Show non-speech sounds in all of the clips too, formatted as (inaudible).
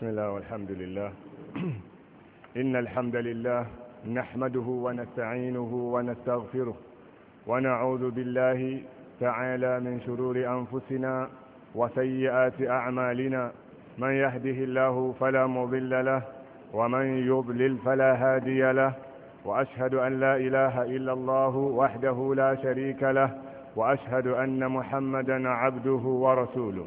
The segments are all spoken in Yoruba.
بسم الله والحمد لله (clears throat) إن الحمد لله نحمده ونستعينه ونستغفره ونعوذ بالله تعالى من شرور أنفسنا وسيئات أعمالنا من يهده الله فلا مضل له ومن يضلل فلا هادي له وأشهد أن لا إله إلا الله وحده لا شريك له وأشهد أن محمدا عبده ورسوله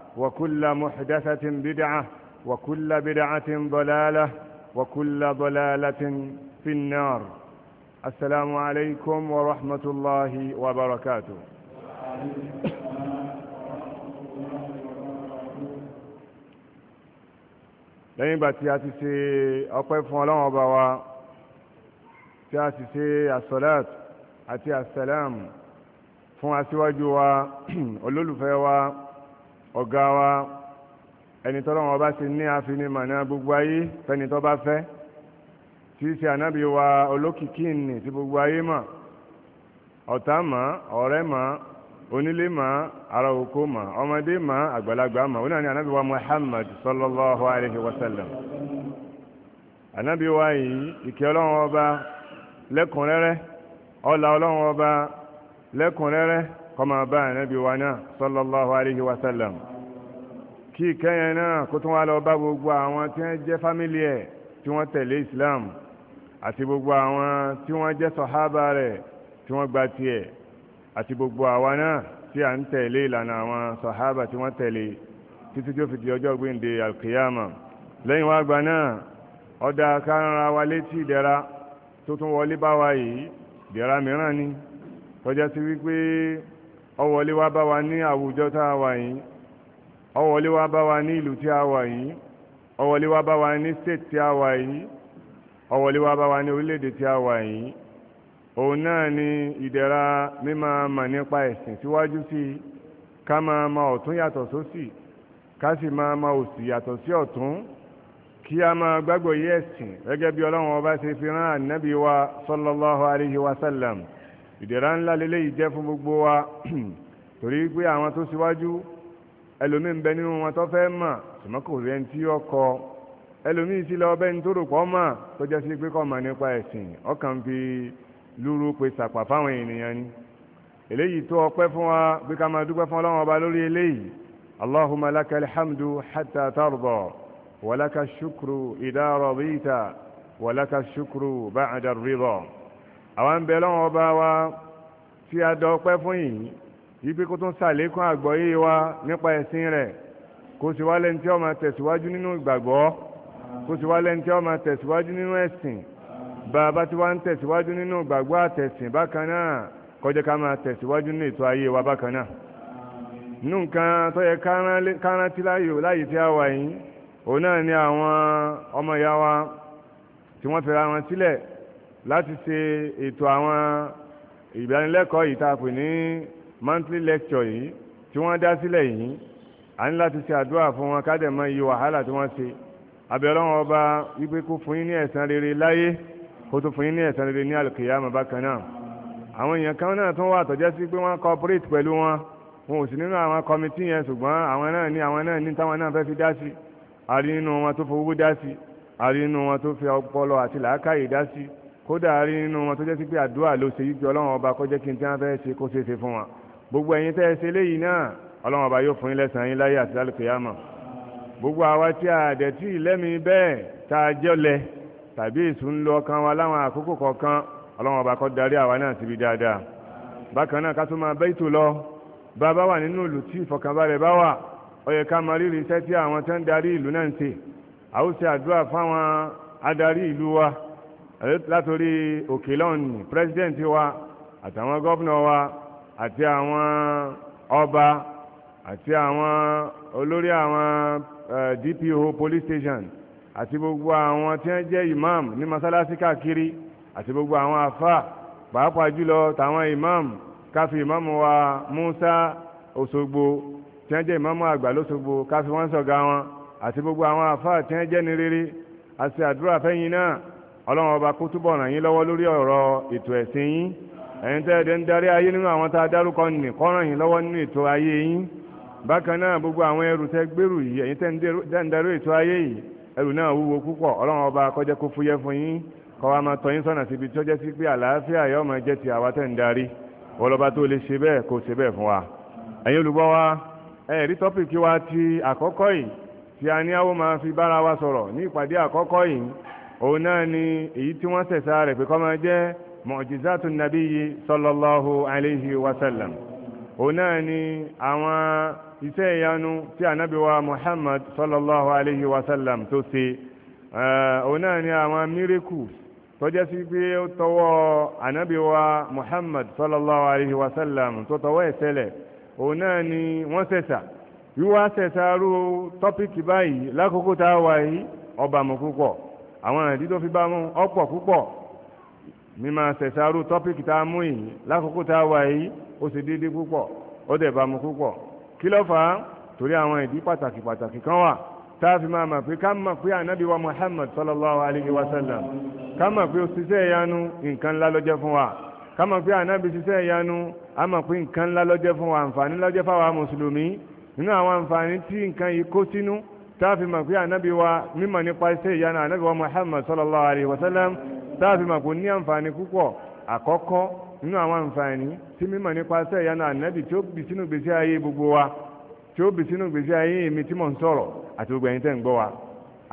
وكل محدثة بدعة وكل بدعة ضلالة وكل ضلالة في النار السلام عليكم ورحمة الله وبركاته lẹ́yìn ìgbà tí a ti ṣe ọpẹ́ fún ọlọ́run ọba wa tí a ti ṣe asọ́láàt àti asàlám fún aṣíwájú wa olólùfẹ́ wa ọ̀gá wa ẹni tọ́lọ́wọ́n bá ti ní àfin màná gbogbo ayé fẹ́ni bá fẹ́ tí í ṣe ànábì wa olókìkí nì tí gbogbo ayé mọ̀ ọ̀tá mọ̀ ọ̀rẹ́ mọ̀ onílé mọ̀ ara oko mọ̀ ọmọdé mọ̀ àgbàlagbà mọ̀ oní ànábì wa Muhammad sallallahu alayhi wa sallam ànábì kọmọ bá ànábì wa náà sallallahu alayhi wa sallam kí ìkẹyẹ náà kó tún wá lọ bá gbogbo àwọn tí wọ́n jẹ́ fámílì ẹ̀ tí wọ́n tẹ̀lé islam àti gbogbo àwọn tí wọ́n jẹ́ sọ̀hábà rẹ̀ tí wọ́n gba tiẹ̀ àti gbogbo àwa náà tí à ń tẹ̀lé ìlànà àwọn sọ̀hábà tí wọ́n tẹ̀lé títí tí ó fi di ọjọ́ gbéǹde alkiyama lẹ́yìn wá gba náà ọ̀dà kárànra wa létí ìdẹ̀ra tó tún wọlé bá wa yìí ìdẹ̀ra mìíràn ni tọ́já sí wípé ọwọ́lé wá bá wa ní àwùjọ tá a wà yìí ọwọ́lé wá bá wa ní ìlú tí a wà yìí ọwọ́lé wá bá wa ní state tí a wà yìí ọwọ́lé wá bá wa ní orílẹ̀-èdè tí a wà yìí òun náà ni ìdẹ̀ra mímọ̀ mọ̀ nípa ẹ̀sìn síwájú sí i ká máa ma ọ̀tún yàtọ̀ sósì ká sì máa ma òsì yàtọ̀ sí ọ̀tún kí a máa gbàgbọ́ yí ẹ̀sìn gẹ́gẹ́ bí ọlọ́run ọba ṣe fi rán ànábì wa sallallahu alayhi wa sallam ìdẹ̀ra ńlá lélẹ́yìí jẹ́ fún gbogbo wa (clears throat) torí pé àwọn tó síwájú ẹlòmíín bẹ nínú wọn tó fẹ́ mọ̀ ṣùgbọ́n kò rí ẹni tí ó kọ́ ẹlòmíín sí lọ́ọ́ bẹ́ni tó rò pọ́ mọ̀ tó jẹ́ sí pé kọ́ mọ̀ nípa ẹ̀sìn ọkàn fi lúrú pé sàpà fáwọn ènìyàn ni eléyìí tó ọpẹ́ fún wa bí ká máa dúpẹ́ fún ọlọ́run ọba lórí eléyìí اللهم لك الحمد حتى ترضى ولك الشكر إذا رضيت ولك الشكر بعد الرضا àwọn ń bẹ lọ́wọ́ ọba wa tí a dọpẹ́ fún yìí yìí pé kó tún ṣàlékún àgbọ́yé wa nípa ẹ̀sìn rẹ̀ kó sì wá lẹ́ni tí ó máa tẹ̀síwájú nínú ìgbàgbọ́ kó sì wá lẹ́ni tí ó máa tẹ̀síwájú nínú ẹ̀sìn bàbá tí wá ń tẹ̀síwájú nínú ìgbàgbọ́ àtẹ̀sìn bákan náà kó ká máa tẹ̀síwájú nínú ètò ayé wa bákan náà nínú nǹkan tó yẹ kárántí láyé tí a wà yìí òun náà ni àwọn ọmọ ìyá wa tí wọ́n fẹ́ra wọn sílẹ̀ láti ṣe ètò àwọn ìdánilẹ́kọ̀ọ́ yìí tá a pè ní monthly lecture yìí tí wọ́n dá sílẹ̀ yìí a ní láti ṣe àdúrà fún wọn ká dẹ̀ mọ iye wàhálà tí wọ́n ṣe abẹ́rẹ́ wọn bá wípé kó fún yín ní ẹ̀san rere láyé kó tó fún yín ní ẹ̀san rere ní àlùkìyámà bákan náà àwọn èèyàn kan náà tún wà tọ́jẹ́ sí pé wọ́n cooperate pẹ̀lú wọn wọn ò sí nínú àwọn committee yẹn ṣùgbọ́n àwọn náà ní àwọn náà ní táwọn náà fẹ́ fi dá sí àrí nínú wọn tó fowó dá sí àrí nínú wọn tó fi ọpọlọ àti làákàyè dá sí kódà rí nínú wọn tó jẹ́ sí pé àdúrà ló ṣe yíjọ ọlọ́run ọba kó jẹ́ kí n tí wọ́n fẹ́ ṣe kó ṣeéṣe fún wa gbogbo ẹ̀yin tẹ́ ẹ ṣe léyìí náà ọlọ́run ọba yóò fún yín lẹ́sàn-án yín láyé àti lálùkìyàmọ̀ gbogbo àwa tí a dẹ̀ tí ìlẹ́mi bẹ́ẹ̀ tá a jọ́lẹ̀ tàbí ìsúnlọ ọkàn wa láwọn àkókò kọ̀ọ̀kan ọlọ́run ọba kó darí àwa náà síbi dáadáa bákan náà ká tó máa bẹ́ẹ̀tò lọ bá bá wà nínú ìlú tí ìfọ̀kànbalẹ̀ bá wà ó yẹ ká mọ rírì iṣẹ́ tí àwọn tó ń darí ìlú náà ń ṣe àwòṣe àdúrà fáwọn adarí ìlú wa látòrí òkè lọ́nù president wa àtàwọn gọ́vnà wa àti àwọn ọba àti àwọn olórí àwọn DPO police station àti gbogbo àwọn tí wọ́n jẹ́ imam ní masalasi káàkiri àti gbogbo àwọn afa pàápàá jùlọ tàwọn imam káfí imam wa Musa Òṣogbo tí wọ́n jẹ́ imam àgbà lóṣogbo káfí wọ́n sọ̀gá wọn àti gbogbo àwọn afa tí wọ́n jẹ́ ní rere àti àdúrà fẹ́yìn náà ọlọ́run ọba kó túbọ̀ ràn yín lọ́wọ́ lórí ọ̀rọ̀ ètò ẹ̀sìn yín ẹ̀yin tẹ́ ẹ̀dẹ̀ ń darí ayé nínú àwọn tá a dárúkọ nì kó ràn yín lọ́wọ́ nínú ètò ayé yín bákan náà gbogbo àwọn ẹrù tẹ́ gbèrú yìí ẹ̀yin tẹ́ ń darí ètò ayé yìí ẹrù náà wúwo púpọ̀ ọlọ́run ọba kó kó fúyẹ́ fún yín kó wá máa tọ́ yín sọ́nà síbi tó jẹ́ sí pé àlàáfíà yóò ti wa ẹ̀yin olùgbọ́ wa ẹ̀rí tọ́pìkì wa ti àkọ́kọ́ yìí tí a ní àwọn máa fi bára wa sọ̀rọ̀ ní ìpàdé àkọ́kọ́ yìí òun náà ni èyí tí wọ́n sẹ̀sà rẹ̀ pé kó máa jẹ́ mọ̀jìzátù nàbíyí sọlọ́láhu alayhi wa sallam òun náà ni àwọn iṣẹ́ ìyanu tí ànábìwa muhammad sọlọ́láhu alayhi wa sallam tó ṣe òun náà ni àwọn mírèkù tó jẹ́ sí pé ó tọwọ́ ànábìwa muhammad sọlọ́láhu alayhi wa tó tọwọ́ ẹ̀ òun náà ni wọ́n sẹ̀sà wíwá sẹ̀sà rú tọ́pìkì báyìí lákòókò tá a wà yìí ọba mọ̀ púpọ̀ àwọn ìdí tó fi bá mú ọ̀pọ̀ púpọ̀ mímọ ṣẹ̀ṣàrú tọ́pìkì tá a mú yìí lákòókò tá a wà yìí ó ṣe déédé púpọ̀ ó dẹ̀ bá mu púpọ̀ kí ló fà á torí àwọn ìdí pàtàkì pàtàkì kan wà tá a fi máa mọ̀ pé ká mọ̀ pé ànábì wa Muhammad sallallahu alayhi wa sallam ká mọ̀ pé òṣìṣẹ́ ìyanu nǹkan ńlá ló fún wa ká mọ̀ pé ànábì ṣiṣẹ́ ìyanu a mọ̀ pé nǹkan ńlá ló fún wa àǹfààní ló jẹ́ fáwa mùsùlùmí nínú àwọn àǹfààní tí nǹkan yìí kó sínú táàfin mọ̀ pé ànábì wa mímọ̀ nípa iṣẹ́ ìyanu ànábì wa Muhammad sallallahu alayhi wa sallam táàfin mọ̀ kò ní àǹfààní púpọ̀ àkọ́kọ́ nínú àwọn àǹfààní tí mímọ̀ nípa iṣẹ́ ìyanu ànábì tí ó bì sínú gbèsè ayé gbogbo wa tí ó bì sínú gbèsè ayé mi tí mò ń sọ̀rọ̀ àti gbogbo ẹ̀yin tẹ́ ń gbọ́ wa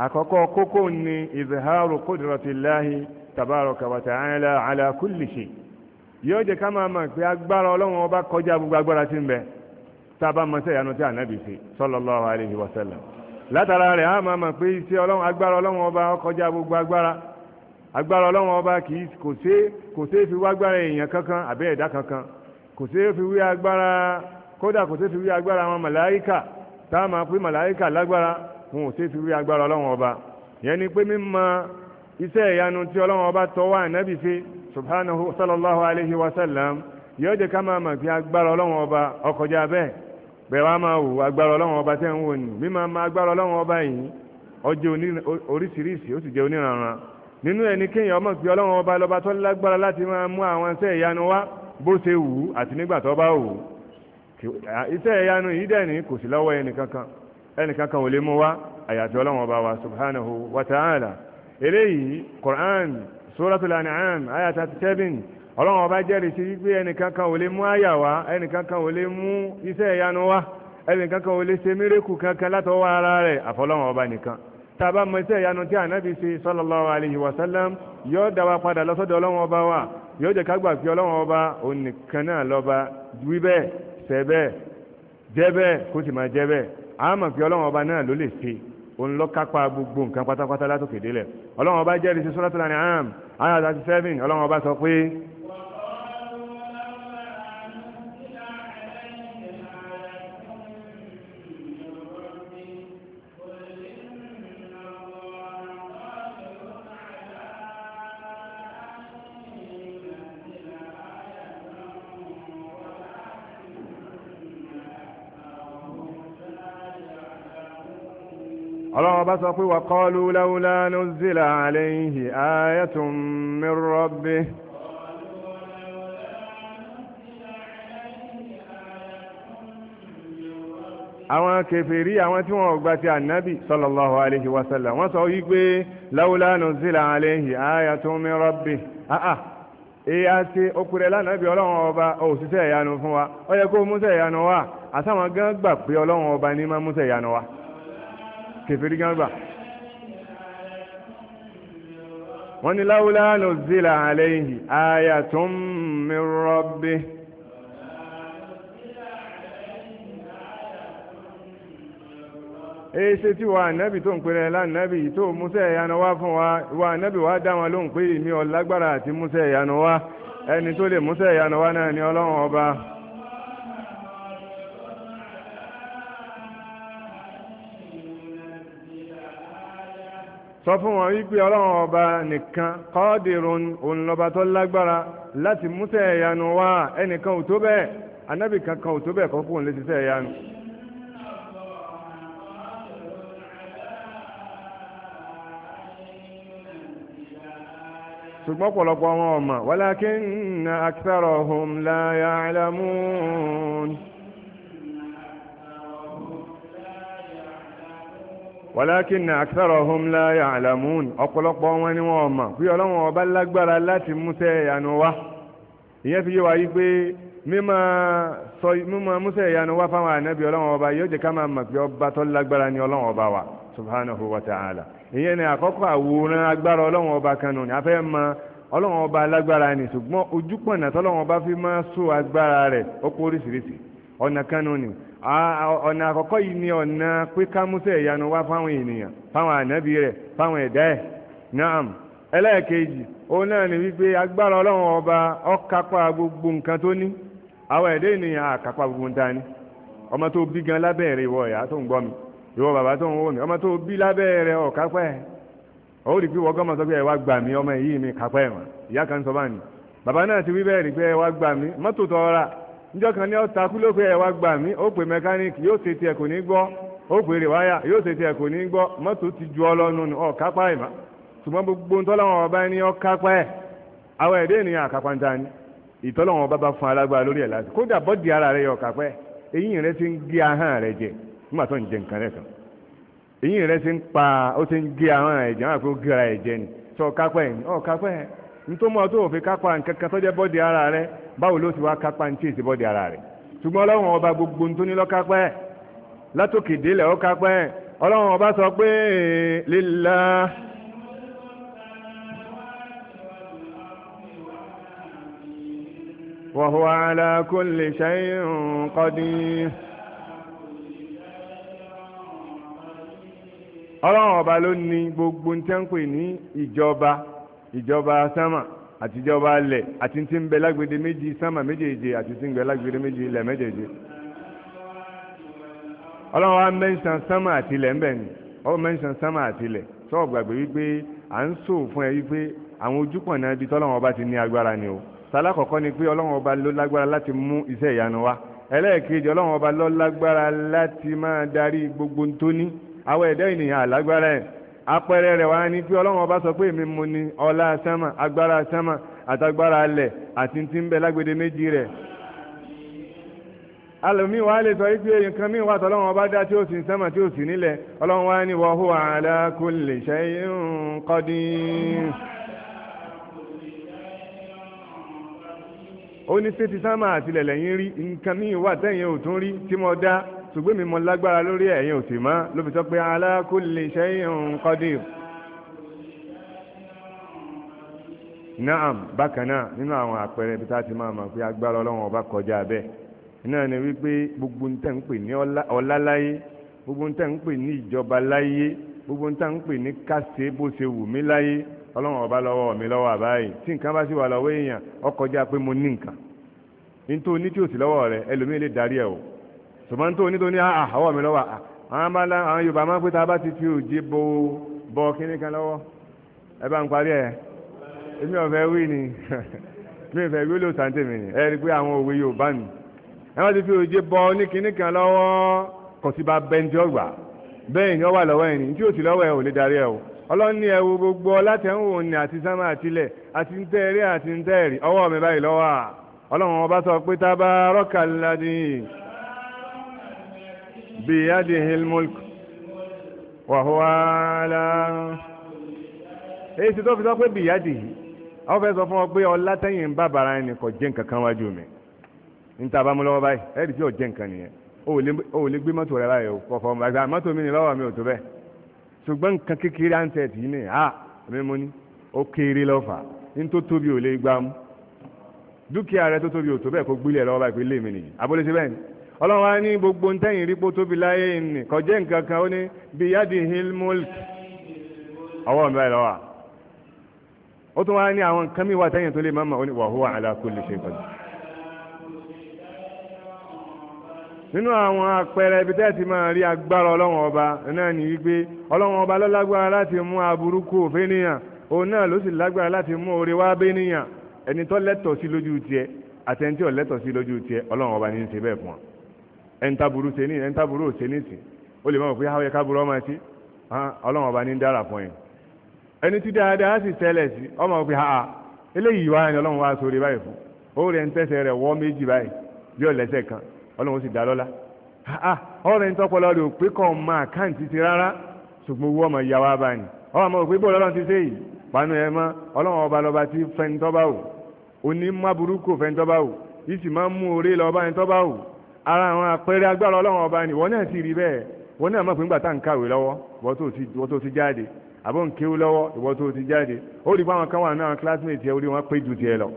àkọ́kọ́ kókó ni ìzìhárù qudratillahi tabaraka wa ta'ala ala kulli shay yóò jẹ́ ká máa mọ̀ pé agbára ọlọ́run ọba kọjá gbogbo agbára tí ń bẹ tá a bá mọ̀ sẹ́yànú tí látara rẹ̀ á máa mọ̀ pé iṣẹ́ ọlọ́run agbára ọlọ́run ọba ọkọjá gbogbo agbára agbára ọlọ́run ọba kì í kò ṣe kò ṣe fi wá agbára èèyàn kankan àbẹ́ ẹ̀dá kankan kò ṣe fi wí agbára kódà kò ṣe fi wí agbára àwọn màláíkà tá a máa pé màláíkà lágbára wọn ò ṣe fi wí agbára ọlọ́run ọba yẹn ni pé mímọ iṣẹ́ ìyanu tí ọlọ́run ọba tọwọ́ ànábì ṣe subhanahu sallallahu alayhi wa sallam yóò jẹ́ ká máa mọ̀ pé agbára ọlọ́run ọba ọkọjá bẹ́ẹ̀ bẹ́ẹ̀ wá máa wò agbára ọlọ́run ọba tẹ́ ń wò ní mímọ máa agbára ọlọ́run ọba yìí ó jẹ́ oríṣiríṣi ó sì jẹ́ oníranran nínú ẹni kéèyàn ọmọ pé ọlọ́run ọba lọ́ba tó lágbára láti máa mú àwọn iṣẹ́ ìyanu wá bó ṣe wù ú àti nígbà tó bá wù ú iṣẹ́ ìyanu yìí dẹ̀ ní kò sí lọ́wọ́ ẹnìkankan ẹnìkankan ò lè mú wá àyàfi ọlọ́run ọba wa subhanahu wa ta'ala eléyìí Qur'an suratul an'am ayat 37 ọlọ́run ọba jẹ́rìí sí wípé ẹnìkan kan ò lè mú àyà wá ẹnìkan kan ò lè mú iṣẹ́ ìyanu wá ẹnìkan kan ò lè ṣe mírèkù kankan látọwọ́ ara rẹ̀ àfọlọ́run ọba nìkan tàbá mọ iṣẹ́ ìyanu tí ànábì ṣe sallallahu alaihi wasallam yóò dá wa padà lọ́sọ́dọ̀ ọlọ́run ọba wa yóò jẹ́ ká gbà pé ọlọ́run ọba òun nìkan náà lọ́ba wí bẹ́ẹ̀ ṣẹ bẹ́ẹ̀ jẹ́ bẹ́ẹ̀ kó sì máa jẹ́ bẹ́ẹ̀ a mọ̀ pé ọlọ́run ọba náà ló lè ṣe seven ọlọ́run ọba sọ ọlọ́run bá sọ pé wà kọ́lù láúlá ló zílà àlẹ́yìí ayatun min rabbih àwọn kèfèrí àwọn tí wọ́n gbà ti ànábì sallallahu alaihi wasallam wọ́n sọ wípé láúlá ló zílà àlẹ́yìí ayatun min rabbih àà èyí àti okùnrin ọlọ́run ọba òṣìṣẹ́ ìyanu fún wa ó yẹ kó múṣẹ́ ìyanu wa àtàwọn gán gbà pé ọlọ́run ọba ní má múṣẹ́ ìyanu wa kèfèrí gan gbà wọ́n ní láwùlá nùzílà àlẹ́yìn ayatun min rabbih èéṣe tí wà nábì tó ń pèrè lánàbì tó múṣẹ́ ìyanu wá fún wa wà nábì wá dá wọn lóhùn pé èmi ọlágbára àti múṣẹ́ ìyanu wá ẹni tó lè múṣẹ́ ìyanu wá náà ni ọlọ́run ọba sọ fún wọn wípé ọlọ́run ọba nìkan kọ́ọ̀dìrún òun lọ́ba tó lágbára láti múṣẹ́ ìyanu wá ẹnìkan ò tó bẹ́ẹ̀ anábì kankan ò tó bẹ́ẹ̀ kọ́ fóun lè ṣiṣẹ́ ṣùgbọ́n pọ̀lọpọ̀ wọn ọ̀mà walakinna aktharuhum la ya'lamun. wàlákìnnà aktarahum la ya'lamun ọ̀pọ̀lọpọ̀ wọn ni wọ́n mọ̀ pé ọlọ́wọ́n ọba lágbára láti múṣẹ́ ìyanu wá ìyẹn fi yé wa yí pé mímọ sọ mímọ múṣẹ́ ìyanu wá fáwọn ànábì ọlọ́wọ́n ọba yóò jẹ́ ká máa mọ̀ pé ọba tó lágbára ni ọlọ́wọ́n ọba wa subhanahu wa ta'ala ìyẹn ni àkọ́kọ́ àwòrán agbára ọlọ́wọ́n ọba kan nù ní afẹ́ mọ ọlọ́wọ́n ọba alágbára ni ṣùgbọ́n ojúpọ̀nà tọ́lọ́wọ́n ọba fi máa sọ agbára rẹ̀ ó kó oríṣiríṣi ọ̀nà kan nù ni ọ̀nà àkọ́kọ́ yìí ni ọ̀nà pé ká múṣẹ́ ìyanu wá fáwọn ènìyàn fáwọn ànábì rẹ̀ fáwọn ẹ̀dá ẹ̀ naam ẹlẹ́ẹ̀kejì òun náà ni wípé agbára ọlọ́run ọba ó gbogbo nǹkan tó ní àwọn ẹ̀dá ènìyàn á gbogbo ń ọmọ tó bí gan lábẹ́ rẹ̀ ìwọ tó ń gbọ́ mi ìwọ bàbá tó ń wò mí ọmọ tó bí lábẹ́ rẹ̀ ẹ̀ ó rí pé sọ pé mi kápá ẹ̀ ìyá kan sọ báyìí bàbá náà ti wí níjọ́ kan ní ọ̀tá kú ló pé ẹ̀ wá gbà mí ó pè mẹkáníìkì yóò ṣe tiẹ̀ kò ní gbọ́ ó pè ju kápá gbogbo ntọ́láwọn ọba ọ kápá àwọn ẹ̀dẹ́ ènìyàn ni ọba bá fún alágbára lórí ẹ̀ láti ara yọ kápá eyín ti ń gé ahọ́n jẹ nígbà tó ń jẹ nǹkan tán eyín ti ń pa ó ti ń gé ahọ́n jẹ àpò jẹ ni sọ kápá nítorí mọ́ tó fi kápá nǹkan tó jẹ́ bọ́dì ara rẹ báwo ló ti wá kápá ní tíyèsí bọ́dì ara rẹ ṣùgbọ́n ọlọ́run ọba gbogbo tó ní látòkè délẹ̀ ó ọlọ́run ọba sọ pé lílá. wa huwa ala kulli shay'in qadir. ọlọ́run ọba ló ní gbogbo tẹ́ńpẹ̀ ní ìjọba ìjọba sámà àtijọba alẹ̀ àti tí ń bẹ lágbede méjì sámà méjèèje àti tí ń bẹ lágbede méjì ilẹ̀ méjèèje ọlọ́run wa mẹ́sàn sámà àti ilẹ̀ ńbẹ̀ ni ọ mẹ́sàn sámà àti ilẹ̀ sọ́ọ̀ gbàgbé wípé à ń sọ fún ẹ wípé àwọn ojúpọ̀ náà ibi tọ́lọ́run ọba ti ní agbára ni o sálákọ̀ọ́kọ́ ni pé ọlọ́run ọba ló lágbára láti mú iṣẹ́ ìyanu wá ẹlẹ́ẹ̀kejì ọlọ́run ọba ló lágbára láti máa darí gbogbo ntóní àwọn ẹ̀dá ènìyàn àlágbára ẹ̀ àpẹẹrẹ rẹ̀ wá ní pé ọlọ́run ọba sọ pé èmi mo ni ọlá sánmà agbára sánmà àtagbára alẹ̀ àti ti ń bẹ lágbede méjì rẹ̀ alòmíì wàá lè sọ wípé nǹkan míì wà tọ́lọ́run ọba dá tí ó sì ń sánmà tí ó sì nílẹ̀ ọlọ́run wá ní wa huwa ala kulli shay'in qadir. ó ní sí ti àtìlẹ̀lẹ̀ yín rí nǹkan míì wà tẹ̀yìn ò tún rí tí mo dá ṣùgbọ́n mi mọ lágbára lórí ẹ̀yin ò sì mọ́ ló fi sọ pé ala kulli shay'in qadir. naam bákan náà nínú àwọn àpẹẹrẹ ibi tá a ti máa mọ̀ pé agbára ọlọ́run ọba kọjá bẹ́ẹ̀ náà ni wípé gbogbo ń tẹ̀ ń pè ní ọlá láyé gbogbo ń tẹ̀ ń pè ní ìjọba láyé gbogbo ń tẹ̀ ń pè ní káṣe bó ṣe wù mí láyé ọlọ́run ọba lọ́wọ́ mi lọ́wọ́ àbáyé tí nǹkan bá sì wà lọ́wọ́ èèyàn ó pé mo ní nǹkan nítorí ní tí ò sí lọ́wọ́ rẹ ẹlòmíì lè darí ẹ̀ o ṣùgbọ́n tó ní tó ní àwọ̀ ah, ah, mi lọ́wọ́ ah. àwọn Yorùbá máa ń pè tá a bá ti fi òjì bo bọ kíní kan lọ́wọ́ ẹ bá ń parí ẹ̀ èmi ọ̀fẹ́ wí ni (laughs) mi ìfẹ́ wí ló tàn tèmi ni ẹ rí i pé àwọn òwe Yorùbá ni ẹ má ti fi òjì bọ ní kíní kan lọ́wọ́ kò sí bá bẹ́ńtì ọgbà bẹ́ẹ̀ ni ọ wà lọ́wọ́ ẹni tí ò sí lọ́wọ́ ẹ ò lè darí ẹ o ọlọ́ni ẹ wo gbogbo ọlátẹ̀wò ni àti sámà àtilẹ̀ àti ń tẹ́ ẹ̀rí àti ń tẹ́ ẹ̀rí ọwọ́ mi báyìí lọ́wọ́ ọlọ́run ọba sọ pé tábà rọ́kàládìí بيده الملك وهو على èyí tí tó fi sọ pé bìyàdì ọ fẹ́ sọ fún ọ pé ọlá tẹ́yìn ń bá bàrà ẹni kò jẹ́ mi níta báyìí ẹ̀rì tí ò jẹ́ nǹkan nìyẹn o ò lè gbé mọ́tò rẹ báyìí o kọ̀ọ̀fọ̀ àgbà mọ́tò mi ni lọ́wọ́ mi ò tó ṣùgbọ́n nǹkan kékeré à ń tẹ̀ tì í ọlọ́run wa ní gbogbo ntẹ́yìn rí pó tóbi láyé nì kọjẹ́ nǹkan kan ó ní bíyádì hilmulk ọwọ́ mi báyìí lọ́wọ́ ó tún wá ní àwọn nǹkan mi wà tẹ́yìn tó lè máa ó ní wàhúwà ala kulli shay qadir nínú àwọn àpẹẹrẹ ibi tẹ́ẹ̀tì máa rí agbára ọlọ́run ọba náà ní wípé ọlọ́run ọba lọ́lágbára láti mú aburú kú òfin níyàn òun náà ló sì lágbára láti mú oore wá bẹ́ níyàn ẹni tó lẹ́tọ̀ọ́ sí lójú tiẹ̀ àtẹ̀ntí ò lẹ́tọ̀ọ́ sí lójú tiẹ̀ ọlọ́run ọba ní í ṣe bẹ́ẹ̀ fún wa. ẹ̀ńtà buru ṣe ní ẹ̀ńtà burú ṣe ní sìn ó lè mọ̀ pé àwọn ah, ẹ̀ka buru ọmọ ẹtí ah, ọlọ́run ọba ní ń dára fún yẹn ẹni tí ọmọ pé ha ah, eléyìí wá wá sórí báyìí fún O rẹ̀ ń tẹ́sẹ̀ rẹ̀ wọ́ méjì báyìí kan sì dá ń pé kàn máa káǹtì ti rárá ṣùgbọ́n owó ọmọ ìyá ara àwọn àpẹẹrẹ agbára ọlọ́run ọba ni wọ́n náà sì rí bẹ́ẹ̀ wọ́n náà mọ̀ pé ńgbà tá à ń kàwé lọ́wọ́ wọ́n tó ti jáde àbọ̀ ń kéwú lọ́wọ́ ìwọ́n tó ti jáde ó rí báwọn kan wà náà classmate ẹ orí wọn pé ju tiẹ̀ lọ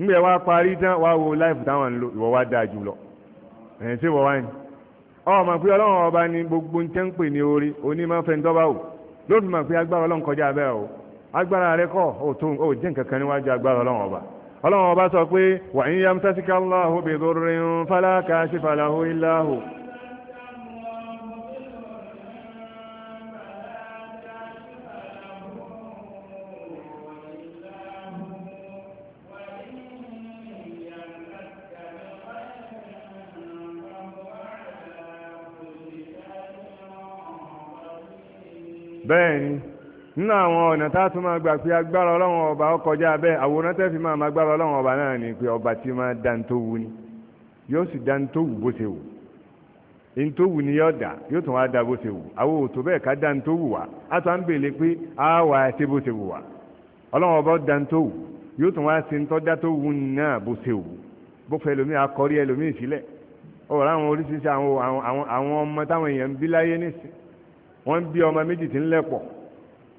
ńgbẹ wá parí tán wá wo life táwọn ń lò ìwọ wá dáa jù lọ ẹ̀yìn tí wọ́n wá ní. ọmọ pé ọlọ́run ọba ni gbogbo ń tẹ́ ń pè ní orí onímọ̀fẹ́ńtọ́bà ò ló fi mọ̀ pé agbára ọlọ́run kọjá bẹ́ẹ̀ o agbára rẹ kọ́ ò tó ò jẹ́ nǹkan kan níwájú agbára ọlọ́run فلما بسقوا وإن يمسك الله بضر فلا كاشف له إلا هو Bem... nínú àwọn ọ̀nà tá a tún máa gbà pé agbára ọlọ́run ọba ó kọjá bẹ́ẹ̀ àwòrán tẹ́ fi máa ma agbára ọlọ́run ọba náà ni pé ọba tí máa dan tó wu ni yóò sì dan tó wù bó ṣe wù ní tó wù ni yóò dà yóò tún wá da bó ṣe wù àwọn òtò bẹ́ẹ̀ ká dan tó wù wá á tún á ń bèèrè pé á wà á ṣe bó ṣe wù wá ọlọ́run ọba dan tó wù yóò tún wá ṣe ń tọ́já tó wù náà bó ṣe wù bó fẹ́ ẹlòmíì akọrí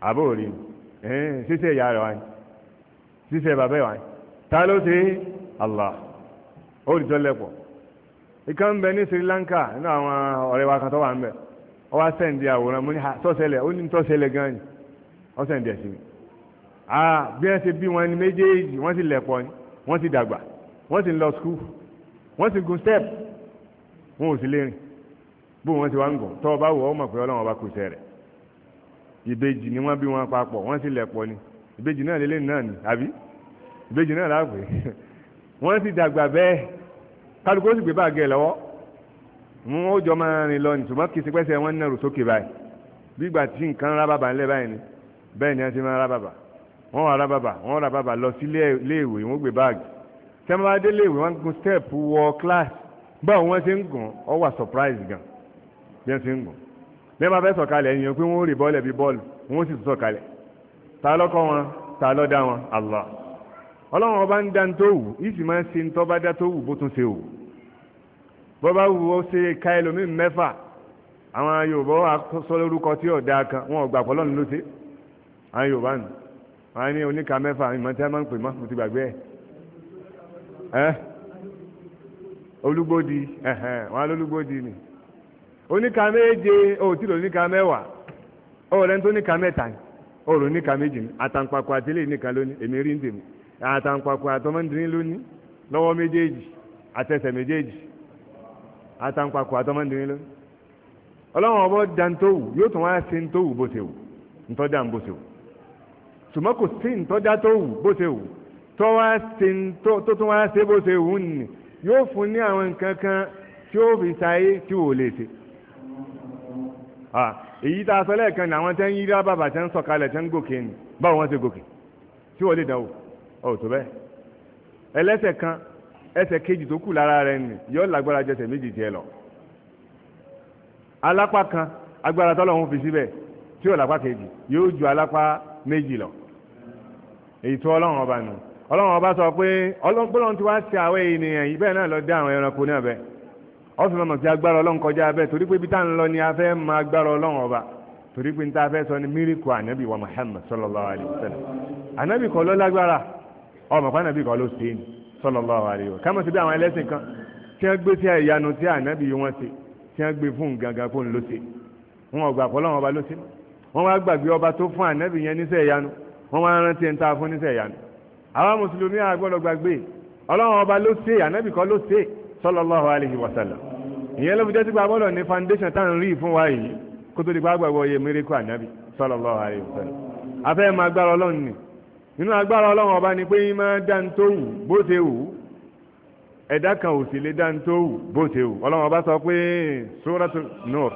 àbóòrí ẹ̀ẹ́n ṣíṣẹ́ ìyá rẹ̀ wáyé ṣíṣẹ́ bàbá ẹ̀ wáyé ta ló ṣe Allah ó rí tọ́lẹ̀pọ̀ ìkà ń bẹ ní Sri Lanka nínú àwọn ọ̀rẹ́ wa kan tó wà ń bẹ ọ wá sẹ́ǹdì àwòrán mo ní tọ́sẹ̀lẹ̀ ó ní tọ́sẹ̀lẹ̀ gan ni ọ sẹ́ǹdì ẹ̀sìn mi ah bí wọ́n ṣe bí wọn ni méjèèjì wọ́n ti lẹ̀pọ̀ ni wọ́n ti dàgbà wọ́n ti lọ skul wọ́n ti gun step wọn ò sì lè rìn bó wọn ti wá ń gùn tọ́ ọ bá wọ ọ mọ̀ pé Ọlọ́run ọba kù iṣẹ́ ìbejì ni wọ́n bí wọn papọ̀ wọ́n sì lẹ̀pọ̀ ni ìbejì náà lélẹ́yìn náà ni àbí ìbejì náà láàpẹ́ (laughs) wọ́n sì dàgbà bẹ́ẹ̀ kálukú ó sì gbé báàgẹ́ lọ́wọ́ wọn ó jọ máa rìn lọ nítorí kì í ṣe pẹ́sẹ̀ wọn náà rò sókè báyìí bí ìgbà tí nǹkan rá bàbà ńlẹ̀ báyìí ni bẹ́ẹ̀ ni wọ́n ti máa rá bàbà wọ́n wà rá bàbà wọ́n rá bàbà lọ sí léèwé wọ́n gbé báàgì tẹ́mọ́ládé léèwé wọ́n gun step wọ class báwo wọ́n ṣe ń gùn ọ wà surprise gan bí wọ́n ṣe ń gùn bẹ́ẹ̀ máa fẹ́ sọ̀kalẹ̀ ènìyàn pé wọ́n rí bọ́ọ̀lù bí bọ́ọ̀lù wọ́n sì sọ̀kalẹ̀ ta lọ́kọ́ wọn ta lọ́dá wọn Allah ọlọ́run ọba ń dá tó wù yìí sì máa ń ṣe tó bá dá tó wù bó tún ṣe wù bó bá wù ó ṣe ká ẹlòmíín mẹ́fà àwọn Yorùbá wa sọ lórúkọ tí ọ̀dà kan wọn ò gbà pọ̀ lọ́nà ló ṣe àwọn Yorùbá nù àwọn ní oníka mẹ́fà ìmọ̀ tí a máa ń pè mọ́ mo ti gbàgbé ẹ̀ olúgbòdì ẹ̀hẹ̀ wọn alólúgbòdì ni oníka méje òtítọ́ oníka mẹ́wàá ọ̀rẹ́ tó níka mẹ́ta ni ọ̀rọ̀ oníka méjì ni àtàǹpàkò àtẹlẹ́ níka lónìí èmi rí ń tèmi àtàǹpàkò àtọmọ́ndínlẹ́ lónìí lọ́wọ́ méjèèjì àtẹsẹ̀ méjèèjì àtàǹpàkò àtọmọ́ndínlẹ́ lónìí ọlọ́wọ́n ọbọ̀ dantówù yóò tún wá sí ntówù bó ṣe wù ntọ́jà bó ṣe wù ṣùgbọ́n kò sí ntọ́jà tó wù bó ṣe tó tún wá sí èyí tá a sọ lẹ́ẹ̀kan ní àwọn tẹ́ ń yíra bàbà tẹ́ ń sọ̀kalẹ̀ tẹ́ ń gòkè ni báwo wọ́n ṣe gòkè tí wọ́n lè dánwò ọ̀ tó bẹ́ẹ̀ ẹlẹ́sẹ̀ kan ẹsẹ̀ kejì tó kù lára rẹ nì yọ lágbára jẹsẹ̀ méjì tiẹ̀ lọ alápá kan agbára fi síbẹ̀ tí lápá kejì yóò ju alápá méjì lọ èyí tó ọlọ́run ọba nù ọlọ́run ọba sọ pé ọ̀sùn mọ̀mọ̀ sí agbára ọlọ́run kọjá abẹ́ torí pé ibi tá à ń lọ ni a fẹ́ mọ agbára ọlọ́run ọba torí pé níta fẹ́ sọ ni míríkù ànábì wa Muhammad sallallahu alayhi wa sallam ànábì kọ́ ló lágbára ọmọ kan ànábì kọ́ ló ṣe ni sallallahu alayhi wa sallam kámọ̀ sí bí àwọn ẹlẹ́sìn kan tí wọ́n gbé sí ìyanu tí ànábì wọn ṣe tí wọ́n gbé fún gangan fún ló ṣe wọn ò gbà pọ̀ ọba ló ṣe wọn wá gbàgbé ọba tó fún ànábì yẹn níṣẹ́ ìyanu wọn wá rántí ẹni tá a fún níṣẹ́ ìyanu àwọn mùsùlùmí àgbọ̀dọ̀ gbàgbé ọlọ́wọ́ ọba ló ṣe ànábì kọ́ ló ṣe sallallahu alayhi wa sallam ìyẹn ló fi jẹ́ sígbà gbọ́dọ̀ ní foundation tá à ń rí fún wa yìí kó tó di pa àgbàgbọ́ yẹ miracle ànábì sallallahu alaihi wasallam afẹ́ máa gbára ọlọ́run ni nínú agbára ọlọ́run ọba ni pé yín máa dá ní tó wù bó ṣe wù ẹ̀dá kan ò sì lè dá ní tó wù bó ṣe wù ọlọ́run ọba sọ pé Suratul Nur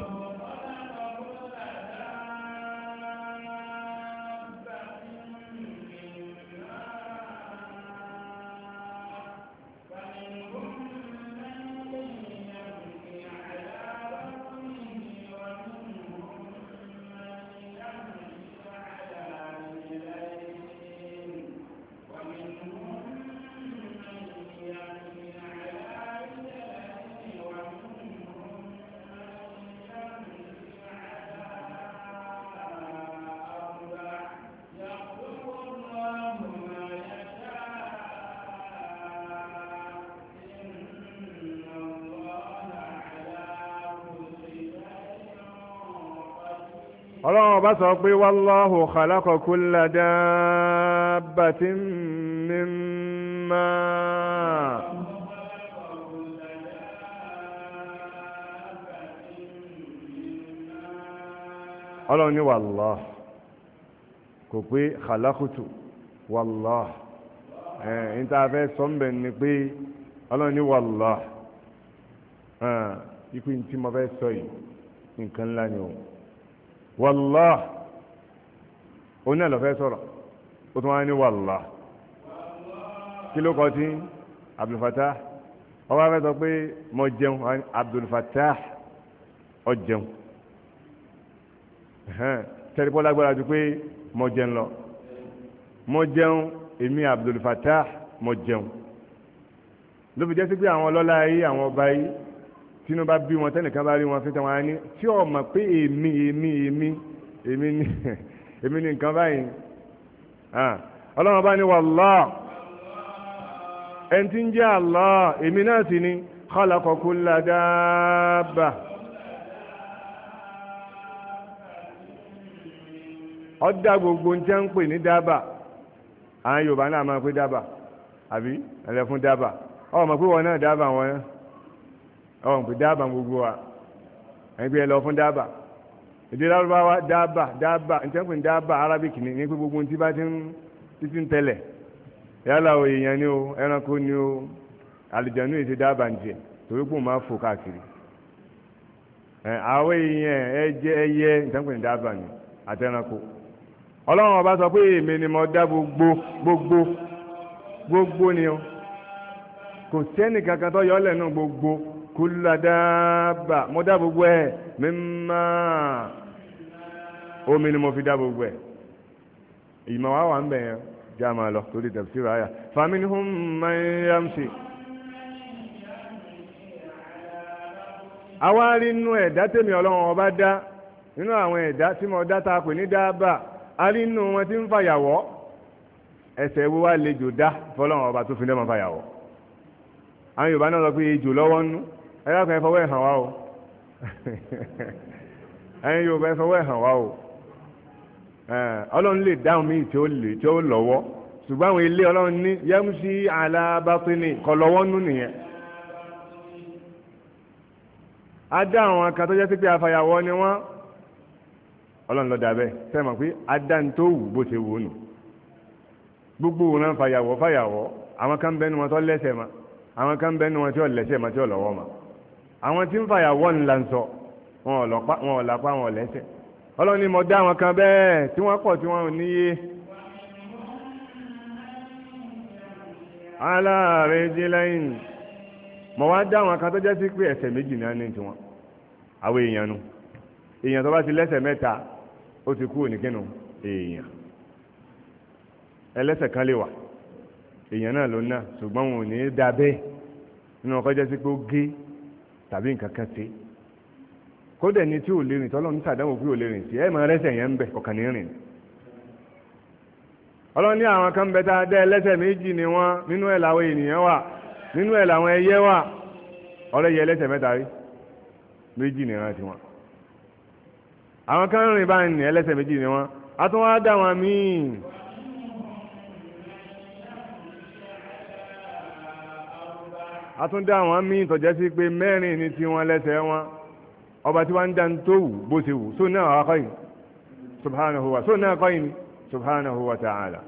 ọba sọ pé wallahu khalaqa kulla dabbatin mimma. ọlọ́run ní wallah kò pé khalaqutu wallah ẹ̀ẹ́n tá a fẹ́ sọ́mbẹ̀ ni pé ọlọ́run ní ikú tí mo fẹ́ sọ yìí nǹkan ńlá wàlá òun náà lọ́fẹ́ sọ̀rọ̀ ó tún wá ní wàlá kí ló kọ tí abdulfatah ọba fẹ́ sọ pé mo jẹun abdulfatah ọ jẹun tẹ́lifọ́ lágbára ju pé mo jẹun lọ mo jẹun èmi abdulfatah mo jẹun ló fi jẹ́ sí pé àwọn ọlọ́lá yìí àwọn ọba yìí tínú bá bí wọn tẹ́nìkan bá rí wọn fíntẹ́ wọn á ní tí ọ mọ̀ pé èmi èmi èmi èmi ní (laughs) èmi ní nǹkan báyìí ọlọ́run bá ní wallah ẹni tí ń jẹ́ Allah èmi náà sì ni khalaqa kulla dabba ọ̀dà gbogbo ń tẹ́ ń pè ní dábà àwọn Yorùbá náà máa pé dábà àbí ẹlẹ́fún dábà ọ̀ mọ̀ pé wọn náà dábà wọn náà àwọn òpè dábà gbogbo wa ẹgbẹ́ ẹ lọ fún dábà èdè lárúbáwá dábà dábà ní tẹ́kùn dábà arabic ní ní pé gbogbo ohun tí bá ti ń títí ń tẹ́lẹ̀ yálà o èèyàn ni o ẹranko ni o àlìjánu èsì dábà ń jẹ torí pò máa fò káàkiri àwọn èèyàn ẹjẹ ẹyẹ ní tẹ́kùn dábà ni àtẹranko ọlọ́run ọba sọ pé èmi ni mo dá gbogbo gbogbo gbogbo ni o kò sẹ́nì kankan tó yọ ọ́ lẹ́nu gbogbo kúlà dáàbà mo dá gbogbo ẹ̀ mímá omi ni mo fi dá gbogbo ẹ̀ ìmọ̀ wá wà ń bẹ̀yẹn já máa lọ torí tafsir àyà faminhum man yamshi awárí inú ẹ̀dá tèmi ọlọ́run ọba dá nínú àwọn ẹ̀dá tí mo dá ta pè ní dáàbà a rí inú wọn tí ń fàyàwọ́ ẹsẹ̀ wo wá lejò dá fọlọ́run ọba tó fi dẹ́mọ̀ fàyàwọ́ àwọn yorùbá náà sọ pé ejò lọ́wọ́ nú ẹlẹ́kùn ẹfọwọ́ ẹ̀hàn wá o (laughs) ẹ̀yin Yorùbá ẹfọwọ́ ẹ̀hàn wá o ọlọ́run lè dáhùn mí tí ó lè tí ó lọ́wọ́ ṣùgbọ́n àwọn ilé ọlọ́run ní yẹ́mùsí alábápínì kọ́ lọ́wọ́ nù nìyẹn a dá àwọn kan tó jẹ́ sí pé afàyàwọ́ ni wọ́n ọlọ́run ló dá bẹ́ẹ̀ sẹ́mọ̀ pé a dá ní tó wù bó ṣe wù ú nù gbogbo òun fàyàwọ́ fàyàwọ́ àwọn kan bẹ́ẹ̀ ni wọ́n tó lẹ́sẹ̀ ma àwọn kan bẹ́ẹ̀ ni wọ́n tí ò lẹ́sẹ̀ ma tí ò lọ́wọ́ ma àwọn tí ń fàyàwọ́ ńlá ń sọ wọn ò lápá wọn ò lẹ́sẹ̀ ọlọ́run ni mo dá wọn kan bẹ́ẹ̀ tí wọ́n pọ̀ tí wọ́n ò níye. aláàrẹ jíláyìn mo wá dá wọn kan tó jẹ́ sí pé ẹsẹ̀ méjì náà ní tiwọn àwọn èèyàn nu èèyàn tó bá ti lẹ́sẹ̀ mẹ́ta ó ti kúrò ní èèyàn ẹlẹ́sẹ̀ kan lè wà èèyàn náà ló ná ṣùgbọ́n wọn ò ní í da bẹ́ẹ̀ nínú ọkọ̀ jẹ́ sí pé ó gé tàbí nǹkan kan ṣe kódà ẹni tí ò lè rìn tọ́lọ́run sàdánwò pé ò lè rìn sí ẹ̀ máa rẹ́sẹ̀ yẹn ń bẹ̀ ọ̀kàn ní rìn ọlọ́run ní àwọn kan bẹ́ẹ̀ tá a dá ẹlẹ́sẹ̀ méjì ni wọ́n nínú ẹ̀ làwọn ènìyàn wà nínú ẹ̀ làwọn ẹyẹ wà ọ̀rẹ́ yẹ ẹlẹ́sẹ̀ mẹ́ta rí méjì ni wọ́n ti wọn àwọn kan rìn báyìí ẹlẹ́sẹ̀ méjì ni wọ́n a tún wá dá wọn míì a tún dá àwọn míì tọ̀jẹ́ sí pé mẹ́rin ní tiwọn lẹ́sẹ̀ wọn ọba tí wọ́n ń dá tó wù bó ṣe wù sóun náà wà kọ́yìn subhanahu wa sóun náà kọ́yìn subhanahu wa ta'ala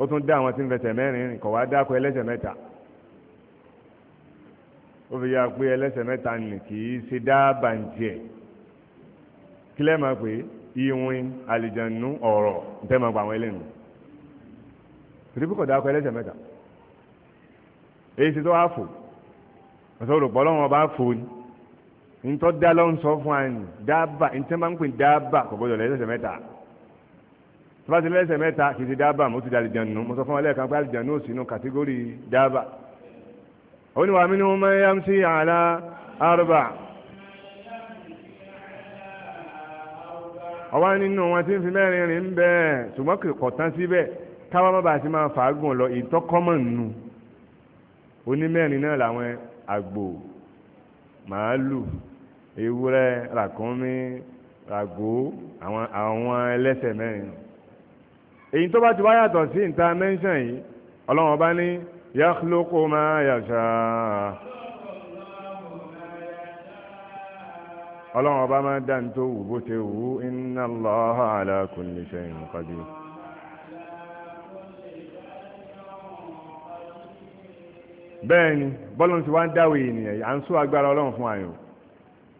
ó tún dá àwọn tí ń fẹsẹ̀ mẹ́rin rìn kọ̀ wá dákọ̀ ẹlẹ́sẹ̀ mẹ́ta ó fi yá pé ẹlẹ́sẹ̀ mẹ́ta nì kì í ṣe dábàá ń tiẹ̀ kílẹ̀ máa pé ìwìn àlìjànú ọ̀rọ̀ ń tẹ́ máa pa àwọn ẹlẹ́nu tìrìbù kọ̀ dákọ̀ ẹlẹ́sẹ̀ mẹ́ta èyí ti tó wá fò ọ̀sọ́ olùpọ̀ ọlọ́run ọba fò ni ntọ́ dá lọ́n sọ fún àyìn dábà ntẹ́ máa ń pè dábà kò gbọdọ̀ lẹ́sẹ̀ mẹ́ta tó bá ti lẹ́sẹ̀ mẹ́ta kì í ti dábà mo ti dá àlìjànú mo sọ fún ọlẹ́ pé àlìjànú ò sínú kàtígórì dábà ó ní wàá mínú mẹ́yàm sí àlá àrùbà ọwọ́ nínú wọn ti ń fi mẹ́rin rìn bẹ́ẹ̀ ṣùgbọ́n kò tán síbẹ̀ káwọn má bàa máa fàágùn lọ ìtọ́kọ́mọ̀ nù onímẹ́rin náà làwọn àgbò màálù ewúrẹ́ ràkúnmí ràgó àwọn ẹlẹ́sẹ̀ mẹ́rin èyí tó bá ti wá yàtọ̀ sí ìta mẹ́ńsàn yìí ọlọ́run bá ní yakhluqu ma yasha ọlọ́run bá máa dá wù bó ṣe wù inna Allaha ala kulli bẹ́ẹ̀ ni bọ́lọ́n ti wá ń dáwọ̀ ènìyàn à ń sọ agbára ọlọ́run fún àyàn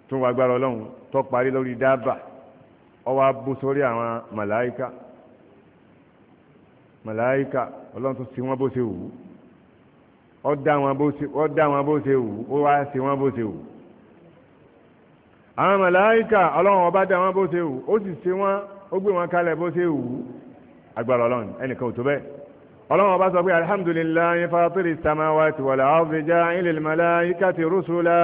tó wọ agbára ọlọ́run tó parí lórí dábà ọwọ́ abó sórí àwọn màláíkà màláíkà ọlọ́run tó sí wọn bó ṣe wù ú ó dá wọn bó ṣe wù ú ó wá sí wọn bó ṣe wù ú àwọn màláíkà ọlọ́run ọba dá wọn bó ṣe wù ú ó sì sí wọn ó gbé wọn kalẹ̀ bó ṣe wù ú agbára ọlọ́run ẹnìkan ò tó bẹ́ẹ̀ ọlọ́run ọba sọ pé alhamdulillahi fatiri samawati wal ardi ja'ilil malaikati rusula.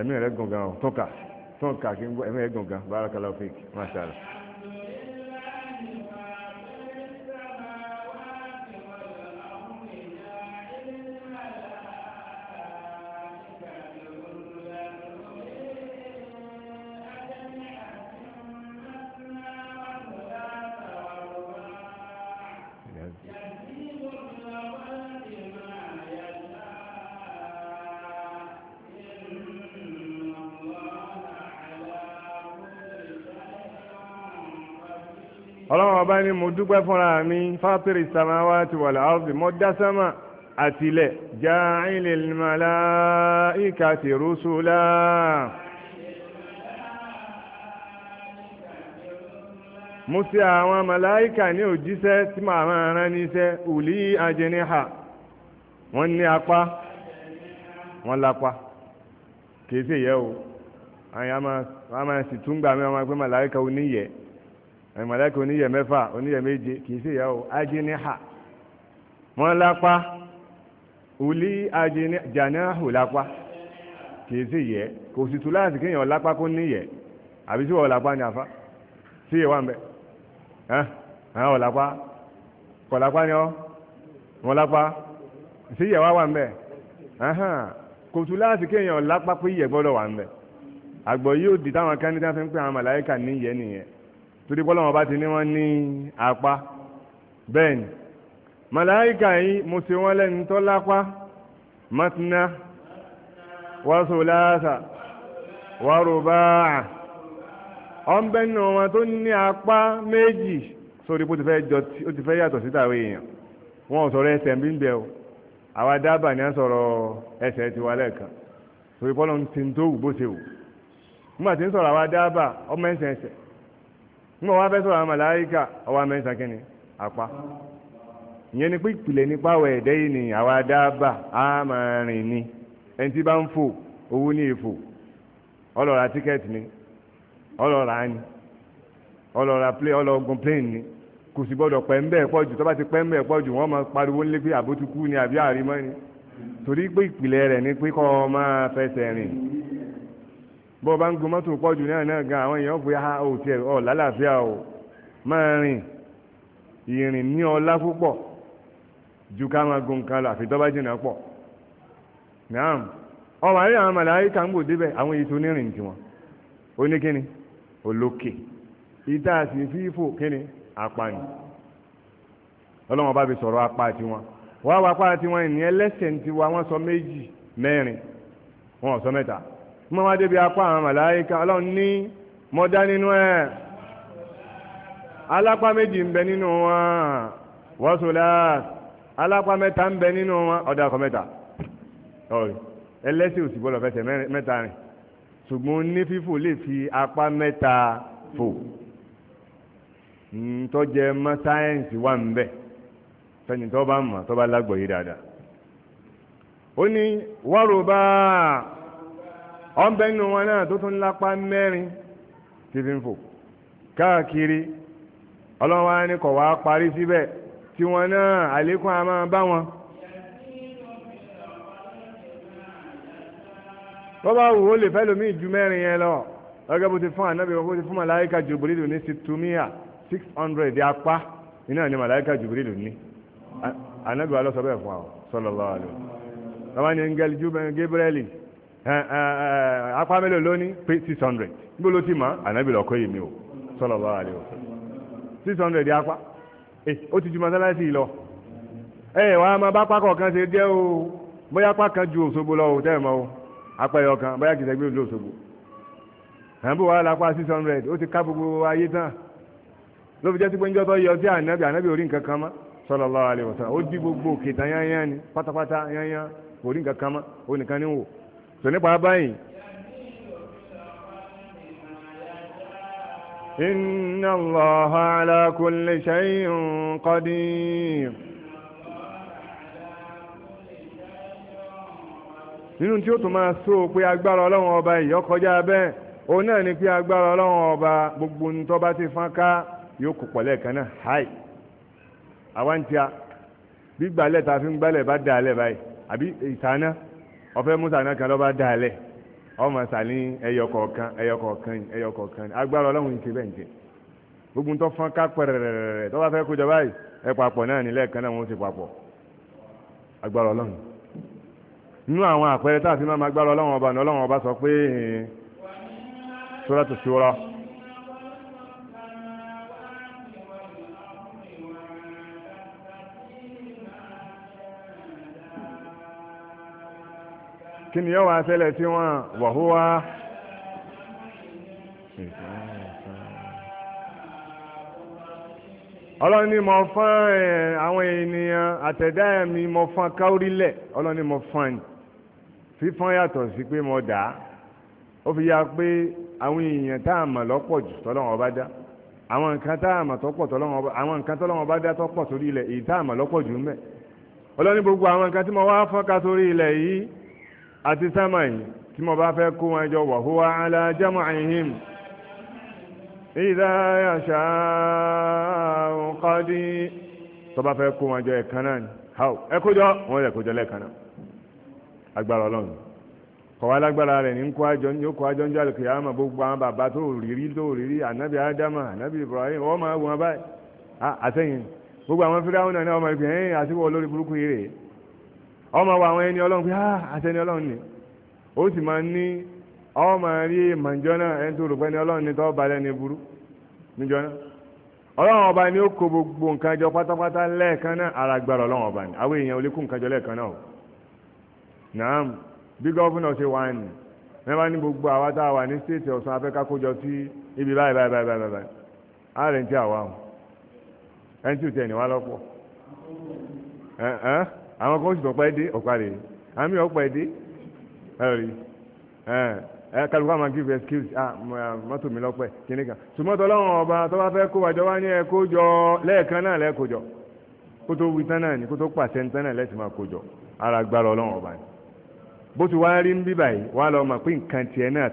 ẹ̀mí rẹ̀ gùn tọ́ka tọ́ka kí ẹ̀mí rẹ̀ gùn gan barakallahu fik ọba ni mo dúpẹ́ fúnra mi fátírì samawati wal ardi mo dá sámà àtìlẹ̀ ja'ilil malaikati rusula. mo ṣe àwọn màláìkà ní òjíṣẹ́ tí màá máa rán níṣẹ́ uli ajniha wọ́n ní apá wọ́n lápá kìí ṣèyẹ́ o àwọn àmà sì túngbà mi pé màláìkà oníyẹ̀ẹ́ mọ̀lẹ́kà oníyẹ̀ mẹ́fà oníyẹ̀ méje kì í ṣe ìyàwó ajínihà wọ́n lápá ulí ajínihù lápá kì í ṣe ìyẹ́ kò sì tú láti kéèyàn lápá kó níyẹ̀ àbí sí wọ́n lápá ní afá sí ìyẹ̀ wà ń bẹ ẹ̀hán ọ̀lápá kọ̀lápá ni ọ́ wọ́n lápá sí ìyẹ̀ wà wà ń bẹ ẹ̀hán kò tú láti kéèyàn lápá pé ìyẹ̀ gbọ́dọ̀ wà ń bẹ àgbọ̀ yóò di táwọn kánidá fi ń pè àwọn màláyíkà níyẹ̀ nìyẹn torí pé Ọlọ́run bá ti ní wọ́n ní apá bẹ́ẹ̀ ni màláìkà yìí mo ṣe wọ́n lẹ́nu tó lápá matna wasolasa warubaa ọ̀nbẹ́ nù wọn tó ní apá méjì sórí bó ti fẹ́ jọ ó ti fẹ́ yàtọ̀ síta èèyàn wọn ò ẹsẹ̀ ń bí o àwa dábàá ni a sọ̀rọ̀ ẹsẹ̀ ti wà lẹ́ẹ̀kan sórí bọ́lá ń ti tó wù bó ṣe wù nígbà tí ń sọ̀rọ̀ àwa dábàá ọmọ ẹsẹ̀ ẹsẹ̀ nígbà wọn fẹ́ sọ̀rọ̀ àwọn màláíkà ọwọ́ mẹ́ta kínní apá ìyẹn ni pé ìpìlẹ̀ nípa àwọ̀ ẹ̀dẹ́ yìí ni àwa dábà á ni ẹni tí bá ń fò owó ní èfò ọlọ́ra tíkẹ́ẹ̀tì ni ọlọ́ra ni ọlọ́ra ọlọ́gun ni kò sì gbọ́dọ̀ pẹ́ ń bẹ́ẹ̀ pọ̀ jù tó bá ti pẹ́ ń bẹ́ẹ̀ pọ̀ jù wọ́n pariwo pé ni àbí àrímọ́ ni torí pé ìpìlẹ̀ bọ́ bá ń gun mọ́tò gan àwọn èèyàn fòyà ó ah, tiẹ̀ ọ̀ lálàáfíà o máa rìn ìrìn ní ọlá púpọ̀ ju ká máa gun nǹkan lọ àfi bá jìnnà pọ̀ naam ọmọ àwọn màláíkà ń bò débẹ̀ àwọn èyí tó nírìn tiwọn ó ní kíni apani ọlọ́wọ́n bá fi sọ̀rọ̀ apá tiwọn wọ́n wá apá tiwọn ìní sọ méjì mẹ́rin wọ́n sọ mọ́ wá débi apá àwọn màláíkà ọlọ́run ní mọ́dá nínú ẹ̀ alápá méjì ń bẹ nínú wọn wọ́sùlá alápá mẹ́ta ń bẹ nínú wọn ọ̀dà ọkọ̀ mẹ́ta ẹlẹ́sìn òsì bọ́lọ̀ fẹsẹ̀ mẹ́ta rìn ṣùgbọ́n ní fífò lè fi apá mẹ́ta fò tọ́jẹ mọ́ sáyẹ́ǹsì wà ń bẹ fẹ́ni tó bá mọ̀ tó bá lágbọ̀ọ́yé dáadáa ó ní wọ́rùbá ọ̀nbẹ nínú wọn náà tó tún lápá mẹ́rin ti fi ń fò káàkiri ọlọ́run wa ní kọ̀ wá parí síbẹ̀ tí wọn náà àlékún a máa bá wọn. tó bá wù ó lè fẹ́ lómi ju mẹ́rin yẹn lọ gẹ́gẹ́ bó ti fún ànábì wọn bó ti fún màláìka jùbìrìlù ní situmiya six hundred apá iná ni màláìka jùbìrìlù ní ànábì wa lọ sọ bẹ́ẹ̀ fún wa sallallahu alaihi wasallam. tọ́ba ní ngẹ́lì jù bẹ́ẹ̀ Gabriel apá mélòó lónìí pay six hundred níbo ló ti mọ̀ ànábì lọ́kọ́ yìí mi ò sọlọ bá wà six hundred apá eh, ó ti ju mọ́sálásí lọ ẹ wàá máa bá pákọ̀ kan ṣe jẹ́ o bóyá kan ju Òṣogbo lọ o tẹ́lẹ̀ ma o apá kan bóyá kìí Òṣogbo lápá six hundred ó ti ká gbogbo ayé tán ló fi jẹ́ yọ sí ànábì ànábì orí nǹkan kan mọ́ bá gbogbo ni pátápátá orí nǹkan kan mọ́ tó nípa báyìí inna Allaha ala kulli shay'in qadir nínú tí ó tún máa sọ pé agbára ọlọ́run ọba yìí ó kọjá bẹ́ẹ̀ òun náà ni pé agbára ọlọ́run ọba gbogbo ní tó bá ti fán ká yóò kó pọ̀ lẹ́ẹ̀kan náà háì àwa ń ta fi ń gbalẹ̀ bá dà á lẹ̀ báyìí àbí ìtaná ọ̀fẹ́ musa náà kan lọ́ba dalẹ̀ ọmọ sàní ẹyọ kọ̀ọ̀kan ẹyọ kọ̀ọ̀kan ẹyọ kọ̀ọ̀kan agbára ọlọ́run ìṣe bẹ́ẹ̀ nìkẹ́ gbogbo tó fọ́n ká pẹ̀rẹ̀rẹ̀rẹ̀ tó bá fẹ́ kó jọba yìí ẹ papọ̀ náà nílẹ̀ kan náà wọ́n ti papọ̀ agbára ọlọ́run nínú àwọn àpẹẹrẹ tá a fi máa agbára ọlọ́run ọba ní ọlọ́run ọba sọ pé Suratu Shura kí ni yóò wá ṣẹlẹ̀ tí wọ́n wọ̀húwá ọlọ́run ni mo fán àwọn ènìyàn àtẹ̀dá mi mo fán káórílẹ̀ ọlọ́run ni mo fán ni fífán yàtọ̀ sí pé mo dà ó fi ya pé àwọn èèyàn tá a mọ̀ lọ́pọ̀ jù tọ́lọ́run ọba dá àwọn nǹkan tá a mọ̀ tọ́pọ̀ tọ́lọ́run ọba àwọn nǹkan tọ́lọ́run ọba dá tọ́pọ̀ sórí ilẹ̀ èyí tá a mọ̀ lọ́pọ̀ jù ń bẹ ọlọ́run ni gbogbo àwọn nǹkan tí mo wá fọ́n sórí ilẹ̀ yìí àti sámà yìí tí mo bá fẹ́ kó wọn jọ wa huwa ala jam'ihim idha yasha'u qadir tó bá fẹ́ kó wọn jọ ẹ̀kan náà ni hao ẹ kójọ wọn lè kójọ lẹ́ẹ̀kan náà agbára ọlọ́run kọ̀wá lágbára rẹ̀ ní kó àjọ ní kó àjọ ń jọ àlùkìyámà gbogbo àwọn bàbá tó rírí tó rírí ànábì ádámà ànábì ibrahim wọ́n máa wọ́n báyìí ah, gbogbo àwọn fíráwọn náà ní ọmọ ìgbìyànjú àti wọ́n olórí burúkú yìí rèé ọmọ wa àwọn ẹni ọlọ́run ah àtẹni ọlọ́run ni ó sì máa ní ọmọ rí màjọ ẹni tó rò ẹni ọlọ́run ni tọ́ balẹ̀ burú ọlọ́run ọba ni ó gbogbo nǹkan jọ pátápátá lẹ́ẹ̀kan náà ara gbára ọlọ́run ọba ni àwọn èèyàn ò o naam bí gọ́fúnà ṣe wà ní ní gbogbo àwa tá a wà ní stéètì ọ̀sán afẹ́ká kójọ sí ibi báyìí o ẹni tí ò tẹ̀ ní wá lọ́pọ̀ àwọn kan sì tọ́pẹ́ dé ọ̀pá rèé àmì ọ̀pẹ́ dé ẹ̀rí ẹ̀ kálukú àwọn give excuse ah, ah mọ́tò mi lọ́pẹ́ kíní kan sùmọ́tò ọlọ́run ọba tó bá fẹ́ kó wájọ wá ní ẹ̀kọ́ jọ lẹ́ẹ̀kan náà lẹ́ẹ̀kọ́ jọ kó tó wí tán náà ni kó tó pàṣẹ tán náà lẹ́sìn máa kó jọ ara gbára ọlọ́run ọba ni bó ti wá rí ń bíbà wá lọ mọ̀ pé nǹkan tiẹ̀ náà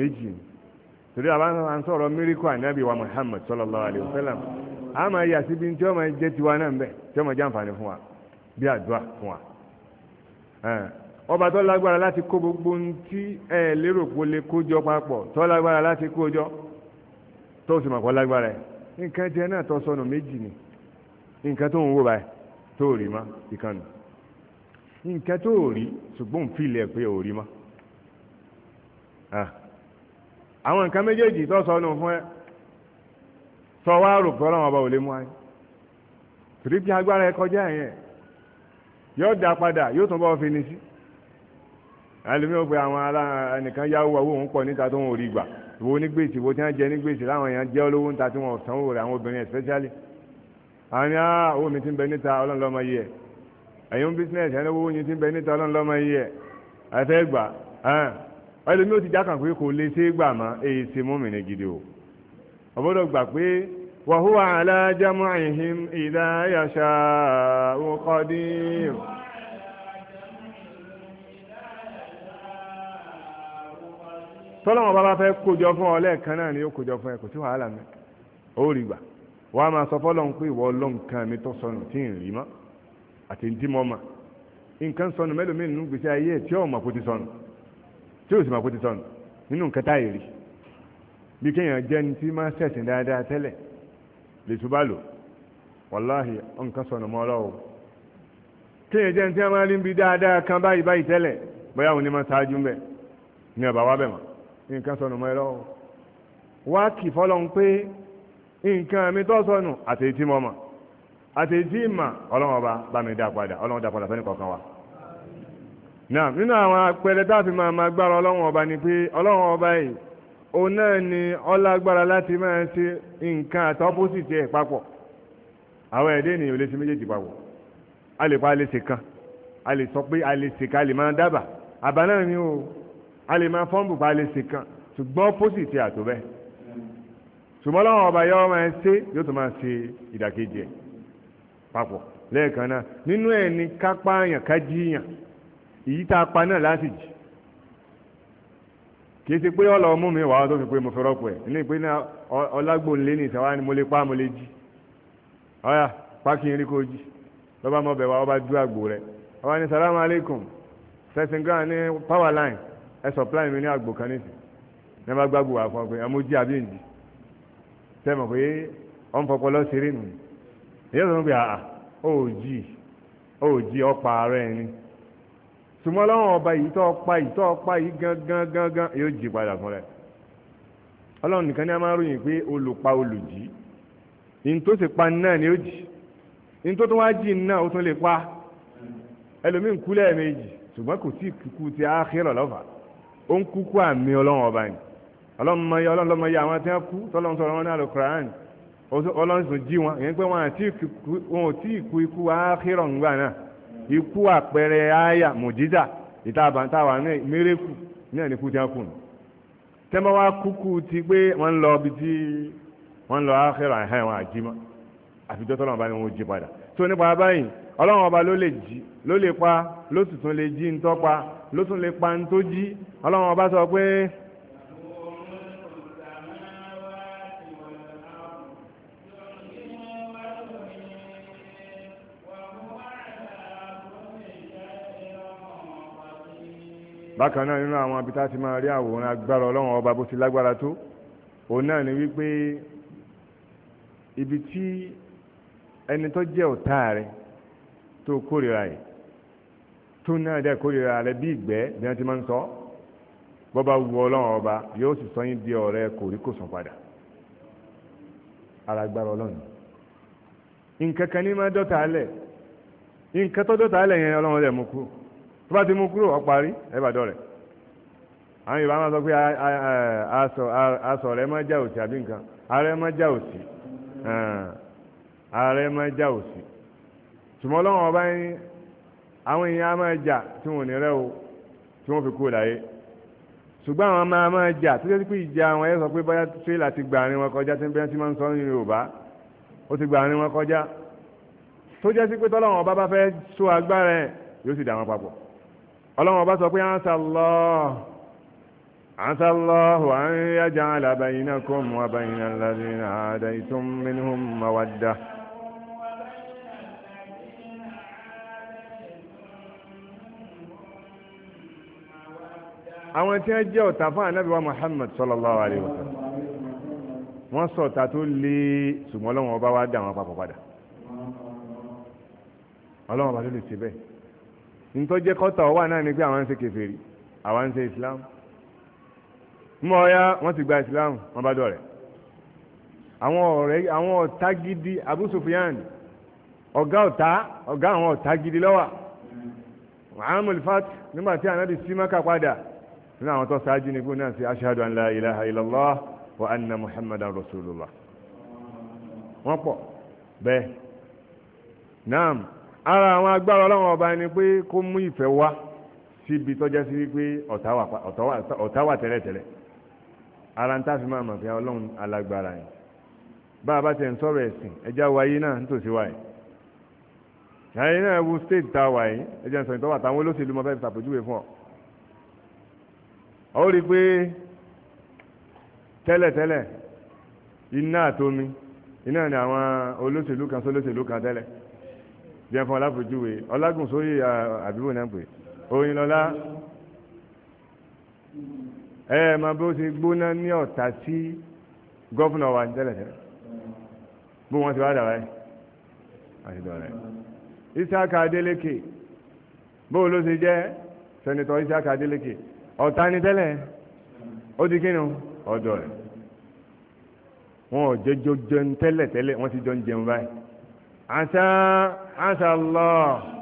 méjì torí àbá ń sọ̀rọ̀ míríkù ànábì wa Muhammad sallallahu alayhi wa sallam a máa yà síbi tí ó máa jẹ́ tiwa náà bẹ́ẹ̀ tí ó máa jẹ́ àǹfààní fún wa bí àdúrà fún wa ọba tó lágbára láti kó gbogbo ohun tí ẹ lérò pé lè kójọ papọ̀ tó lágbára láti kójọ tó sì mọ̀ kó lágbára ẹ̀ nǹkan jẹ́ náà tó sọnù méjì ni nǹkan tó ń wò báyìí tó rí ma ìkànnì nǹkan tó rí ṣùgbọ́n fi ilẹ̀ pé ò rí ma àwọn nǹkan méjèèjì tó sọ nù fún ẹ sọ wá rò pé ọlọ́run ọba ò lè mú ayé torí bí agbára ẹ kọjá yẹn yóò dá padà yóò tún bọ́ fi ni sí ẹlòmí ò pé àwọn ará ẹnìkan yáwó owó òun pọ̀ níta tó ń rí gbà wo ní gbèsè wo tí wọ́n jẹ ní gbèsè láwọn èèyàn jẹ́ olówó níta tí wọ́n sanwó rẹ̀ àwọn obìnrin especially àwọn yàrá ah, owó mi ti ń bẹ níta ọlọ́run lọ́mọ yìí ẹ̀ ẹ̀yìn business ẹni owó yìí ti ń bẹ níta ọlọ́run lọ́mọ yìí ẹ̀ ẹ̀ fẹ́ gbà ẹ̀ ẹlòmí ó ti já pé kò lè ṣe é gbà má èyí ṣe gidi o ọ̀bọ̀dọ̀ gbà pé ìdáyàṣà tọ́lọ́mọ bá bá fẹ́ kójọ fún ọ lẹ́ẹ̀kan náà ni ó kójọ fún ẹ kò sí wàhálà mi ó rí gbà á máa sọ fọ́lọ́n pé ìwọ mi tó sọnù tí rí mọ́ àti ń dí mọ́ mà nǹkan sọnù mẹ́lòmíì nínú gbèsè ayé ẹ̀ tí tí ó sì máa kó ti sọnù nínú nǹkan táyì rí bí kéèyàn jẹ́ ní tí máa ṣẹ̀sìn dáadáa tẹ́lẹ̀ lè tún bá lò wàláhì nǹkan sọnù mọ́ ọlọ́wọ́ kéèyàn jẹ́ ní tí máa rí bí dáadáa kan báyìí báyìí tẹ́lẹ̀ bóyá òun ni máa ṣáájú ń bẹ̀ ní ọ̀bà wa bẹ̀ mọ́ nǹkan sọnù mọ́ ọlọ́wọ́ wá kì fọ́lọ́ ń pé nǹkan mi tó sọnù àti mọ́ mọ́ àti ètí ọlọ́wọ́ bá bá mi dá padà ọlọ́wọ́ dá padà fẹ́ni kọ̀ọ̀kan wa náà nínú àwọn apẹẹrẹ tá a fi máa máa gbára ọlọ́run ọba ni pé ọlọ́run ọba yìí òun náà ni ọlágbára láti máa ṣe nǹkan àtọ́pọ́sìtì ẹ̀ papọ̀ àwọn ẹ̀dẹ́ ènìyàn ò lè ṣe méjèèjì papọ̀ a lè pa a lè ṣe kan a lè sọ pé a lè ṣe kan a lè máa dábàá àbá náà ni o a lè máa fọ́ǹbù pa a lè ṣe kan ṣùgbọ́n pósìtì àtò bẹ́ẹ̀ ṣùgbọ́n ọlọ́run ọba yọ máa ṣe yóò tó máa ṣe ìdàkejì ẹ̀ papọ̀ lẹ́ẹ̀kan náà nínú ẹ̀ ni kápá àyàn ká jíyàn èyí tá a pa náà láti jì kì í ṣe pé ọlọ mú mi wàá tó fi pé mo fẹ́ rọ́pò ẹ̀ ní ìpín náà ọlágbóńlé ní ìsàwá ni mo lè pa mo lè jí ọ̀yà pákí erin kò jí lọ́ba mọ̀ bẹ̀ wá ọba ju àgbò rẹ̀ ọba ní salamu aleykum sẹ́sìn gan ní power line ẹ supply mi ní àgbò kan nísìn ní bá gbàgbó wà fún ọ pé àmú jí àbí ìjì sẹ́mọ̀ pé ọ̀n fọpọ́ lọ ṣeré nù èyí sọ pé àà ó jí ó jí ọ̀pá ara ẹni ṣùgbọ́n lọ́wọ́n ọba yìí tọ́ pa yìí tọ́ pa yìí gangan gangan yóò jí padà fún rẹ ọlọ́run nìkan ní a máa ròyìn pé olùpa olùjí ní pa náà ni ó jì ní tó tó wá jì náà ó tún lè pa ẹlòmíín kú lẹ́ẹ̀mejì ṣùgbọ́n kò tí kú ti áhírọ̀ lọ́fà ó ń kú kú àmì ọlọ́run ọba ni ọlọ́run mọ iye ọlọ́run lọ́mọ iye àwọn tí wọ́n kú tọ́lọ́run sọ̀rọ̀ wọn ní àlùkùrán ọlọ́run sùn jí wọn ìyẹn pé wọn ò tí kú ikú áhírọ̀ ńgbà náà ikú àpẹẹrẹ àyà mùjíza ìtàbàntàwà náà mérekù náà ní kú tí wọ́n kù tẹ́mọ́ wá kúkú ti pé wọ́n lọ bí tí wọ́n lọ áhẹ́rọ̀ àhẹ́ wọn àjímọ́ àfijọ́ tọ́lọ́mọba ni wọ́n jí padà tó nípa báyìí ọlọ́run ọba ló lè jí ló lè pa ló sì tún lè jí ń tọ́pa ló tún lè pa ń tó jí ọlọ́run ọba sọ pé bákan náà nínú àwọn abitá ti máa rí àwòrán agbára ọlọ́run ọba bó ti lágbára tó òun náà ni wípé ibi tí ẹni tó jẹ́ ọ̀tá rẹ tó kórìíra yìí tó náà dẹ́ kórìíra rẹ bí ìgbẹ́ bí wọ́n ti máa ń sọ bọ́ba wu ọlọ́run ọba yóò sì sọ yín di ọ̀rẹ́ kòríkòsùn padà ara ọlọ́run nǹkan ní máa dọ́ta alẹ̀ nǹkan tó dọ́ta alẹ̀ yẹn ọlọ́run rẹ̀ mú kúrò tó bá ti mú kúrò ọ parí ẹ bá dọ̀rẹ́ àwọn yorùbá máa sọ pé aṣọ rẹ máa já òsì àbí nǹkan ààrẹ máa já òsì ààrẹ máa já òsì tùmọ̀ lọ́wọ́ ọba yín àwọn èèyàn á máa jà tí wọn ò ní rẹ́ o tí wọ́n fi kú láyé ṣùgbọ́n àwọn máa máa jà tó jẹ́ pé ìjà àwọn ẹ̀ sọ pé báyà tírélà ti gbà àárín wọn kọjá tí bẹ́ẹ̀ tí máa ń sọ ní yorùbá ó ti gbà àárín wọn kọjá tó jẹ́ sí pé tọ́lọ́wọ́n ọba bá fẹ́ so agbára yóò sì dà wọn papọ̀ ọlọ́run ọba sọ pé ansa Allah ansa Allahu an yaj'ala bainakum wa bayna alladhina adaytum minhum mawaddah. àwọn tí wọ́n jẹ́ ọ̀tá fún ànábì wa Muhammad sallallahu alayhi wa sallam wọ́n sọ ọ̀tá tó lé ṣùgbọ́n ọlọ́run ọba wa dà wọ́n papọ̀ padà ọlọ́run ọba tó lè ṣe bẹ́ẹ̀ ntọ́jẹ́ kọ́tà wà náà ni pé àwọn ń ṣe kèfèrí àwọn ń ṣe islam mọ́ ọ̀yá wọ́n ti gba islam wọ́n bá dọ̀rẹ́ àwọn ọ̀rẹ́ àwọn ọ̀tá gidi Abu Sufyan ọ̀gá ọ̀tá ọ̀gá àwọn ọ̀tá gidi lọ́wà muhammed fat nígbà tí anabi simaka padà nínú àwọn tó ṣáájú ni kó náà ṣe ashhadu an la ilaha illallah wa anna muhammadan rasulullah wọ́n pọ̀ bẹ́ẹ̀ naam ara àwọn agbára ọlọ́run ọba ni pé kó mú ìfẹ́ wá síbi tọ́já sí wípé ọ̀tá wà tẹ́lẹ̀tẹ́lẹ̀ ara ń táfi máa mọ̀ pé ọlọ́run alágbára yẹn bá a bá tẹ̀ ń sọ̀rọ̀ ẹ̀sìn ẹja wáyé náà nítòsí wáyé ẹ̀yìn náà wo state tá a wà yìí ń sọ̀rọ̀ ìtọ́wà táwọn olóṣèlú mọ́ fẹ́ẹ́ ṣàpèjúwe fún ọ. ọ rí pé tẹ́lẹ̀tẹ́lẹ̀ iná àtomi iná ni àwọn olóṣèlú kan sólóṣèlú kan tẹ́lẹ̀ jẹ́ fún ọláfojúwe ọlágùn sórí àdúgbò náà pé oyin lọ́lá ẹ máa bí ó ti gbóná ní ọ̀tá sí gọ́fúnà wa tẹ́lẹ̀tẹ́lẹ̀ bó wọ́n ti wá dàrá ẹ̀ àti dọ̀rẹ́ Isaka Adeleke bó ló ṣe jẹ́ sẹ́nitọ́ Isaka Adeleke ọ̀tá ni tẹ́lẹ̀ ó di kínú ọ̀dọ̀ rẹ̀ wọn ò jẹ́ jọ jẹun tẹ́lẹ̀tẹ́lẹ̀ wọ́n ti jọ ń jẹun báyìí. عسى عسى الله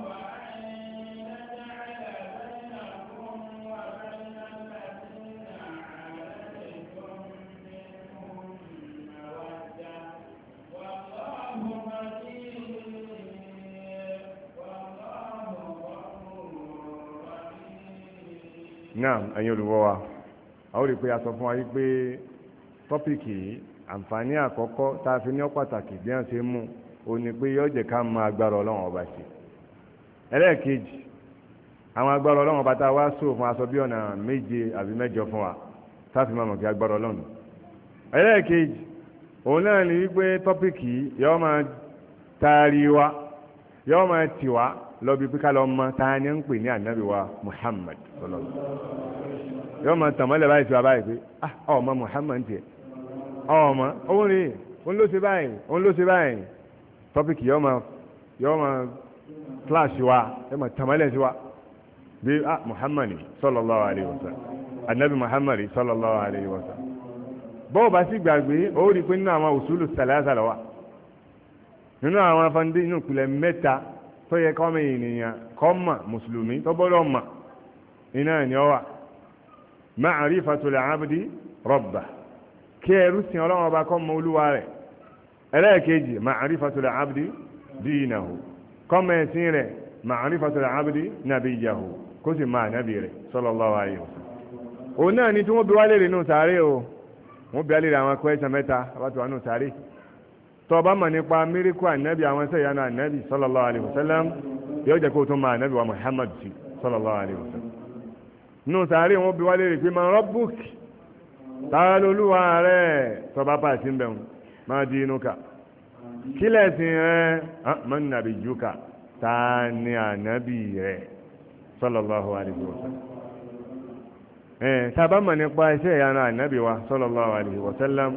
naam ẹ̀yin olùwọ́ a ó rí pé a sọ fún wa yìí pé tọ́pìkì àǹfààní àkọ́kọ́ fi ní ọ́ pàtàkì bí ṣe òun ni pé yọ́ọ̀jẹ̀ ká mọ agbára ọlọ́run ọba sí ẹlẹ́ẹ̀kejì àwọn agbára ọlọ́run ọba tá a wá sóò fún aṣọ bí ọ̀nà méje àbí mẹ́jọ fún wa táfi máa mọ̀ kí agbára ọlọ́run ẹlẹ́ẹ̀kejì òun náà ni wípé tọ́pìkì yọ́ọ́ máa taari lọ mọ ta ni ń pè ní ànábì wa Muhammad máa tàn mọ́lẹ̀ báyìí báyìí pé ah ọmọ òun òun ló ṣe topic yọ ma yọ ma clash wa yọ ma tamalẹ̀ sí wa bí a ah, muhammad sallallahu alayhi wa sallam anabi muhammad sallallahu alayhi wa sallam bọ́ọ̀ bá sì gbàgbé ó rí i pé nínú àwọn òṣùlù sàlẹ́sà lọ́wọ́ nínú àwọn afande inú kulẹ̀ mẹ́ta tó yẹ kọ́mọ ènìyàn kọ́mọ mùsùlùmí tó gbọ́dọ̀ mọ̀ iná ni ọ wà ma'rifatul abdi rabbah kí ẹrú sin ọlọ́run ọba kọ́mọ olúwa rẹ̀ ẹlẹ́ẹ̀kejì ma'arifatul abdi dinahu kọ́mẹ̀sí rẹ̀ abdi nabiyahu kó sì máa nábì rẹ̀ sallallahu alaihi wasallam náà ni tí wọ́n bí wá lè rí o wọ́n bí wá lè rí àwọn kwẹ́sàn mẹ́ta abátí wà nù sáré tó bá mọ̀ nípa míríkù ànábì àwọn sẹ́yànà ànábì sallallahu alaihi wasallam yóò jẹ́ kó wa Muhammad sí sallallahu alaihi nù sáré wọ́n bí wá lè rí pé máa di inú ka kí lẹ́sìn rẹ máa ń nàbí ju ka ta ni ànábì rẹ sallallahu alaihi wasallam ẹ sábà mọ̀ nípa iṣẹ́ ìyanu ànábì wa sallallahu alaihi wasallam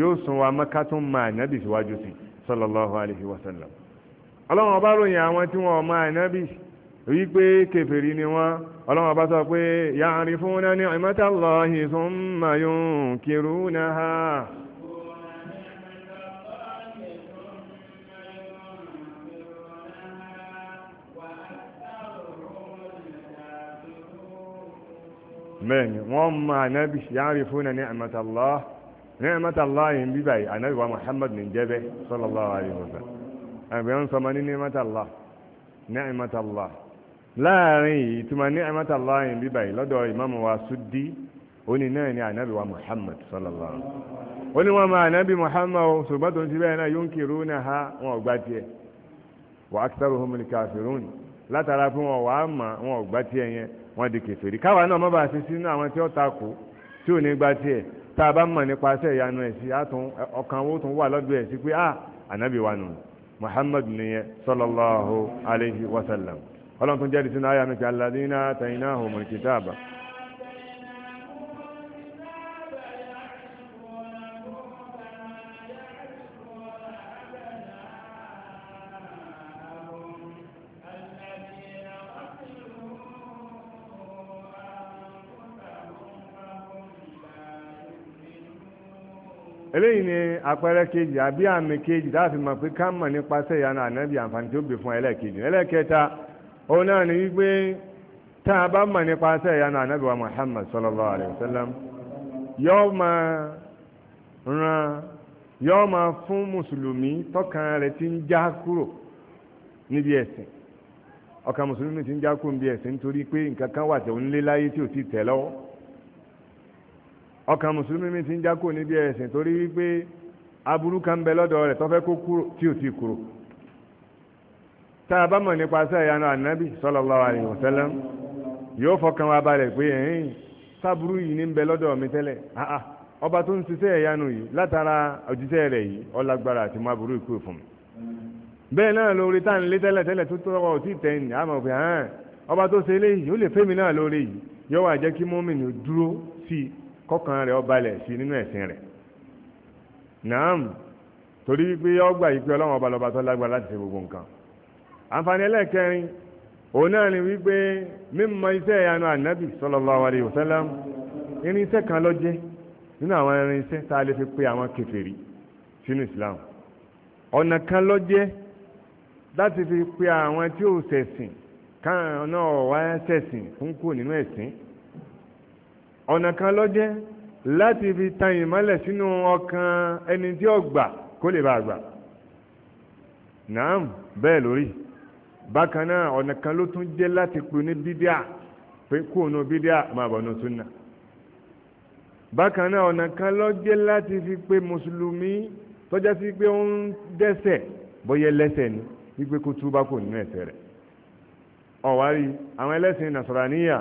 yóò sún wa mọ́ká tún máa ànábì síwájú sí sallallahu alaihi wasallam ọlọ́run ọba ròyìn àwọn tí wọ́n ọmọ ànábì wípé kèfèrí ni wọ́n ọlọ́run ọba sọ pé ya'rifuna ni'matallahi thumma yunkirunaha bẹ́ẹ̀ni wọ́n mọ ànábì ya'rifuna ni'matallah ni'matallah yìí ń bíbà yìí ànábì wa Muhammad ní jẹ́bẹ́ sallallahu alaihi wasallam àbí wọ́n sọmọ ní ni'matallah ni'matallah láàrin yìí ìtumọ̀ ni'matallah yìí ń bíbà yìí lọ́dọ̀ ìmáàmù wa Suddi ó ní náà ní ànábì wa Muhammad sallallahu alaihi wasallam ó ní wọ́n mọ ànábì Muhammad ṣùgbọ́n tó ń ti bẹ́ẹ̀ náà yunkirunaha wọn ò gbá wọ́n di kèfèrí káwa náà mọ́ba sí sínú àwọn tí ó takò gba tá a bá mọ̀ nípa iṣẹ́ ìyanu ẹ̀ sí àtún ọkàn owó tún wà lọ́dọ̀ ẹ̀ sí pé ah ànábì wa nù Muhammad nìyẹn sallallahu alayhi wa sallam ọlọ́run tún jẹ́rìí sínú àyà mi kí alladhina eléyìí ni àpẹẹrẹ kejì àbí àmì kejì láti mọ̀ pé ká mọ̀ nípasẹ̀ ìyanu ànábì àǹfààní tó gbé fún ẹlẹ́ẹ̀kejì ẹlẹ́ẹ̀kẹta òun náà ni wípé tá a bá mọ̀ nípasẹ̀ ìyanu ànábì wa Muhammad sallallahu alayhi wa sallam yóò máa ran yọọ máa fún mùsùlùmí tọkàn rẹ̀ ti ń já kúrò níbi ẹ̀sìn ọkàn mùsùlùmí ti ń já kúrò níbi ẹ̀sìn nítorí pé nǹkan kan wà tẹ̀ ọkàn mùsùlùmí mi ti ń jákò níbi ẹ̀sìn torí wípé aburú kan bẹ lọ́dọ̀ rẹ̀ tọ́fẹ́ kó kúrò tí ò ti kúrò tá a bá mọ̀ nípa ìyanu ànábì sallallahu alaihi wasallam yóò fọkàn wa balẹ̀ pé ẹ̀yìn sábúrú yìí ní ń bẹ lọ́dọ̀ mi tẹ́lẹ̀ ọba tó ń ṣiṣẹ́ ìyanu yìí látara òjíṣẹ́ rẹ̀ yìí ọlágbára àti ìkú fún mi bẹ́ẹ̀ náà lórí tá à ń lé tẹ́lẹ̀ tẹ́lẹ̀ tó tọ́wọ́ tí ọba tó ṣe ó lè fẹ́mi náà lórí yìí wà kọ́kàn rẹ̀ ó balẹ̀ sí nínú ẹ̀sìn rẹ̀ naam torí wípé ọgbà yìí pé ọlọ́run ọba lọ́ba tó lágbára láti ṣe gbogbo nǹkan àǹfààní ẹlẹ́ẹ̀kẹrin òun náà ni wípé mímọ̀ iṣẹ́ ìyanu ànábì sallallahu alaihi wasallam irinṣẹ́ kan ló jẹ́ nínú àwọn irinṣẹ́ tá a lè fi pe àwọn kèfèrí sínú islam ọ̀nà kan ló jẹ́ láti fi pe àwọn tí ò ṣẹ̀sìn káwọn náà wá ṣẹ̀sìn fún kù nínú ẹ̀sìn ọ̀nà kan ló láti fi tan ìmọ́lẹ̀ sínú ọkàn ẹni tí ó gbà kó lè bá gbà naam bẹ́ẹ̀ lórí bákan ọ̀nà kan ló tún jẹ́ láti pè ní bídíà pé kó nu bídíà máa bọ̀ súnà ọ̀nà kan ló láti fi pé mùsùlùmí tọ́já sí pé ó ń dẹ́ṣẹ̀ bóyá lẹ́ṣẹ̀ ni wípé kó túbá kò nínú ẹ̀ṣẹ̀ rẹ̀ ọ̀wárí àwọn ẹlẹ́sìn nàṣọ̀ràníyà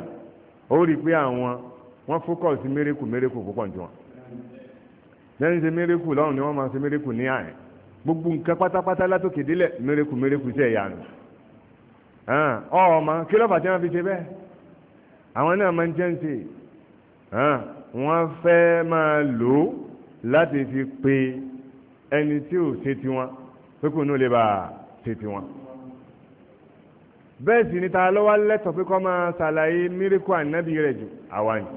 ó rí pé àwọn wọ́n fókọ̀ sí mérekù mérekù púpọ̀ jù wọn lẹ́yìn ṣe mérekù lọ́rùn ni wọ́n máa ṣe mérekù ní àyìn gbogbo nǹkan pátápátá látòkè délẹ̀ mérekù mérekù sí ẹ̀yà nù ọ̀ọ́mà kí lọ́fà tí wọ́n fi ṣe bẹ́ẹ̀ àwọn náà máa ń jẹ́ ń ṣe wọ́n fẹ́ máa lò ó láti fi pe ẹni tí ò ṣe tiwọn pé kò ní ó bá ṣe tiwọn bẹ́ẹ̀ sì ni ta lọ́wọ́ lẹ́tọ̀ọ́ pé kọ́ máa ṣàlàyé míríkù ànábì rẹ̀ jù àwa ni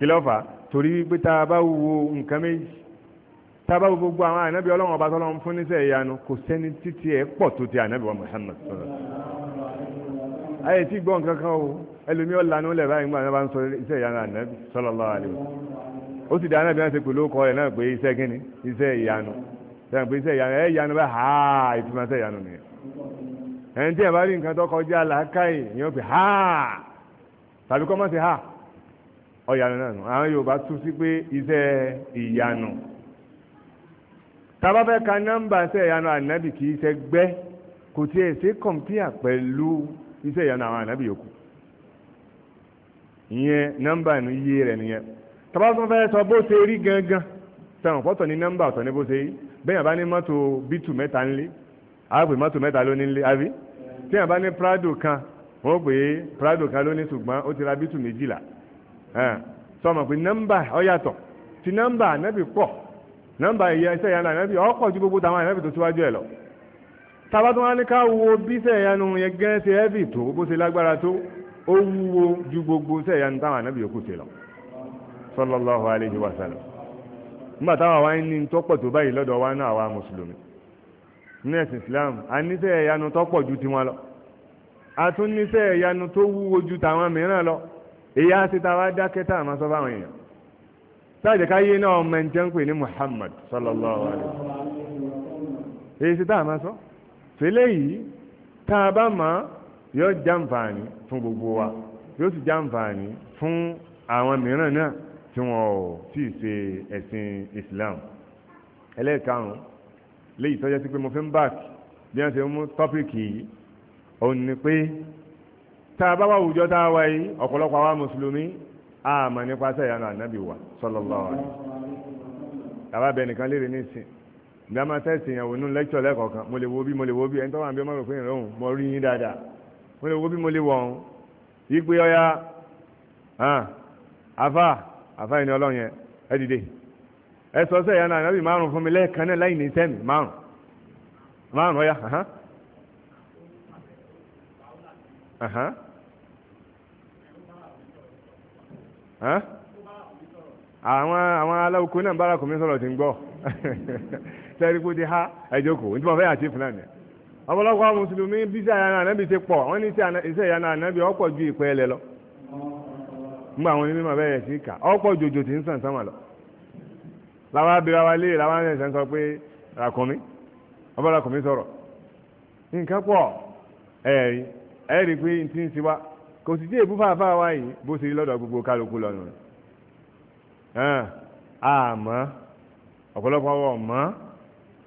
kí ló fà torí wípé tá a bá wo nǹkan méjì tá a bá wo gbogbo àwọn ànábì ọlọ́run ọba tọ́lọ́run fún níṣẹ́ ìyanu kò sẹ́ni títí ẹ̀ pọ̀ tó ti ànábì wa Muhammad sọ̀rọ̀ ayé tí gbọ́ nǹkan kan o ẹlòmí ọ̀la ní olè báyìí nígbà náà bá ń sọ iṣẹ́ ìyanu ànábì sallallahu alaihi wasallam ó sì dá ànábì náà ṣe pẹ̀lú ọkọ rẹ̀ náà pé iṣẹ́ kínní iṣẹ́ ìyanu sẹ́yìn pé iṣẹ́ ìyanu ẹ̀ ìyanu bá ha ìtumọ̀ iṣẹ́ ìyanu nìyẹn ẹni tí ẹ̀ bá rí nǹkan ha tàbí ha ọ̀yànà náà nù àwọn Yorùbá tú sí pé iṣẹ́ ìyanu tábà fẹ́ ka nọ́mbà iṣẹ́ ìyanu ànábì kì í ṣe gbẹ́ kò tiẹ̀ ṣe kọ̀m̀pìà pẹ̀lú iṣẹ́ ìyanu àwọn ànábì yòókù ìyẹn nọ́mbà nù iye rẹ̀ nìyẹn tábà tó fẹ́ sọ bó ṣe rí gangan sẹ̀wọ̀n pọ̀tọ̀ ní nọ́mbà ọ̀tọ̀ ní bó ṣe rí bá ní mọ́tò bítù mẹ́ta ńlé àápè mọ́tò mẹ́ta ló nílé àbí tíyàn bá ní Prado kan wọ́n pè é Prado kan ló ní ṣùgbọ́n ó ti ra bítù méjìlá sọmọ pé nọ́mbà ọ yàtọ̀ ti nọ́mbà ànábì pọ̀ nọ́mbà ìyá iṣẹ́ ìyanu ànábì ọ̀pọ̀ ju gbogbo tàwọn ànábì tó síwájú ẹ̀ lọ tàbá tó wá ní ká wo bí iṣẹ́ ìyanu yẹn gẹ́ ṣe ẹ́bì tó bó ṣe lágbára tó ó wúwo ju gbogbo iṣẹ́ ìyanu táwọn ànábì yòókù ṣe lọ sallallahu alaihi wa sallam nígbà táwọn wáyé ní tọ́pọ̀ tó báyìí lọ́dọ̀ wa náà wa mùsùlùmí ní ẹ̀sìn Islam a níṣẹ́ ìyanu tọ́pọ̀ ju tiwọn lọ a tún níṣẹ́ ìyanu tó wúwo ju tàwọn mìíràn lọ èyí á sì ta wá a máa sọ fáwọn èèyàn sáàjẹ̀ ká yé náà ọmọ ẹnjẹ́ ń pè ní Muhammad sallallahu alayhi wa sallam èyí sì tá a máa sọ tá a bá máa yóò jàǹfààní fún gbogbo wa yóò sì jàǹfààní fún àwọn mìíràn náà tí wọn ò tí ṣe ẹ̀sìn Islam ẹlẹ́ẹ̀karùn-ún léyìí tọ́jọ́ sí pé mo fi ń báàkì bí wọ́n ṣe mú tọ́pìkì yìí òun ni pé tá a bá wà àwùjọ tá a wà yìí ọ̀pọ̀lọpọ̀ àwa mùsùlùmí àmà nípa sẹ́yànà ànábì wa sallallahu alaihi wasallam tàbá bẹ̀ nìkan léèrè nísìn gbàmà tẹ́sì ìyàwó nínú lẹ́kítọ̀ lẹ́kọ̀ọ̀kan mo lè wo bí mo lè wo bí ẹni tó wà ń bí ọmọ òfin ìrọ̀hùn mo rí yín dáadáa mo lè wo bí mo lè wọ̀ ọ́n yí ọya afa afa ẹni ọlọ́run yẹn ẹ dìde ẹ sọ sẹ́yànà ànábì márùn fún mi lẹ́ẹ̀kan náà láì ní sẹ́mi márùn márùn ọya. àwọn àwọn aláwòkó náà bára kò mí sọ̀rọ̀ tí ń gbọ́ sẹ́rí (laughs) kó ti há ẹ̀jọ̀kọ̀ ní tí wọ́n fẹ́ àti fúnà ọ̀pọ̀lọpọ̀ mùsùlùmí bí iṣẹ́ ànábì ti pọ̀ wọ́n ní iṣẹ́ ìyanu ànábì ọ̀pọ̀ ju ìpẹ́ ẹlẹ lọ nígbà àwọn onímọ̀ bẹ́ẹ̀ sí kà ọ̀pọ̀ jòjò tí ń sàn sánmà lọ làwọn abira wa lé làwọn kò sì tí èbú fàáfà wá yìí bó ṣe rí lọ́dọ̀ gbogbo kálukú lọ́nu rẹ̀ àmọ́ ọ̀pọ̀lọpọ̀ ọwọ́ mọ́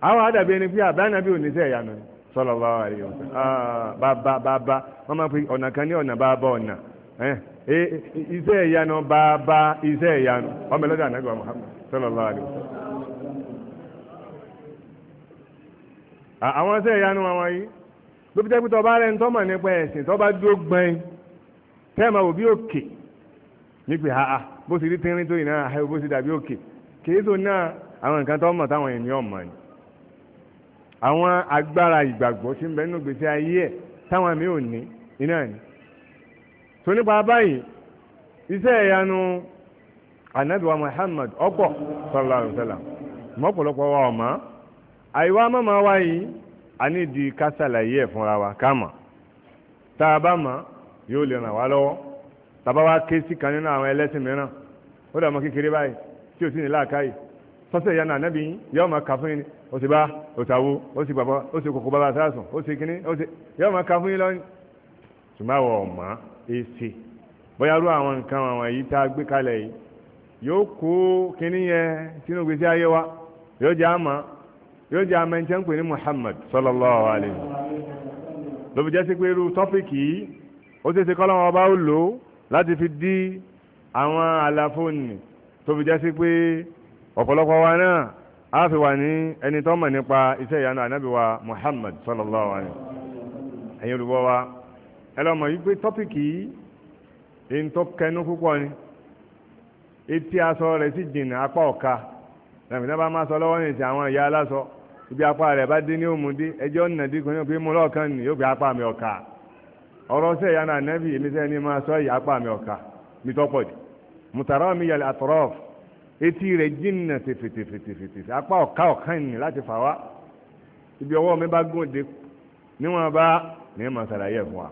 àwọn àdàbí ẹni pé àbáyànàbí ò ní sẹ́ ìyanu sallallahu alaihi wasallam ah, bàbá bàbá wọ́n máa fi ọ̀nà kan ní ọ̀nà bàbá ọ̀nà e, iṣẹ́ ìyanu bàbá iṣẹ́ ìyanu ọmọ ẹlọ́dọ̀ ànágbà Muhammad sallallahu alaihi wasallam ah, àwọn iṣẹ́ ìyanu wọn wáyé ló fi jẹ́ pé tọba rẹ̀ ń tọ́mọ̀ nípa ẹ̀sìn tọba dúró gbọ́n tẹ́ẹ̀mà wò bí òkè nígbè àá bó ti rí tínrín tó ìnáà àhẹ́ bó ti dàbí òkè kèéso náà àwọn nǹkan tó mọ̀ táwọn ènìyàn mọ̀ ni àwọn agbára ìgbàgbọ́ tí ń bẹ nínú gbèsè ayé ẹ̀ táwọn àmì ò ní iná ni tó nípa báyìí iṣẹ́ ìyanu anabiwa Muhammad ọ̀pọ̀ sallallahu a ní di ẹ̀ fúnra wa tá a bá yóò lè ràn wá lọ́wọ́ tàbá wá ké sí kan nínú àwọn ẹlẹ́sìn mìíràn ó dàmọ́ kékeré báyìí tí o sí ní láàkáyì sọ́sẹ̀ ìyá náà nẹ́bí yín yóò máa kà fún yín o sì bá òtàwó o sì bàbá ó sì kòkó bàbá sásùn o sì kíní ó sì yóò máa kà fún yín lọ́yìn ṣùgbọ́n àwọn ọ̀mà èsì bóyá rú àwọn nǹkan àwọn yìí tá a gbé kalẹ̀ yìí yóò kó kíní yẹn sínú gbèsè ayé wa yóò jẹ́ àmà yóò jẹ́ àmà ẹni tí wọ́n ń pè ní Muhammad sallallahu alayhi ló fi jẹ́ sí pé irú tọ́pìkì yìí ó ṣe ṣe kọ́lọ́wọ́n ọba ó lò ó láti fi dí àwọn àlàfo nì tó fi jásí pé ọ̀pọ̀lọpọ̀ wa náà á fi wà ní ẹni tó mọ̀ nípa iṣẹ́ ìyanu ànábì wa Muhammad sallallahu alayhi ẹ̀yin olùbọ̀ wa ẹ lọ mọ̀ yí pé tọ́pìkì yìí èyí tó kẹnu púpọ̀ ni etí aṣọ rẹ̀ sì jìnnà apá ọ̀ka lẹ́mìí náà bá máa sọ lọ́wọ́ nìyí ti àwọn ìyá aláṣọ ibi apá rẹ̀ bá dé ní òmùdí ẹjọ́ nìdí kan yóò pé mú lọ́ọ̀kan nì apá mi ọ̀ka ọ̀rọ̀ sẹ́ ìyá náà nẹ́bí èmi sẹ́ ni máa sọ ìyá apá mi ọ̀ka mi tọ́pọ̀ dì mùtàrà mi yàrá àtọ̀rọ̀ etí rẹ̀ jìnnà tèfètèfètèfètè apá ọ̀ka ọ̀kan ni láti fà wá ibi ọwọ́ mi bá gòdè níwọ̀n bá ní ma ṣàlàyé fún wa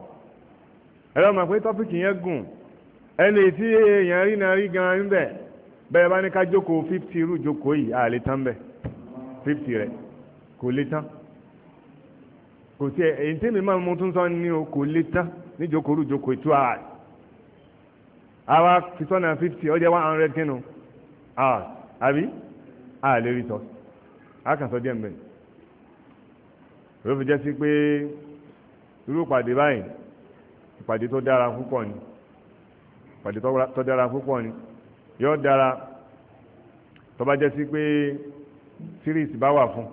ẹ̀rọ mọ̀ pé tọ́pìkì yẹn gùn ẹni tí èèyàn rí náà rí gan-an níbẹ̀ bẹ́ẹ̀ bá ní ká jókòó fífítì irú jókòó yìí kò tí ẹ èyí tí mi máa mú tún sọ ní o kò tán níjókòrú jókòó two hours àwa fi sọ́nà fifty ó jẹ́ one hundred kínú hours àbí a lè rí tọ́ a kàn sọ díẹ̀ mbẹ́ ló fi jẹ́ sí pé irú ìpàdé báyìí ìpàdé tó dára púpọ̀ ni ìpàdé tó dára púpọ̀ ni yóò dára tó bá jẹ́ sí pé series bá wà fún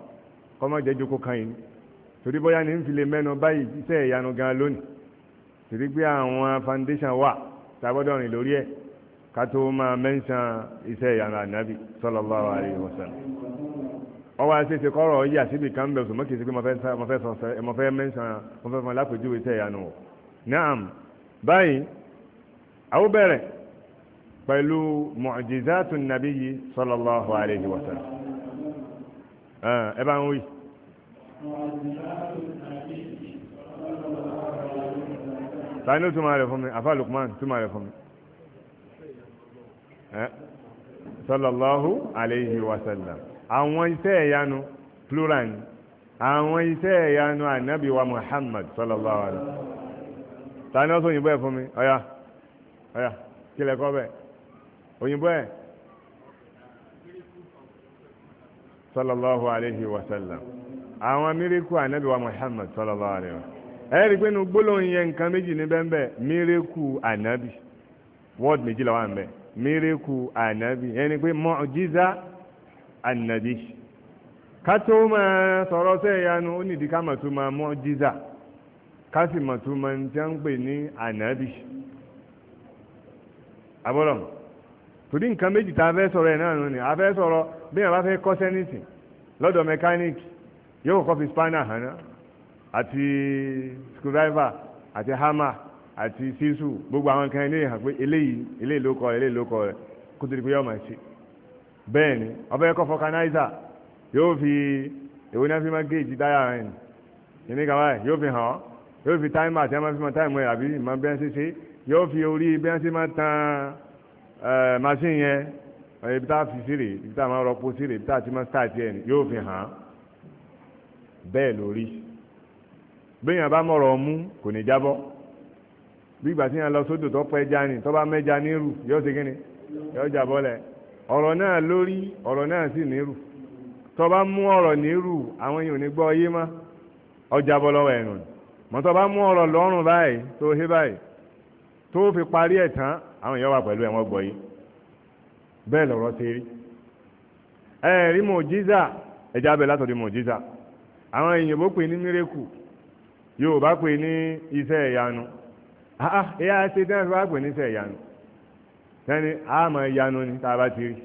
kọ́mọ́jẹ́ jókòó kan yìí torí bóyá ní fi lè mẹ́nu báyìí iṣẹ́ ìyanu gan lónìí torí pé àwọn foundation wà tábọ́dọ̀ rìn lórí ẹ̀ ká tó máa mẹ́ńsàn iṣẹ́ ìyanu ànábì sallallahu alaihi wasallam ọwọ́ àṣeṣe kọ́rọ̀ yíyà síbi kan bẹ̀rù sọ̀mọ́kì sí pé mo fẹ́ mẹ́ńsàn mo fẹ́ fún alápèjúwe iṣẹ́ ìyanu wọ̀ naam báyìí àwọn bẹ̀rẹ̀ pẹ̀lú mu'jizatun nabiyyi sallallahu alaihi wasallam ẹ bá ń wí tani ó túmọ̀ rẹ̀ fún mi àfa Lukman túmọ̀ rẹ̀ fún mi sallallahu alayhi wa sallam àwọn iṣẹ́ ìyanu plural ni àwọn iṣẹ́ ìyanu ànábì wa Muhammad sallallahu alayhi wa sallam tani ó sọ òyìnbó ẹ̀ fún mi ọ̀yà ọ̀yà kílẹ̀ kọ́ bẹ́ẹ̀ òyìnbó ẹ̀ sallallahu alayhi wa sallam. àwọn míríkù ànábì wa Muhammad sallallahu alaihi wa ẹ rí pé nu gbólóhùn yẹn nǹkan méjì ní bẹ́ẹ̀ miriku ànábì wọ́ọ̀dù méjì làwọn àmì bẹ́ẹ̀ míríkù ànábì ẹni pé mọ́ọ̀jíza ànábì ká máa sọ̀rọ̀ sẹ́yanu ó nìdí ká màtó máa mọ́ọ̀jíza ká sì màtó máa ń tẹ́ ń pè ní ànábì abọ́lọ̀ torí nǹkan méjì tá a fẹ́ sọ̀rọ̀ ẹ̀ náà ni a fẹ́ sọ̀rọ̀ bí yóò kọ́ fi spanner Hana, ná àti screwdriver àti hammer àti sísù gbogbo àwọn kan eléyìí hàn pé eléyìí eléyìí ló kọ eléyìí ló kọ rẹ kó tó di pé yóò máa ṣe bẹ́ẹ̀ ni ọbẹ̀ kọ́ fọkanáìsà yóò fi èwo náà fi máa géèjì dáyà rẹ̀ ni kìíní kan báyìí yóò fi hàn ọ́ yóò fi táìmù àti ẹ̀ma fi máa táìmù ẹ̀ àbí ìmọ̀ bí wọ́n ṣe ṣe yóò fi orí bí wọ́n ṣe máa tan eh, machine yẹn ibi tá a fi sí rèé ibi tá a máa rọpò sí rèé ibi tá a ti máa start yẹn yóò fi hàn án bẹ́ẹ̀ lórí bá mọ̀rọ̀ kò ní jábọ́ bí ìgbà tí yàn lọ sódò tó pẹ́ tó bá mẹ́ja nírù yóò ṣe kíni yóò jábọ́ lẹ̀ ọ̀rọ̀ náà lórí ọ̀rọ̀ náà sì nírù tó bá mú ọ̀rọ̀ nírù àwọn èèyàn ò ní gbọ́ yé ọjà bọ́ lọ́wọ́ tó bá mú ọ̀rọ̀ lọ́rùn báyìí tó hé báyìí tó fi parí ẹ̀ tán àwọn èyìnbó pè ní mírèkù yorùbá pè ní iṣẹ́ ìyanu Ah, ẹ̀yà ṣe tí wọ́n fi pè ní iṣẹ́ ìyanu sẹ́ni àmọ́ ìyanu ni tá a bá ti rí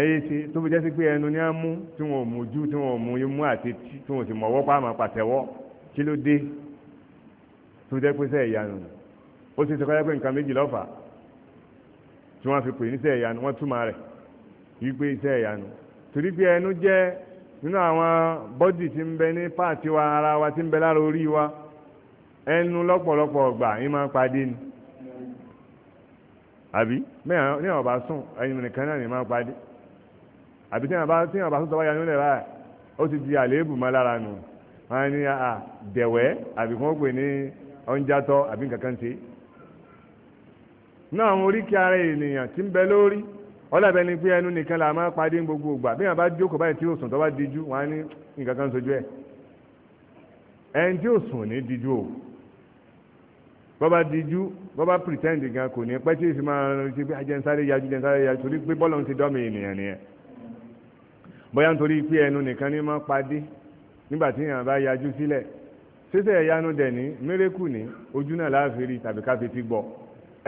ẹyí ti tó fi jẹ́ sí pé ẹnu ni a mú tí wọn ò mú ojú tí wọn ò mú imú àti tí wọn ò sì mọ̀wọ́ pa àmọ́ pàtẹ́wọ́ kí ló dé tó jẹ́ pé sẹ́ ìyanu ó sì sọ́kọ́ pé nǹkan méjì lọ́fà tí wọ́n fi pè ní sẹ́ ìyanu wọ́n túmọ̀ rẹ̀ wípé sẹ́ ìyanu torí pé ẹnu jẹ́ nínú àwọn bọ́dì tí ń bẹ ní páàtì wa ara wa tí ń bẹ lára orí wa ẹnu lọ́pọ̀lọpọ̀ ọgbà yín máa pàdé ni àbí mẹ́rin ní ọ̀bá sùn ẹyin nìkan náà ní máa pàdé àbí tí wọ́n sùn tọ́wọ́ ya nílẹ̀ báyìí ó ti di àléébù mọ́ lára nù wọ́n ní à dẹ̀wẹ́ àbí kí wọ́n pè ní ọ̀njátọ́ àbí nǹkan ṣe náà àwọn oríkì ara ènìyàn tí ń bẹ lórí ọlọ́bẹ̀ ni pé ẹnu nìkan là máa padì gbogbo ìgbà bí wọn bá jókòó báyìí tí ó sùn tó bá díjú wọn á ní nǹkan kan sojú ẹ ẹni tí ó sùn ní díjú o bọ́ba díjú bọ́ba pretend gan kò ní pẹ́ tí ìfi máa ń ti pé ajẹ́nsáré yájú jẹ́nsáré yájú torí pé bọ́ọ̀lù ti dọ́mi ènìyàn nìyẹn bóyá nítorí pé ẹnu nìkan ní máa padì nígbà tí yàrá bá yájú sílẹ̀ sísẹ̀ ẹ̀yánu dẹ̀ ní mérékù ní ojú náà láàfin rí tàbí káfí ti gbọ́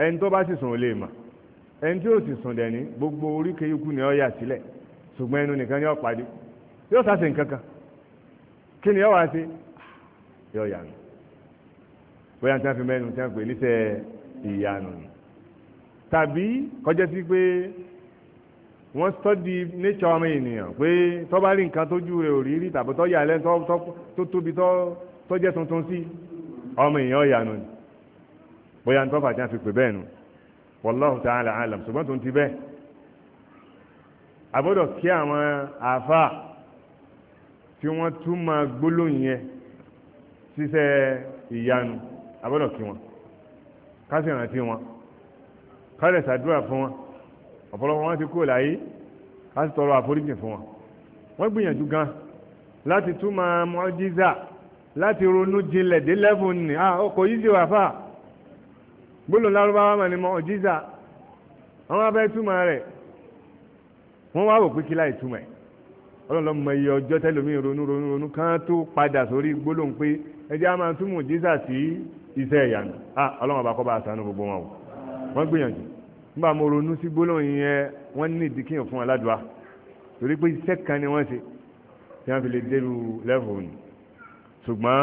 ẹni tó bá sì sùn ò lè mọ̀ ẹni tí ó sì sùn dẹ̀ ní gbogbo oríkèé ikú ni ó yà sílẹ̀ ṣùgbọ́n ẹnu nìkan ni ó pàdé yóò sá sí nǹkan kan kí ni ó wá sí yóò yà nù bóyá tí wọ́n fi mẹ́nu tí wọ́n pè níṣẹ́ ìyanu nù tàbí kọjá sí pé wọ́n sọ́dí nature ọmọ ènìyàn pé tó bá rí nǹkan tójú rẹ̀ ò rí rí tàbí tó yà lẹ́nu tó tóbi tó jẹ́ tuntun sí ọmọ èèyàn ó nù bóyá tí wọ́n fà wallahu ta'ala alam ṣùgbọ́n tó ń ti bẹ́ẹ̀ àbọ̀dọ̀ kí àwọn àáfàá tí wọ́n tún máa gbólóyìn yẹn ṣiṣẹ́ ìyanu àbọ̀dọ̀ kí wọn kásì rántí wọn kálẹ̀ ṣàdúrà fún wọn ọ̀pọ̀lọpọ̀ wọn ti kúrò láyé kásì tọrọ àforíjì fún wọn wọ́n gbìyànjú gan láti tún máa mọ́jíza láti ronú jinlẹ̀ dé lẹ́fún ni ah, ọkọ̀ yìí ṣe wà fáà gbólóhùn lárúbáwá mà ní mọ̀jíza àwọn abẹ́ túmọ̀ rẹ̀ wọ́n wá wò pé kí láì túmọ̀ ẹ̀ ọlọ́lọ́ mọ iye ọjọ́ tẹ́lómi ronú ronú ronú kán tó padà sórí gbólóhùn pé ẹjẹ́ a máa túmọ̀ jíza sí iṣẹ́ ìyanu ah ọlọ́run ọba kọ́ bá aṣàánú gbogbo wọn o wọ́n gbìyànjú nígbà mo ronú sí gbólóhùn yẹn wọ́n ní ìdíkìyàn fún aládùá torí pé iṣẹ́ kan ni wọ́n ṣe tí wọ́n fi lè dérú lẹ́fọ̀ọ́ ni ṣùgbọ́n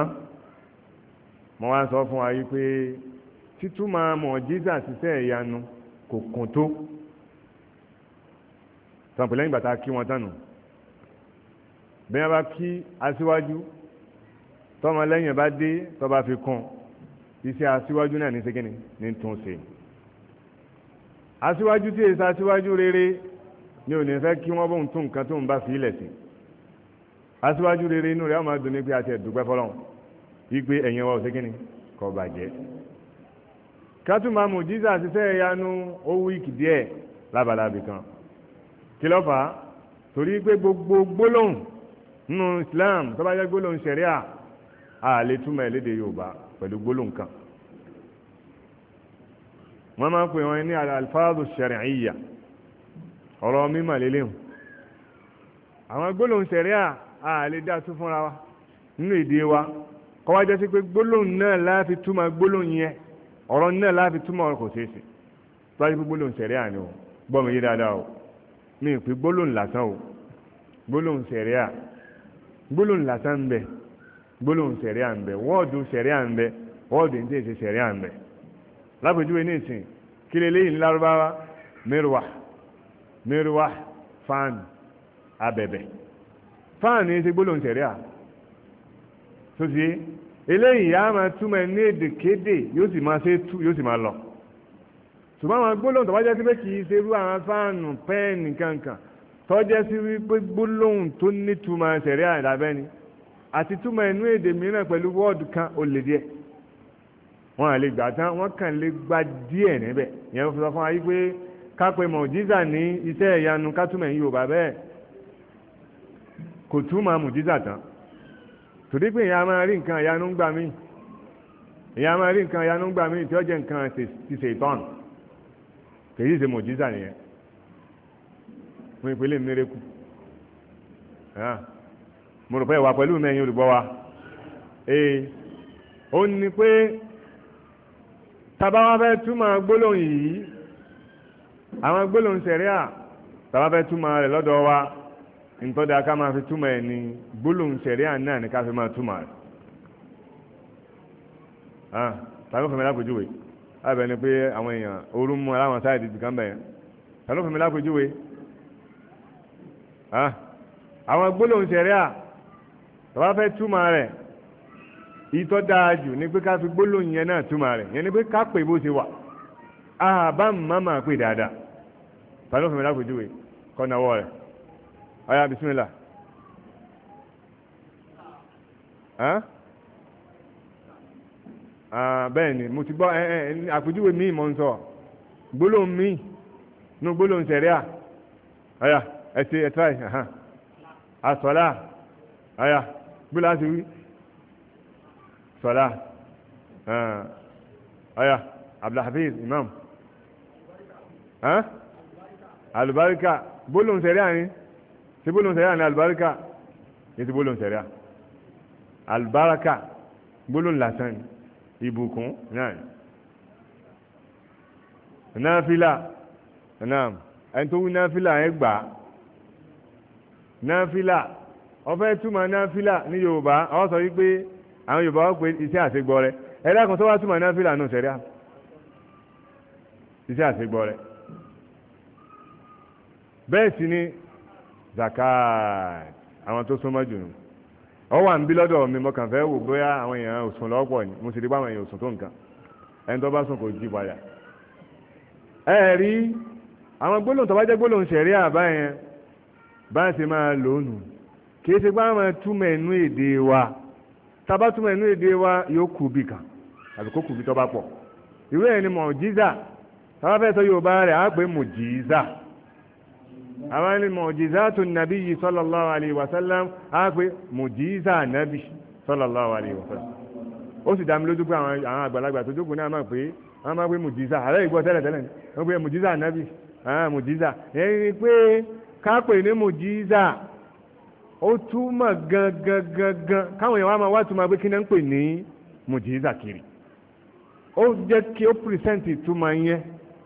mo wá sọ fún wa yí pé títúmọ̀ mọ̀jísà ṣiṣẹ́ ìyanu kò kùn tó sàpè lẹ́yìn bàtà kí wọn tánu bí wọn bá kí aṣíwájú tọmọ lẹ́yìn bá dé tọba fi kún iṣẹ́ aṣíwájú náà ní ṣégeni ní tún ṣe aṣíwájú tí èsì aṣíwájú rere ni ò ní fẹ́ kí wọ́n bóun tún nǹkan tó ń bá fi ilẹ̀ sí aṣíwájú rere inú rẹ̀ á máa dùn ní pé àti ẹ̀dùgbẹ́ fọlọ́n yí pé ẹ̀yìn wa ò ṣégeni kò bàjẹ́ kátó máa mú jísà àti sẹ́yẹ yanu ó wíìkì díẹ̀ lábalábì kan kí ló fà á torí pé gbogbo gbólóhùn nínú Islam tó bá jẹ́ gbólóhùn ṣẹ̀ríà a lè túmọ̀ ẹ̀ léde Yorùbá pẹ̀lú gbólóhùn kan wọ́n máa ń pè wọ́n ní alifáàdù ṣẹ̀ríà ọ̀rọ̀ mímọ̀ lélẹ́hùn àwọn gbólóhùn ṣẹ̀ríà a lè dá tún fúnra wa nínú èdè wa kọ́wájá sí pé gbólóhùn náà láti túmọ̀ gbólóhùn yẹn ọ̀rọ̀ náà láti túmọ̀ ọ̀rọ̀ kò ṣeé ṣe tọ́jú pé gbólóhùn sẹ̀ríà ni o gbọ́ mi yé dáadáa o mi ò pé gbólóhùn lásán o gbólóhùn sẹ̀ríà gbólóhùn lásán ń bẹ gbólóhùn sẹ̀ríà ń bẹ wọ́ọ̀dù sẹ̀ríà ń bẹ wọ́ọ̀dù ní tèèṣe sẹ̀ríà ń bẹ lápèjúwe ní ìsìn kí leléyìí ní lárúbáwá mẹ́rùwá mẹ́rùwá fáànù abẹ̀bẹ̀ fáànù ẹ̀ ṣe gbólóhùn sẹ̀ríà tó ti yé eléyìí á máa túmọ̀ ní èdè kéde yóò sì máa ṣe tú yóò sì máa lọ ṣùgbọ́n àwọn gbólóhùn tó bá jẹ́ sí pé kì í ṣe irú àwọn fáànù pẹ́ẹ̀nì kankan tó jẹ́ sí wípé gbólóhùn tó nítumọ̀ ṣẹ̀rí àdàbẹ́ni àti túmọ̀ inú èdè mìíràn pẹ̀lú wọ́ọ̀dù kan ó lè díẹ̀ wọn à lè gbà tán wọn kàn lè gba díẹ̀ níbẹ̀ yẹn fi sọ fún wa yí pé kápẹ́ mọ̀jísà ní iṣẹ́ ìyanu kátúmọ̀ yìí Yorùbá bẹ́ẹ̀ kò túmọ̀ mọ̀jísà tán torí pé ìyá máa rí nǹkan ìyanu ń gbà mí ìyá máa rí nǹkan ìyanu ń gbà mí tí ó jẹ́ nǹkan ti ṣe ìtọ́nù kèyí ṣe mọ̀jísà nìyẹn fún ìpínlẹ̀ mẹ́rẹ́kù mo rò pé ìwà pẹ̀lú mẹ́yìn olùgbọ́ wa ee ó ní pé tàbá wa fẹ́ túmọ̀ gbólóhùn yìí àwọn gbólóhùn sẹ̀ríà tàbá fẹ́ túmọ̀ rẹ̀ lọ́dọ̀ wa ntọ́da ká máa fi túmọ̀ ẹ̀ ní gbólóhùn sẹ̀ríà náà ní ká fi máa túmọ̀ rẹ̀ tàbí fún lápèjúwe lábẹ́ ni pé àwọn èèyàn ooru mú aláwọn sáà ìdìbò kan bẹ̀yẹn tàbí fún mi lápèjúwe ah àwọn gbólóhùn sẹ̀ríà tọ́ba fẹ́ túmọ̀ rẹ̀ ìtọ́ dáa jù ni pé ká fi gbólóhùn yẹn náà túmọ̀ rẹ̀ yẹn ni pé ká pè bó ṣe wà àbá màmá pè dáadáa tàbí fún mi lápèjúwe kọ́nàwọ́ rẹ̀ ọ̀yá bisimilá bẹ́ẹ̀ ni mo ti gbọ́ àpèjúwe míì mọ̀ ń sọ gbólóhùn míì nú gbólóhùn sẹ̀ríà ọ̀yá ẹ ti ẹ tíráì àsọ̀lá ọ̀yá gbólóhùn àti wí sọ̀lá ọ̀yá abdulhafiz imam alubarika gbólóhùn sẹ̀ríà ni sí bólú sẹ̀ríà ní alùbáríkà ní ti bólú sẹ̀ríà alùbáríkà bólú lásán ìbùkún náà náfìlà náà ẹni tó wí náfìlà ẹ gbà náfìlà ọfẹ́ túmọ̀ náfìlà ní yorùbá ọ sọ wípé àwọn yorùbá ó pe iṣẹ́ àṣegbọ́ rẹ ẹ̀dá kan tó wá túmọ̀ náfìlà nù sẹ̀ríà iṣẹ́ àṣegbọ́ rẹ bẹ́ẹ̀ sì ni zakat àwọn tó súnmọ́ jù nù ọ wà ń bí lọ́dọ̀ mi mo kàn fẹ́ wò bóyá àwọn èèyàn òsùn lọ́pọ̀ ni mo sì rí báwọn èèyàn òsùn tó nǹkan ẹni tó bá sùn kò jí padà ẹ rí àwọn gbólóhùn tó bá jẹ́ gbólóhùn ṣẹ̀rí àbá yẹn bá ń ṣe máa lò ó nù kì í ṣe pé àwọn túmọ̀ ẹnu èdè wa tá a bá túmọ̀ ẹnu èdè wa yóò kù bì kan àbí kó kù bì tó bá pọ̀ ìwé ẹni mọ̀jíza tá a bá fẹ́ sọ Yorùbá rẹ̀ á pè mọ̀jíza àwọn ni mọ̀jìzátù nàbí sallallahu alaihi wasallam á pé mọ̀jìzà nàbí sallallahu alaihi wasallam ó sì dámi lójú pé àwọn àgbàlagbà tó jókòó náà máa pé wọ́n máa pé mọ̀jìzà àlẹ́ ìgbọ́ tẹ́lẹ̀tẹ́lẹ̀ wọ́n pé mọ̀jìzà nàbí mọ̀jìzà ẹni pé kápẹ́ ní mọ̀jìzà ó túmọ̀ gangan káwọn èèyàn wá máa wá túmọ̀ pé kí náà ń pè ní mọ̀jìzà kiri ó jẹ́ kí ó pìrìsẹ́ǹtì túmọ̀ yẹn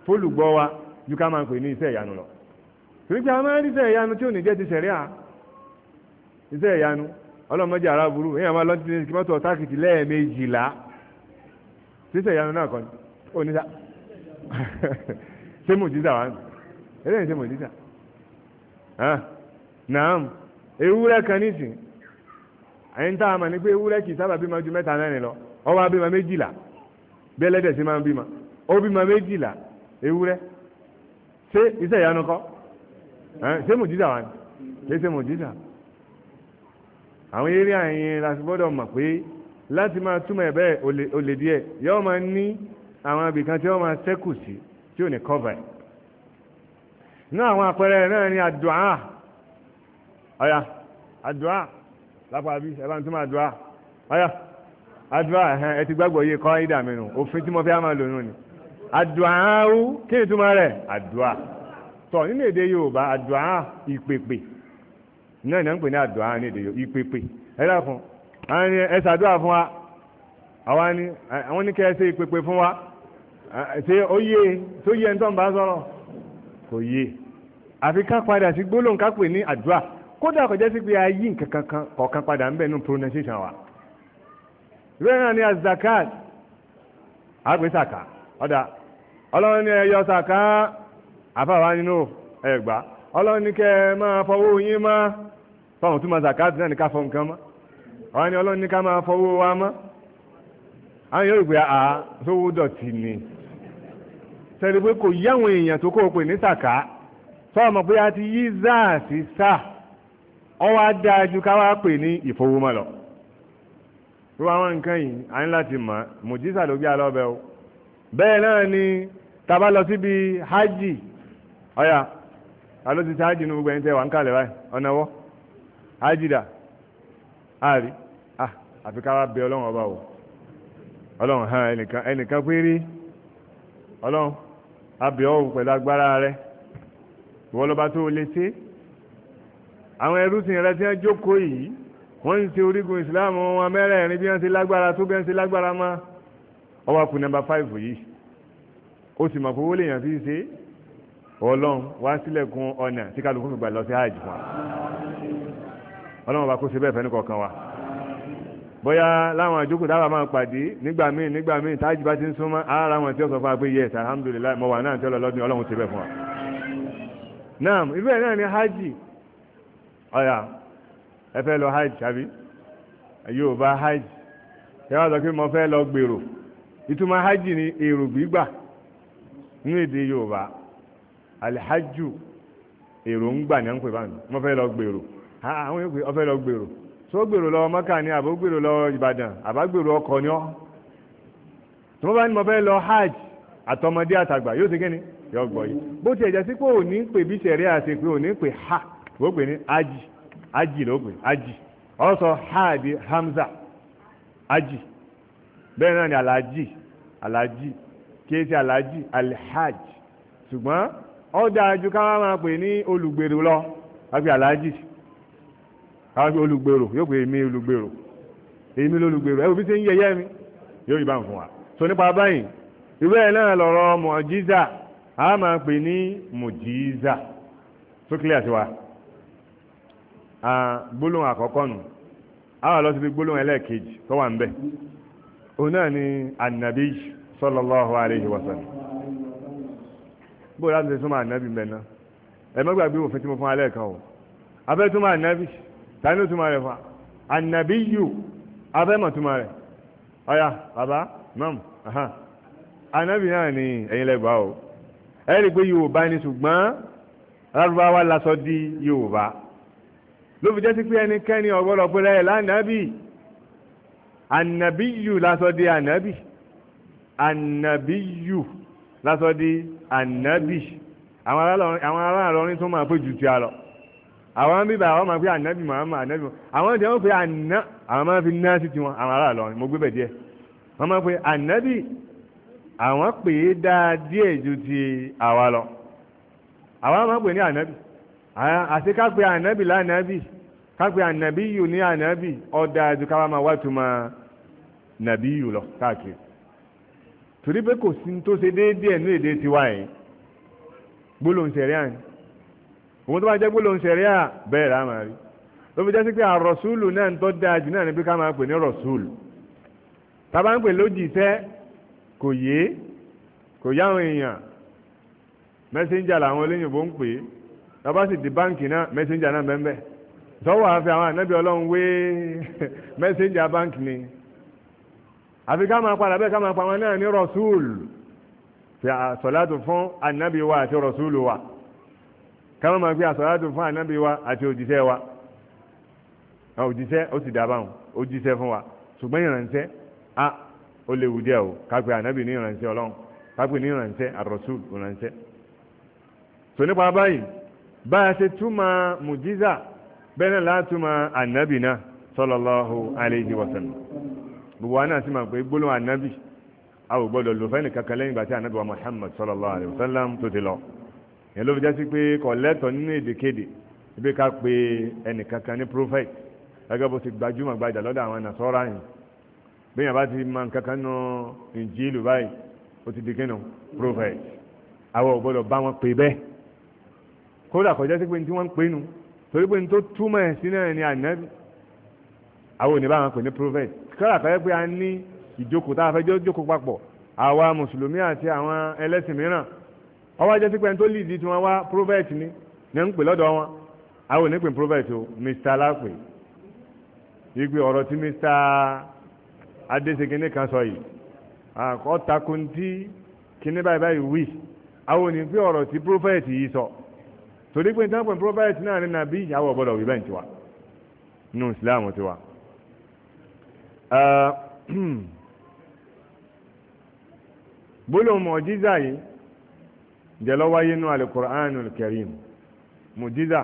fólùgbọ́ wa ju ká máa pè ní iṣẹ́ ìyanu lọ torí pé a máa ń ríṣẹ́ ìyanu tí ò ní jẹ́ ti sẹ̀rí à ìyanu ọlọ́mọdé ara èèyàn máa lọ́ntì kí mọ́tò ọ̀tákìtì lẹ́ẹ̀mejìlá ṣíṣẹ́ ìyanu náà kọ́ ni ó ní sá (laughs) ṣé mò ń jíjà wá nù eléyìí ṣé mò ń jíjà naam ewúrẹ́ kan nísìn ẹ̀yìn tá a mọ̀ ní pé ewúrẹ́ kì í sábà bímọ ju mẹ́ta mẹ́rin lọ ó wá bímọ méjìlá bí ẹlẹ́dẹ̀ sí máa ń bímọ ó bímọ méjìlá ewúrẹ́ ṣé iṣẹ́ ìyanu kọ́ ṣé mùjíza wa kìí ṣe mùjíza àwọn eré àyìn láti gbọ́dọ̀ mọ̀ pé láti máa túmọ̀ ẹ̀ bẹ́ẹ̀ olè díẹ̀ yóò máa ní àwọn abìkan tí wọ́n máa ṣẹ́kù sí tí ò ní kọ́va ẹ̀ náà àwọn àpẹẹrẹ náà ni àdùá ọ̀yà àdùá lápá bí ẹ bá ń túmọ̀ àdùá ọ̀yà àdùá ẹ ti gbàgbọ́ yé kọ́ ìdàmínú òfin tí mo fi á máa lò nù ni àdùá ó kí ni túmọ̀ rẹ̀ àdùá tọ̀ nínú èdè Yorùbá àdúà ìpèpè náà ní à ń pè ní àdúà ní èdè Yorùbá ìpèpè ẹ dá fún ẹ ṣàdúrà fún wa àwa ni àwọn ní kẹ́ ẹ ṣe ìpèpè fún wa ṣe ó yé tó yé ẹni tó ń bá sọ̀rọ̀ kò yé àfi ká padà sí gbólóhùn ká pè ní àdúà kódà kọjá sí pé a yí nǹkan kan kọ̀ọ̀kan padà ń bẹ̀ nínú pronunciation wa ìwé náà ni azakat àgbésàkà ọ̀dà ọlọ́run ni ẹ sàkà. àfàwà nínú ẹgbà ọlọ́run ní máa fọwọ́ yín má fọwọ́n tó máa zakat náà ní ká fọ nǹkan ma, àwọn ni ọlọ́run máa fọwọ́ wa mọ́ àwọn yóò gbé àá sówó dọ̀tí ni sẹ́ni pé kò yí èèyàn tó kó o ní sàká sọ́ọ̀mù pé a ti yí záà sí ká wá pè ní nǹkan yìí a láti mùjísà ló gbé o bẹ́ẹ̀ náà ni síbi hajj ọ̀yà alo ti sáájì ní gbogbo ẹni tẹ́ wà ń kalẹ̀ báyìí ọ̀nà wọ́ ájìdà àárí àfi ká wá bẹ ọlọ́run ọba o ọlọ́run hàn ẹnìkan ẹnìkan péré ọlọ́run abẹ ọ̀hún pẹ̀lú agbára rẹ ìwọ lọ́ba tó lè ṣe àwọn ẹrúsìn rẹ tí wọ́n jókòó yìí wọ́n ń ṣe orígun ìsìláàmù wọn mẹ́rẹ̀ẹ̀rin bí wọ́n ṣe lágbára tó bí wọ́n ṣe lágbára mọ́ ọwọ́ kù nọ́mbà fáìfù yìí ó sì mọ̀ pé owó lèèyàn fi ṣe é ọlọ́run wá sílẹ̀kùn ọ̀nà tí kálukú fi gbà lọ sí hajj fún wa ọlọ́run bá kó ṣe bẹ́ẹ̀ fẹ́ni kọ̀ọ̀kan wa bóyá láwọn àjókòó táwa máa pàdé nígbà míì nígbà míì tájì bá ti ń súnmọ́ ara wọn tí ó sọ fún wa pé yes alhamdulilayi mo wà náà tí ó lọ lọ́dún ọlọ́run ṣe bẹ́ẹ̀ fún wa naam ibẹ̀ náà ni hajj ọ̀yà ẹ fẹ́ lọ hajj àbí yóò bá hajj ẹ wá sọ pé mo fẹ́ lọ gbèrò ìtumọ̀ hajj ni èrò gbígbà ní èdè Yorùbá alihajju èròǹgbà ní à ń pè báyìí wọ́n lọ gbèrò àwọn èèyàn pé lọ gbèrò tó gbèrò lọ mọ́kà ni àbó gbèrò lọ ìbàdàn àbá gbèrò ọkọ̀ ni ọ́ tó bá ní mo fẹ́ lọ hajj àtọmọdé àtàgbà yóò ti kí ni yìí bó ti ẹ̀jẹ̀ sí pé òní pè bí sẹ̀rí àti pé òní pè ha ó pè ní ló pè haadi hamza bẹ́ẹ̀ náà ni alhaji alhaji kí é Ọ dáa ju káwá máa pè ní olùgbèrò lọ àfi aláàjì káwá pé olùgbèrò yóò pè èmi olùgbèrò èmi lolùgbèrò ẹ òbí ṣe ń yẹyẹ mi yóò yìí bá fún wa so nípa báyìí ìwé ẹ̀ náà a máa pè ní mọjíza tó kílẹ̀ wa gbólóhùn àkọ́kọ́ nù a wà lọ síbi gbólóhùn ẹlẹ́ẹ̀kejì tó wà ń bẹ̀ òun náà ni anabi wa bó láti ṣe súnmọ́ ànábì mẹ́ná ẹ má gbàgbé òfin tí mo fún alẹ́ kan o abẹ́ túmọ̀ ànábì tani ó túmọ̀ rẹ̀ fa ànábì yù abẹ́ mọ̀ túmọ̀ rẹ̀ ọ̀yà bàbá mọ́m ànábì náà ni ẹ̀yin lẹ́gbàá o ẹ rí i pé Yorùbá ni ṣùgbọ́n Lárúbáwá lasọ di Yorùbá ló fi jẹ́ sí pé ẹnikẹ́ni ọ̀gbọ́dọ̀ pé rẹ̀ lánàbì ànábì yù lasọ di ànábì ànábì yù lásọ di ànábì àwọn aráàlọ́rin tó máa pé jù ti àlọ́ àwọn bíbá àwọn máa pé ànábì màmá ànábì àwọn tí wọ́n pé àná àwọn máa fi ná sí tiwọn àwọn aráàlọ́rin mo gbé bẹ̀ díẹ̀ wọ́n máa pé ànábì àwọn pè é dáa díẹ̀ jù ti àwa lọ àwọn máa pè ní ànábì àti ká pé ànábì lánàbì ká pé ànábì yù ní ànábì ọ̀dà àdùkáwá máa wá tuma nàbí yù lọ káàkiri torí pé kò sí tó ṣe déédéé ẹ̀nú èdè tiwa yìí gbólóhùn sẹ̀ríà ni òun tó bá jẹ́ gbólóhùn sẹ̀ríà bẹ́ẹ̀ rà máa rí ló fi jẹ́ sí pé àrọ̀súlù náà ń tọ́ dáa jù náà ní pé ká máa pè ní rọ̀súlù tá bá ń pè lójíṣẹ́ kò yé kò yá àwọn èèyàn mẹ́sẹ́ńjà làwọn olóyìnbó ń pè é tá bá sì di báǹkì náà mẹ́sẹ́ńjà náà bẹ́ẹ̀ bẹ́ẹ̀ sọ́wọ́ àfi àwọn ànábì ọlọ́run wé (laughs) mẹ́sẹ́ńjà báǹkì ni àfi ká máa padà bẹ́ẹ̀ ká máa pa wọn náà ní rọ̀súùlù fi àsọ̀látù fún ànábì wa àti rọ̀súùlù wa ká máa máa fi àsọ̀látù fún ànábì wa àti òjíṣẹ́ wa òjíṣẹ́ ó sì dá báwọn òjíṣẹ́ fún wa ṣùgbọ́n ìrànṣẹ́ a ó léwu díẹ̀ o ká ànábì ní ìrànṣẹ́ ọlọ́run ká ní ìrànṣẹ́ àrọ̀súùlù ìrànṣẹ́ tò nípa báyìí bá a ṣe túmọ̀ mùjíza bẹ́ẹ̀ náà látúmọ̀ ànábì náà sallallahu alayhi wa gbogbo wa náà sì máa pé gbólóhùn ànábì a ò gbọ́dọ̀ lò fẹ́ni kankan lẹ́yìn ìgbà tí wa Muhammad sallallahu alayhi wa sallam tó ti lọ yẹn ló fi jásí pé kọ̀lẹ́tọ̀ nínú èdèkéde ibi ká pe ẹnì kankan ní prophet gẹ́gẹ́ bó ti gbajúmọ̀ gbajà lọ́dọ̀ àwọn nasọ́ra yìí bí yàrá ti máa kankan nù ìjìlù báyìí ó ti di kínú prophet àwọn ò gbọ́dọ̀ bá wọn pè bẹ́ẹ̀ kódà kọjá sí pé ní tí wọ́n ń pè nù torí pé ní tó túmọ̀ ẹ̀ sí náà ni ànábì àwọn ò ní bá wọn pè ní prophet kọ́lá fẹ́ pé a ní ìjókòó tá a fẹ́ jókòó papọ̀ àwa mùsùlùmí àti àwọn ẹlẹ́sìn mìíràn ọwọ́ ajẹ́ sípẹ́ tó lìdí tí wọ́n wá prophet ni ní ń pè lọ́dọ̀ wọn àwọn onípè prophet o mr lápè ìgbé ọ̀rọ̀ tí mr adéṣekínní kan sọ yìí àkọ́takùn tí kíní báyìí báyìí wí àwọn onípè ọ̀rọ̀ tí prophet yìí sọ torí pé ní táwọn prophet náà ní nàbí àwọn ọ̀bọ̀dọ̀ wí gbólóhùn uh, (clears throat) mọ̀jíza yìí jẹ́lọ́ wáyé nínú alukur'anul karim mọ̀jíza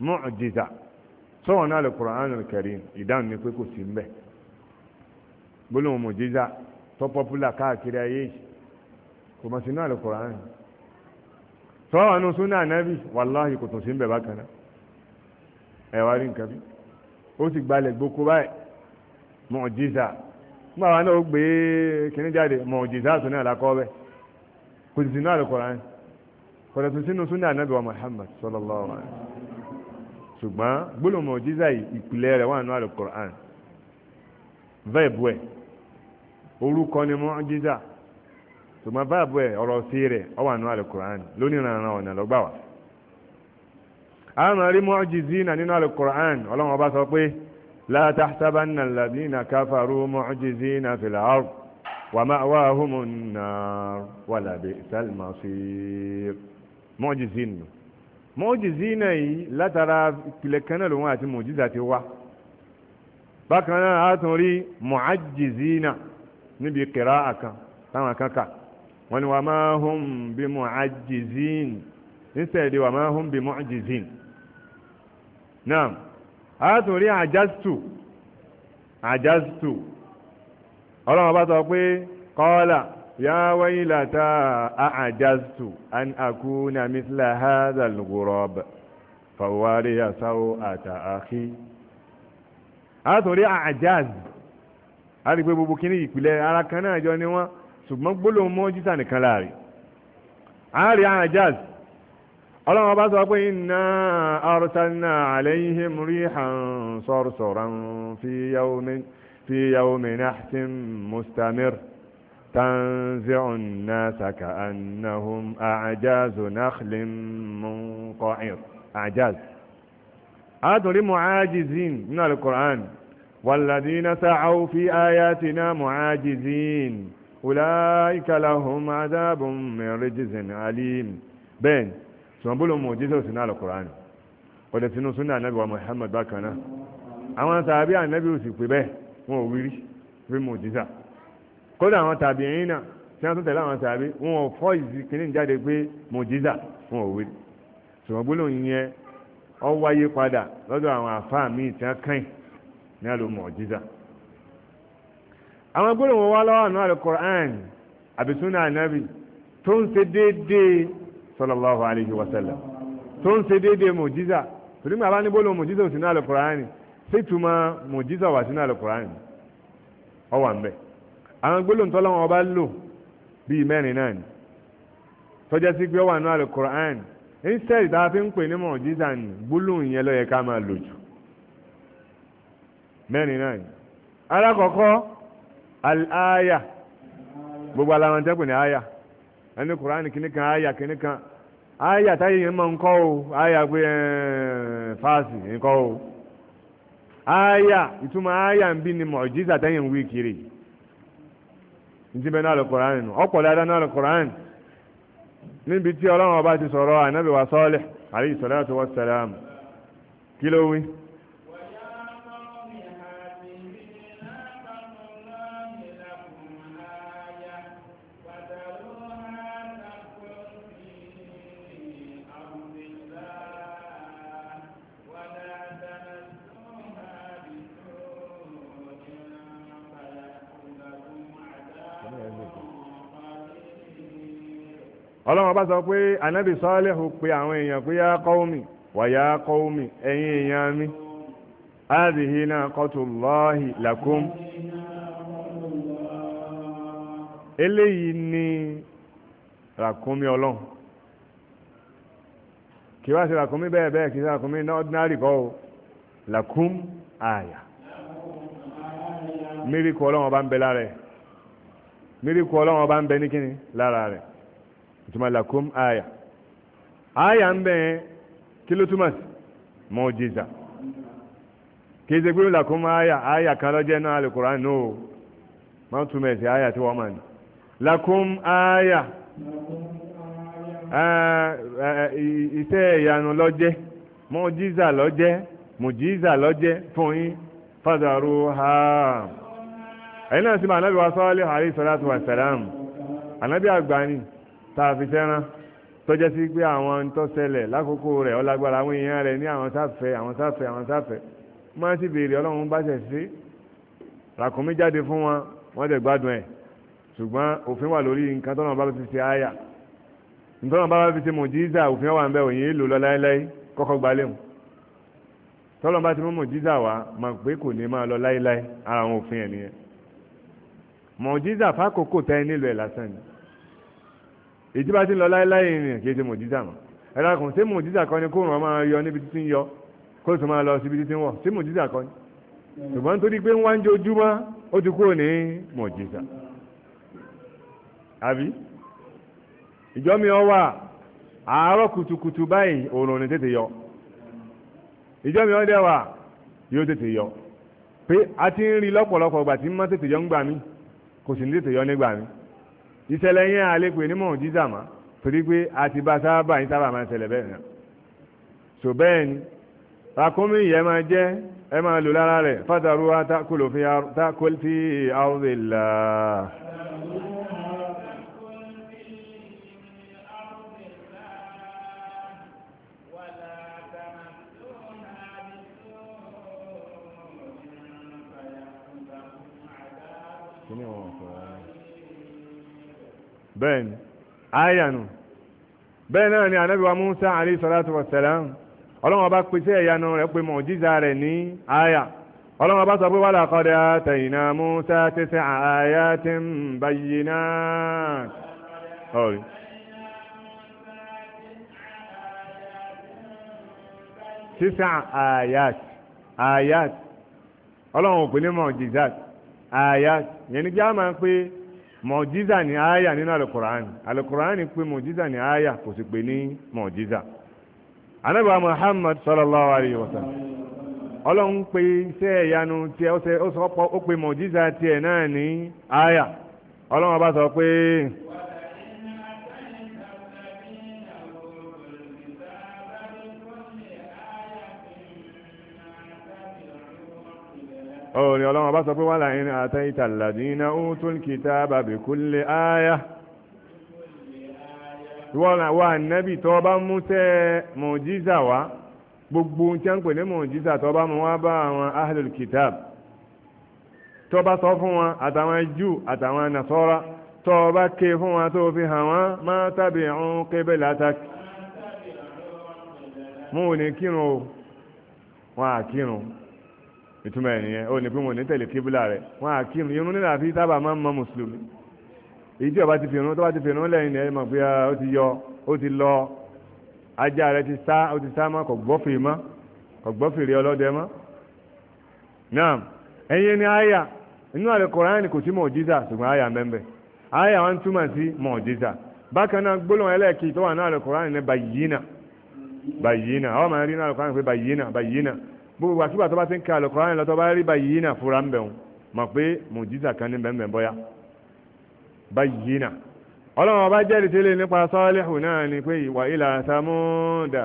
mọ̀jíza sọ̀rọ̀ náà alukur'anul karim ìdáhùn ní pé simbe, Bulu mbẹ́ gbólóhùn mọ̀jíza tó pọ́pùlà káàkiri ayé yìí sinu mọ̀ sí náà alukur'an sọ̀rọ̀ nínú súnà nábì simbe bakana, tún sí mbẹ́ bákan náà ẹ̀wá gboko báyìí. mọ̀jíza nígbà náà gbé kíní jáde mọ̀jíza tó náà lakọ́ kò sì sínú àlùkùránì kò sì sínú Muhammad ṣùgbọ́n gbólóhùn ìpìlẹ̀ rẹ̀ vẹ́ẹ̀bù ẹ̀ orúkọ ni ṣùgbọ́n ẹ̀ ọ̀rọ̀ sí rẹ̀ ọ lónìí ọ̀nà nínú ọlọ́run ọba لا تحسبن الذين كفروا معجزين في الأرض ومأواهم النار ولا بئس المصير معجزين معجزين لا ترى لكنا لوات معجزات هو بكنا أتوري معجزين نبي قراءة كما كاكا وما هم بمعجزين instead وما هم بمعجزين نعم àtúrí àjásítù àjásítù ọlọ́run bá sọ pé kọ́ọ́là ya waylata àjásítù an akuna mithla hadhal ghurab fawariya sawata akhi àtúrí àjáz a rí pé gbogbo kíní ìpìlẹ̀ ara kan náà jọ ni wọ́n ṣùgbọ́n gbólóhùn mọ́ nìkan láàrin a àjáz ọlọ́run ọba إنا أرسلنا عليهم ريحا صرصرا في يوم في يوم نحس مستمر تنزع الناس كأنهم أعجاز نخل منقعر أعجاز أدري معاجزين من القرآن والذين سعوا في آياتنا معاجزين أولئك لهم عذاب من رجز أليم بين ṣùgbọ́n bólú mùjísà ò sí náà lọ́kùránì ọ̀dẹ̀ sínú anabi wa Muhammad bákan náà àwọn tàbí ànábì ò sì wọn ò wírí kódà àwọn tàbí ẹ̀yìn náà tí wọ́n tún àwọn tàbí wọn ò ìsì wọn ọ wáyé padà lọ́dọ̀ àwọn àfáà míì tí wọ́n kàn ní àlò àwọn gbólóhùn lọ́wọ́ àná tó sallallahu alayhi wa sallam tó ń ṣe déédéé mùjíza torí mi àbá ní bọ́ọ̀lù mùjíza ò sí náà lọ́kùnrin ṣé ìtumọ̀ mùjíza wà sí náà lọ́kùnrin ọ wà ń bẹ̀ àwọn gbólóhùn tó lọ́wọ́ ọba lò bíi mẹ́rin náà ni tọ́jà sí pé ọ wà náà lọ́kùnrin instead tá fi ń pè ní mùjíza ni gbólóhùn yẹn ló yẹ ká máa lò jù mẹ́rin náà ni alákọ̀ọ́kọ́ al-aya gbogbo alamọ̀tẹ́kùn ni aya. ẹni kùránì kìíní kan àyà kìíní kan àyà táyé yẹn máa ń o àyà pé fáàsì ń kọ́ o àyà ìtumọ̀ àyà ni mọ̀jísà táyé ń wí kiri ntí náà lọ kùránì nù ọ̀pọ̀ dáadáa náà lọ kùránì níbi tí ọlọ́run ọba ti sọ̀rọ̀ ànábì wa Sálíhù alayhi kí ló wí. ọlọ́run bá sọ pé anábì sọ́ọ́lẹ́hù pé àwọn èèyàn pé yá qaumi wà yá qaumi ẹ̀yin èèyàn mi hadhihi naqatullahi lakum eléyìí ni ràkúnmí ọlọ́run kì wá sí ràkúnmí bẹ́ẹ̀ bẹ́ẹ̀ kì í sí ràkúnmí ní ordinary kọ́ o lakum àyà míríkù ọlọ́run ọba ń bẹ lára ẹ̀ míríkù ọlọ́run ọba ń bẹ ní kíni lára rẹ̀ Tumalakum lakum aya aya ń bẹ̀ kí ló túmọ̀ sí mọ́jíza kì lakum aya aya kan lọ́jẹ́ náà alukur'an náà máa túmọ̀ sí aya tí wọ́n máa ní lakum aya iṣẹ́ ìyanu lọ́jẹ́ mọ́jíza lọ́jẹ́ mọ́jíza lọ́jẹ́ fún yín fàdàrú ha ẹ̀yin náà sì máa nábì wa sọ́ọ́lẹ̀ àrí sọ́lá tó wà sàlám àgbà ni tààfi fẹ́ràn tọ́jẹ́ sí pé àwọn tó ṣẹlẹ̀ lákòókò rẹ̀ ọlágbára àwọn èèyàn rẹ̀ ní àwọn sáfẹ́ àwọn sáfẹ́ àwọn sáfẹ́ máa sì béèrè ọlọ́run bá ṣẹ̀ sí ràkúnmí jáde fún wọn wọ́n dẹ̀ gbádùn ẹ̀ ṣùgbọ́n òfin wà lórí nǹkan tọ́nà bá fi ṣe àyà ntọ́nà bá fi ṣe mọ̀jíza òfin wà ń bẹ òyìn èlò lọ láéláé kọ́kọ́ gbalẹ̀ mu tọ́lọ́ bá ti mú mọ̀jíza wá mà pé kò ní máa lọ láéláé ara àwọn òfin ẹ̀ nìyẹn mọ̀jíza fákòókò tẹ́ nílò ẹ̀ lásán ni èyí bá ti ń lọ láéláé rìn kì í ṣe mòjísà mọ́ ẹ̀rọ akùn ṣé mòjísà kan ni kóòrùn máa yọ níbi títí ń yọ kó sì máa lọ síbi títí ń wọ̀ ṣé mòjísà kan ni ṣùgbọ́n nítorí pé ń wá ń jojúmọ́ ó ti kúrò ní mòjísà àbí ìjọ mi ọ wà àárọ̀ kùtùkùtù báyìí òòrùn ní tètè yọ ìjọ mi ọ dẹ̀ wà yóò tètè yọ pé a ti ń rí lọ́pọ̀lọpọ̀ ìgbà tí ń má tètè yọ ń gbà mí kò sì ní tètè yọ nígbà mí ìṣẹ̀lẹ̀ yẹn a lè pè ní mọ̀jísà mọ́ torí pé a ti bá sábà yín sábà máa ṣẹlẹ̀ bẹ́ẹ̀ náà so bẹ́ẹ̀ ni ràkúnmí yẹn máa jẹ́ ẹ máa lò lára rẹ̀ fataruha takulu fi ardillah. Kini wọn bẹ́ẹ̀ ni ayanu bẹ́ẹ̀ náà ni anabi wa musa alayhi salatu wa salam ọlọ́run ọba pèsè ẹ̀yanu rẹ̀ pé mọ̀jíza rẹ̀ ní aya ọlọ́run ọba sọ pé wàlá kọ́dẹ́ àtẹ̀yìnà musa tẹsẹ̀ àyà tí ń báyìí náà. tisa ayat ayat ọlọ́run ní mọ̀jíza ayat yẹn ni bí a máa ń pè é. mọ̀jíza ni àyà nínú alukur'ani alukur'ani pé mọ̀jíza ni àyà kò sì pé ní mọ̀jíza anábà muhammad sallallahu alayhi wa ọlọ́run pé iṣẹ́ ìyanu tiẹ̀ ó sọ pé mọ̀jíza tiẹ̀ náà ní àyà ọlọ́run sọ pé. òní ọlọ́run bá sọ pé wọ́n láyé ní àtẹ́ ìtàlàdínà ó tún kìtà bàbí kúlé áyá wà nẹ́bì tó bá mú tẹ́ mọ̀jíza wá gbogbo tí a ń pè ní mọ̀jíza tó bá mú wá bá àwọn ahlul kitab tó bá sọ fún wọn àtàwọn jù àtàwọn nasọ́ra tó bá ké fún wọn tó fi hàn wọn má tàbí ọ̀hún kébé látàkì mú ní kírun wọn à kírun ìtumọ̀ ẹ̀nìyẹn ó ní pé mo ní tẹ̀lé kíbúlà rẹ̀ wọn à kírun irun nílà fi sábà máa ń mọ mùsùlùmí èyí tí ọba ti fìrún tó bá ti fìrún lẹ́yìn ẹ̀ mọ̀ pé ah, ó ti yọ ó ti lọ ajá rẹ̀ ti sá ó ti sá mọ́ kò gbọ́fèrè mọ́ kò gbọ́fèrè ọlọ́dẹ mọ́ náà ẹ̀yin ni àyà inú àlẹ́ Kùránì kò sí mọ̀jísà ṣùgbọ́n àyà mẹ́mbẹ́ àyà wọn túmọ̀ sí mọ̀jísà bákan náà gbólóhùn ẹlẹ́ẹ̀kì tó wà náà àlẹ́ Kùránì ní bàyínà bàyínà ọ gbogbo àtúbà tó bá ti ń ka Al-Qur'an lọ tó bá rí báyìí náà fura ń bẹ̀ wọn mọ̀ pé mùjíza kan ní bẹ̀m̀bẹ̀ bọ́yá báyìí náà ọlọ́run ọba jẹ́rìí sílẹ̀ nípa Sàlíhù náà ni pé wa ilā Samūda.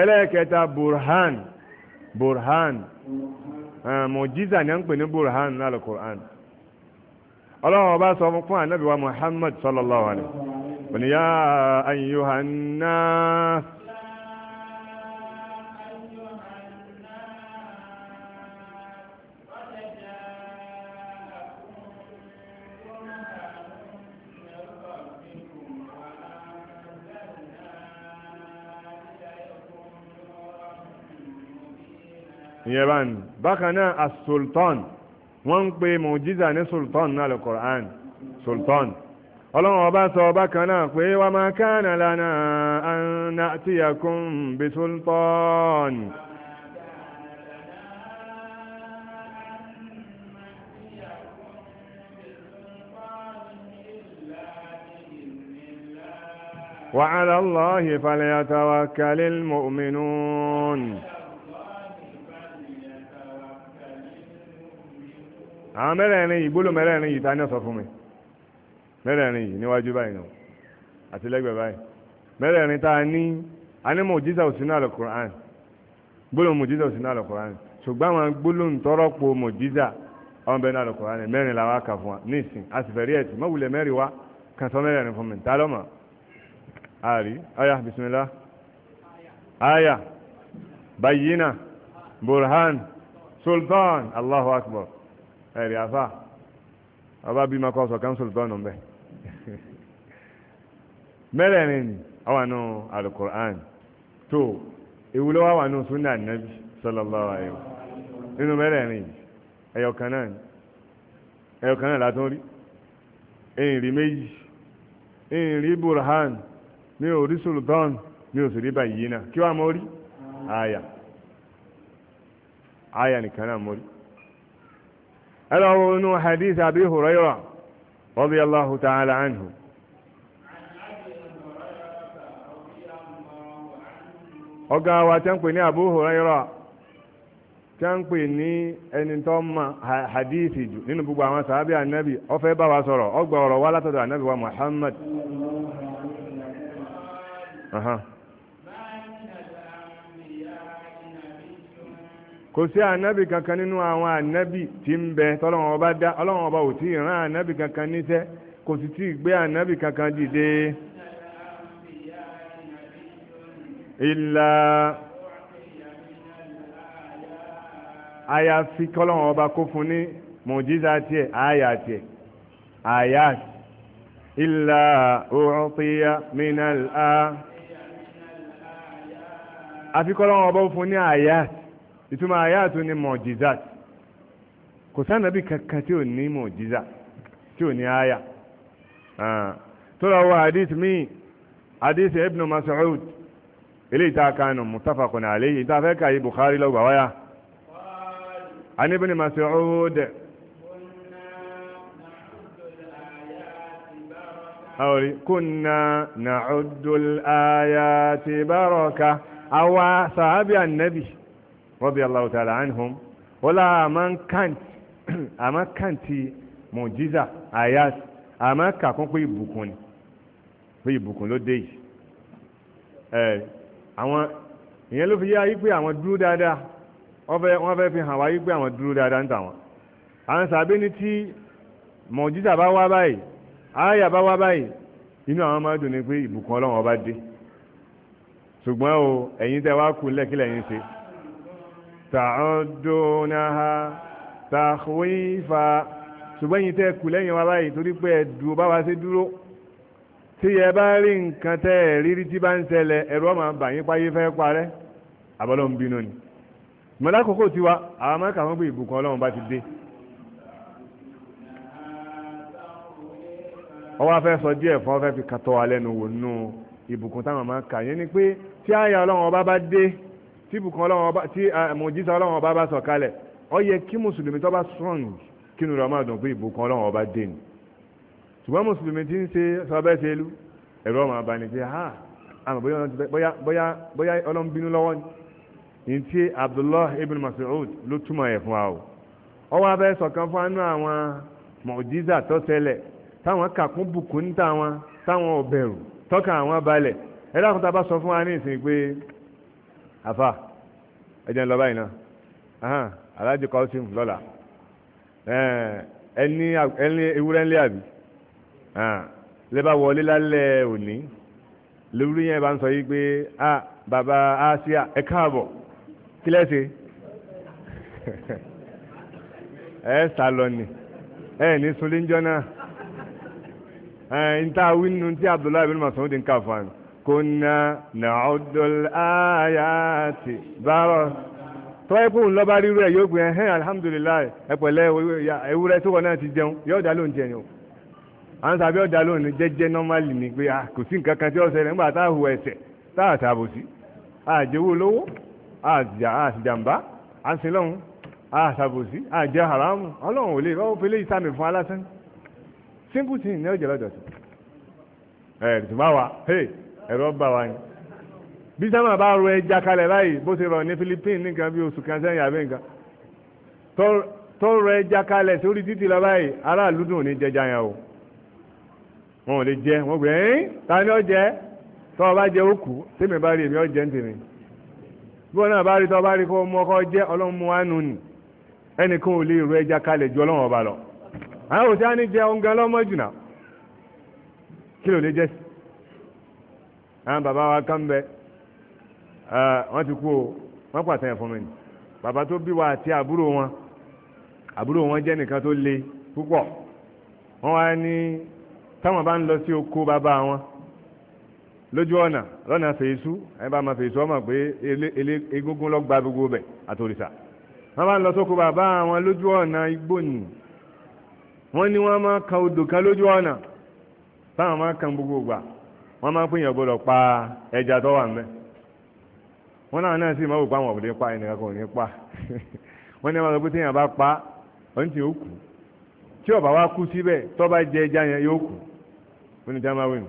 ẹlẹ́ẹ̀kẹta burhan burhan eh, mọ̀jíza ni a ń pè ní burhan lálẹ́ Qur'an ọlọ́run ọba sọ fún ànábì wa Muhammad sallallahu alayhi wa sallam ya ayyuhan يبان بقنا السلطان وانقبي موجزة نسلطان القرآن سلطان الله وبس وبكنا قوي وما كان لنا أن نأتيكم بسلطان وعلى الله فليتوكل المؤمنون àwọn mẹ́rẹ̀ẹ̀rin yìí gbólóhùn mẹ́rẹ̀ẹ̀rin yìí ta ni ó sọ fún mi mẹ́rẹ̀ẹ̀rin yìí níwájú báyìí náà àti lẹ́gbẹ̀ẹ́ báyìí mẹ́rẹ̀ẹ̀rin tá a ní anímọ̀ òjísà òsínú àlùkùrán gbólóhùn mọ̀jísà òsínú àlùkùrán ṣùgbọ́n àwọn gbólóhùn tọ́rọ́pọ̀ mọ̀jísà àwọn bẹ́ẹ̀ ní àlùkùrán mẹ́rin làwọn kà fún wa níìsín a sì fẹ́ rí ẹ̀tì mọ́wulẹ̀ mẹ́rin wa kan sọ mẹ́rẹ̀ẹ̀rin fún mi ta lọ́mọ sultan allahu akbar ẹ̀rì àfà ọba bí ma kọ́ sọ council tọ́nù bẹ́ẹ̀ mẹ́rẹ̀ẹ̀rin ni àwọn àánú alukur'an tó ewu wà wà nù sunna anabi sallallahu alayhi wa nínú mẹ́rẹ̀ẹ̀rin ẹ̀yọ̀kan náà ẹ̀yọ̀kan náà látún rí ẹ̀yìn rí méjì ẹ̀yìn rí burhan mi ò rí sultan mi ò sì rí bàyìí náà kí wàá mọ́ rí àyà àyà nìkan náà mọ́ rí. ẹlọ́wọ́ inú hadith Abi Hurairah radiyallahu ta'ala anhu ọgá wa tẹ́ ń ní Abu ẹni tó ma jù nínú gbogbo àwọn ànábì bá wa sọ̀rọ̀ ọ̀rọ̀ Muhammad. kò sí ànábì kankan nínú àwọn ànábì tí ń bẹ tọ́lọ́wọ́n ọba dá ọlọ́wọ́n ọba ò tí ì rán ànábì kankan níṣẹ́ kò sì tí ì gbé ànábì kankan dìde. ìlà àyàfi kọ́lọ́wọ́n ọba kó fún ní mọ̀jísà tiẹ̀ àyà tiẹ̀ àyà ìlà òrùnpìyà mìíràn àfikọ́lọ́wọ́n ọba fún ní àyà tiẹ̀ ìtumọ̀ àyàtò ni mọ̀jìzát kò sánàbí kankan tí ò ní mọ̀jìzá tí ò ní àyà tó lọ wọ hadith mi hadith ibn Mas'ud ilé ìta kanu muttafaqun alayhi ìta fẹ́ kàyí Bukhari lọ́gbà wáyà an ibn Mas'ud أولي كنا نعد الآيات بركة أو صحابي النبي radiyallahu ta'ala anhum wọ́n lá àmọ́ kàǹtì (clears throat) mọ̀jíza ayat àmọ́ kàkún pé ìbùkún ni pé ìbùkún ló dé yìí ẹ̀ àwọn ìyẹn ló fi yá yí pé àwọn dúró dáadáa wọ́n fẹ́ fi hàn wá yí pé àwọn dúró dáadáa ń tàwọn àwọn sàbẹ́ ní tí mọ̀jíza bá wá báyìí àyà bá wá báyìí inú àwọn máa dùn ní pé ìbùkún ọlọ́run ọba dé ṣùgbọ́n o ẹ̀yin tẹ́ wá kú lẹ́kílẹ̀ yín ṣe tàọ́dúnáha tàwífà ṣùgbọ́n yìí tẹ́ kù lẹ́yìn wa báyìí torí pé ẹ̀dùn bá wa ṣe dúró tí ẹ bá rí nǹkan tẹ́ ẹ̀ rírí tí bá ń ṣẹlẹ̀ ẹ̀rọ máa bà yín páyé fẹ́ parẹ́ àbọ́lọ́ ń bínú ni mọ́lákòókò tiwa àwọn mẹ́ka wọn pé ìbùkún ọlọ́run bá ti dé ọwọ́ afẹ́ sọ díẹ̀ fún ọ fẹ́ fi kàtọ́ wa lẹ́nu wò nínú ìbùkún táwọn máa yẹn ni pé tí àyà ọlọ́run ọba bá dé tí bùkún ọlọ́wọ́n ọba tí àmójísà eh, ọlọ́wọ́n ọba bá sọ̀ kalẹ̀ ó yẹ kí mùsùlùmí tó bá strong kí nu ramadan pé ìbùkún ọlọ́wọ́n ọba dé ni ṣùgbọ́n mùsùlùmí ti ń ṣe sọ́bẹ́sẹ̀lú ẹ̀rọ ọmọ abani ṣe ha àmọ́ bóyá ọlọ́run bínú lọ́wọ́ ni ní ti Abdullah ibn Mas'ud ló túmọ̀ ẹ̀ fún wa o ọwọ́ abẹ́ sọ̀kan fún anú àwọn mọ̀jísà tó ṣẹlẹ̀ táwọn kàkún bùkún táwọn táwọn ọ̀bẹ̀rù tọ́ka àwọn balẹ̀ ẹ̀dá kan bá sọ fún wa ní ìsìn pé afa ẹjẹ ń lọ báyìí náà aláàjì kọ́sìm lọ́la ẹni ewúrẹ́ ńlẹ́ àbí lẹ́bà wọlé lálẹ́ òní lórí yẹn bá ń sọ yìí pé a bàbá asia ẹ káàbọ̀ kí lẹ́sẹ̀ (laughs) ẹ sálọ ni ẹ ní sunlé ń jọ náà ẹ ń ta wínú tí Abdullahi bin Mas'ud ń kà fún mi kúnná nàọ́dọ̀l ayáàtì bárọ̀ tó ẹ́ kóhùn lọ́bá rírú ẹ̀ yóò gbé ẹ̀hẹ́n alhamdulillah ẹ̀pẹ̀lẹ́ ewúrẹ́ tó wọ̀ náà ti jẹun yóò dá lóhùn jẹun à ń sàbí ọ̀dà lóhùn jẹ́jẹ́ nọ́málì ni pé ah, kò sí nǹkan kan tí ó ṣẹlẹ̀ nígbà táà hùwà ẹ̀ṣẹ̀ táà tààbò sí àjẹwò lówó àṣìjàmbá àṣìlọ́hùn àṣàbòsí àjẹ haramu ọlọ́run ò lè rọ́wọ́ fẹ́lẹ́ ìsàmì fún alásán simple thing ní ọjọ́ lọ́dọ̀ tó ẹ̀ tó bá wa hey ẹ̀rọ bà wá ni bí sábà bá ro ẹja kalẹ̀ báyìí bó ṣe rọ̀ ní Philippines nìkan bí oṣù kan sẹ́yìn àbí nǹkan tó rọ ẹja kalẹ̀ sórí títì lọ báyìí aráàlú dùn ní jẹja yẹn o wọn ò lè jẹ wọn gbé ẹ́yìn ta ni ó jẹ tọ́ ọ bá jẹ ó kù tèmi bá rí èmi ó jẹ ń tèmi bí wọn náà bá rí tọ́ ọ bá rí kó mú ọkọ jẹ ọlọ́run mú wánu nì ẹnìkan ò lè rọ ẹja kalẹ̀ ju ọlọ́run ọba lọ àwọn òṣìṣẹ́ àwọn bàbá wa kán bẹ wọ́n ti kú o wọ́n pàtàyàn fún mi ni bàbá tó bí wa àti àbúrò wọn àbúrò wọn jẹ́ nìkan tó le púpọ̀ wọ́n wá ní táwọn bá ń lọ sí oko bàbá wọn lójú ọ̀nà lọ́nà fèésù ẹ bá máa fèésù ọmọ pé egungun lọ gba gbogbo bẹ̀ àtòrìṣà wọ́n bá ń lọ sóko bàbá wọn lójú ọ̀nà igbó nì wọ́n ní wọ́n máa kan odò kan lójú ọ̀nà táwọn máa kan gbogbo gbà wọ́n máa ń pè yàn gbọ́dọ̀ pa ẹja tó wà ń bẹ́ wọ́n náà náà sì máa wò pa àwọn òbí pa ẹnìkan kò ní pa (laughs) wọ́n ní àwọn ọ̀gbìn tí yàn bá pa ọ̀hún ti yóò tí ọ̀bà wa kú síbẹ̀ tó bá jẹ ẹja yẹn yóò kù ó ní jámá wẹ̀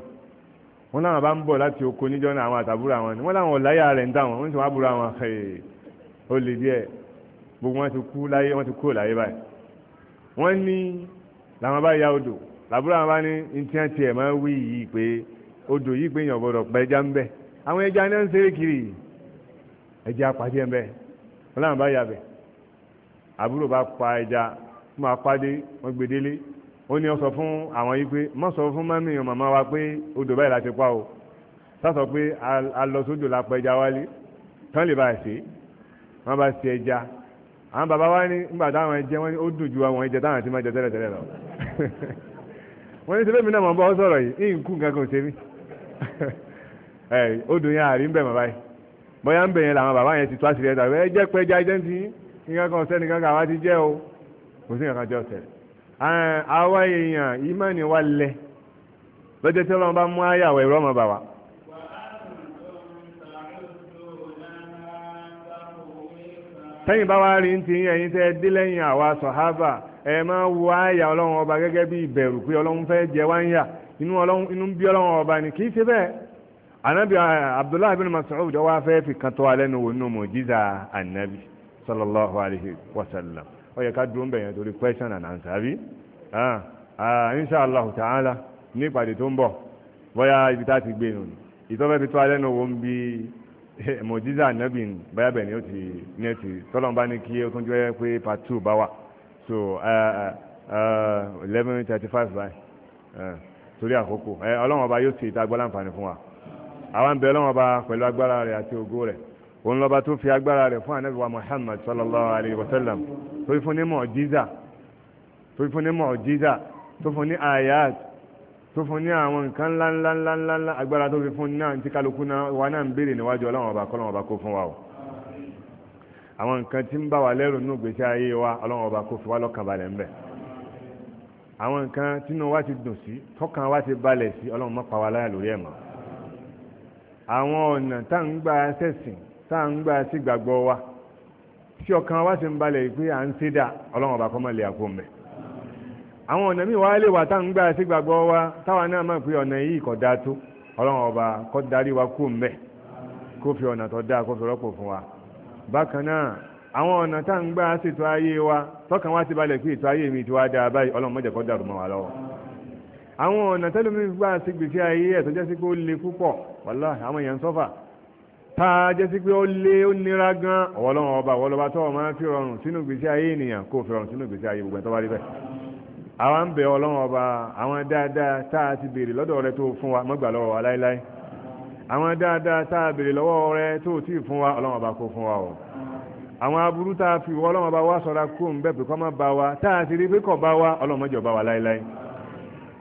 wọ́n náà bá ń bọ̀ láti oko níjọ́ náà àwọn àtàbúrò àwọn ni wọ́n láwọn ọ̀láyà rẹ̀ ń dà wọ́n wọ́n sì wá búra àwọn ó lè díẹ̀ gbogbo wọn ti kú láyé wọn ti kú láyé báyìí wọ́n ní àwọn odò yìí pé èèyàn gbọ́dọ̀ pa ẹja ń bẹ àwọn ẹja náà ń ṣeré kiri ẹja pàdé ń bẹ ọlọ́run bá yàbẹ̀ àbúrò bá pa ẹja fún wa pàdé wọn gbé délé ó ní ọ fún àwọn yìí pé mọ sọ fún mami ọ màmá wa pé odò báyìí la ti pa o sásọ pé a lọ sódò la pa ẹja wálé tán lè bá ṣe wọn bá ṣe ẹja àwọn bàbá wa ní nígbà táwọn ẹjẹ wọn ní ó dùn ju àwọn ẹjẹ táwọn ti máa jẹ tẹ́lẹ̀tẹ́lẹ̀ lọ (laughs) wọ́n ní sẹ́fẹ̀mí náà mọ̀ bọ́ sọ̀rọ̀ yìí ní nǹkú nǹkan kan ṣe mí ẹ odò yẹn àrí ń bẹ̀ mọ́ báyìí bóyá ń bẹ̀ yẹn làwọn bàbá yẹn ti tó àṣírí ẹ̀dá ẹ jẹ́ pé ẹja jẹ́ ti nǹkan kan sẹ́ni kankan àwa ti jẹ́ o kò sí nǹkan jẹ́ ọ̀sẹ̀ àwa èèyàn ìmánì wa lẹ lọ́jọ́ tí ọlọ́run bá mú àyàwó ẹ̀rọ ọmọ bàbá. sẹ́yìn bá wá rí ń ti ẹ̀yin tẹ́ ẹ àwa sọ̀hábà ẹ máa wo àyà ọlọ́run ọba gẹ́gẹ́ bí ìbẹ̀rù pé ọlọ́run fẹ́ jẹ wá ń yà inú ọlọ́run inú bí ọlọ́run ọba ni kìí ṣe bẹ́ẹ̀ anabi eh, abdullahi bin mas'ud wá fẹ́ fi kan tó alẹ́ nu wo nínú mọ̀jíza anabi sallallahu alayhi wa sallam ó yẹ ká dúró ń bẹ̀yẹn torí question and answer bí ah, ah, insha allah ta'ala ní ìpàdé tó ń bọ̀ bóyá ibi tá ti gbé e nù ìtọ́fẹ́ fi tó alẹ́ nu wo bí eh, mọ̀jíza anabi bóyá bẹ̀ ni ó ti ní ẹ̀tì tọ́lọ́mbá ní kí ó tún jẹ́ pé part two bá wà so eh, eleven thirty five báyìí torí àkókò ẹ ọlọ́run ọba yóò ṣe ìta gbọ́ láǹfààní fún wa àwa ń bẹ ọlọ́run ọba pẹ̀lú agbára rẹ̀ àti ògo rẹ̀ òun lọ́ba tó fi agbára rẹ̀ fún ànábì wa Muhammad sallallahu alayhi wa sallam tó fún ní mọ̀ọ́jíza tó fún ní mọ̀ọ́jíza tó fún ní ayat tó fún ní àwọn nǹkan ńláńláńláńlá agbára tó fi fún náà tí kálukú wa náà ń béèrè níwájú ọlọ́run ọba kọ́lọ́run ọba kó fún wa o àwọn nǹkan tí ń bá wa lẹ́rù nínú ìgbésí ayé wa ọlọ́run ọba kó fi wá lọ́kàn balẹ̀ ńbẹ̀ àwọn nǹkan tínú wa ti dùn sí tọkàn wa ti balẹ̀ sí ọlọ́run má pa wá láyà lórí ẹ̀ mọ́ àwọn ọ̀nà tá ń gba sẹ́sìn tá ń gba sí gbàgbọ́ wa tí ọkàn wa ti ń balẹ̀ pé à ń ṣe dà ọlọ́run ọba kọ́ mọ́ lè àpò mẹ́ àwọn ọ̀nà míì wá lè wà tá ń gba sí gbàgbọ́ wa táwa náà mọ̀ pé ọ̀nà yìí kò dáa tó ọlọ́run ọba kó darí wa kú mẹ́ kó fi ọ̀nà tó dáa kó fi rọ́pò fún wa bákan náà àwọn ọ̀nà tá ń gbà ṣètò ayé wa tọ́kàn wá ti balẹ̀ pé ètò ayé mi ti wá dáa báyìí ọlọ́run má jẹ́ kó dàrú mọ́ wa lọ́wọ́ àwọn ọ̀nà tẹ́lómi gbà sí gbèsè ayé ẹ̀ tó jẹ́ sí pé ó le púpọ̀ wàláhì àwọn èèyàn sọ́fà tá a jẹ́ sí pé ó le ó nira gan ọ̀wọ́lọ́run ọba ọ̀wọ́lọ́ba tó máa fi rọrùn sínú gbèsè ayé ènìyàn kó fi rọrùn sínú gbèsè ayé gbogbo tó bá rí bẹ́ẹ̀ àwa ń bẹ ọlọ́run ọba àwọn dáadáa tá a ti béèrè lọ́dọ̀ rẹ tó fún wa má lọ́wọ́ wa láéláé àwọn dáadáa tá a béèrè lọ́wọ́ rẹ tó tí fún wa ọlọ́run ọba kó fún wa o àwọn aburú tá a fi wọ́ ọlọ́run bá wá sọ́ra kó ń bẹ́ẹ̀ pé kọ́ má bá wa tá a ti rí pé kọ́ bá wa ọlọ́run mọ́jọ bá wa láéláé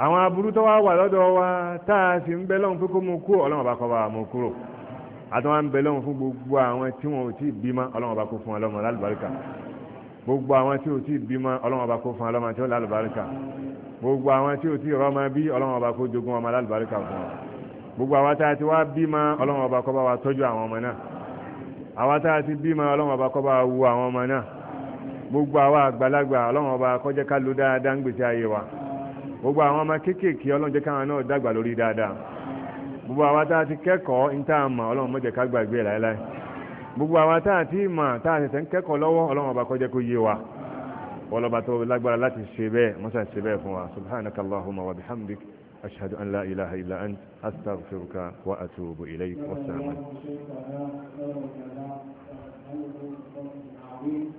àwọn aburú tó wá wà lọ́dọ̀ wa tá a sì ń bẹ lọ́run pé kó mu kú ọlọ́run bá kọ́ bá wa mú kúrò àtàwọn ń bẹ lọ́run fún gbogbo àwọn tí wọn ò tí ì bímọ ọlọ́run bá kó fún ọlọ́run lálùbáríkà gbogbo àwọn tí ò tí ì bímọ ọlọ́run bá kó fún ọlọ́run tí ó lálùbáríkà gbogbo àwọn tí ò tí ì rọ́mọ bí ọlọ́run bá kó jogún ọmọ lálùbáríkà fún wa gbogbo àwọn tá a ti wá bímọ ọlọ́run bá kó bá wa tọ́jú àwọn ọmọ náà àwa tá a ti bímọ ọlọ́run ọba kó bá wu àwọn ọmọ náà gbogbo àwa àgbàlagbà ọlọ́run ọba kó jẹ́ ká lò dáadáa ń gbèsè ayé wa gbogbo àwọn ọmọ kéékèèké ọlọ́run jẹ́ káwọn náà dàgbà lórí dáadáa gbogbo àwa tá a ti kẹ́kọ̀ọ́ ní tá a mọ̀ ọlọ́run má jẹ́ ká gbàgbé láéláé gbogbo àwa tá ti mọ̀ tá tẹ̀sẹ̀ ń kẹ́kọ̀ọ́ lọ́wọ́ ọlọ́run ọba kó kó yé wa ọlọ́ba tó wa bihamdik أشهد أن لا إله إلا أنت أستغفرك وأتوب إليك والسلام عليكم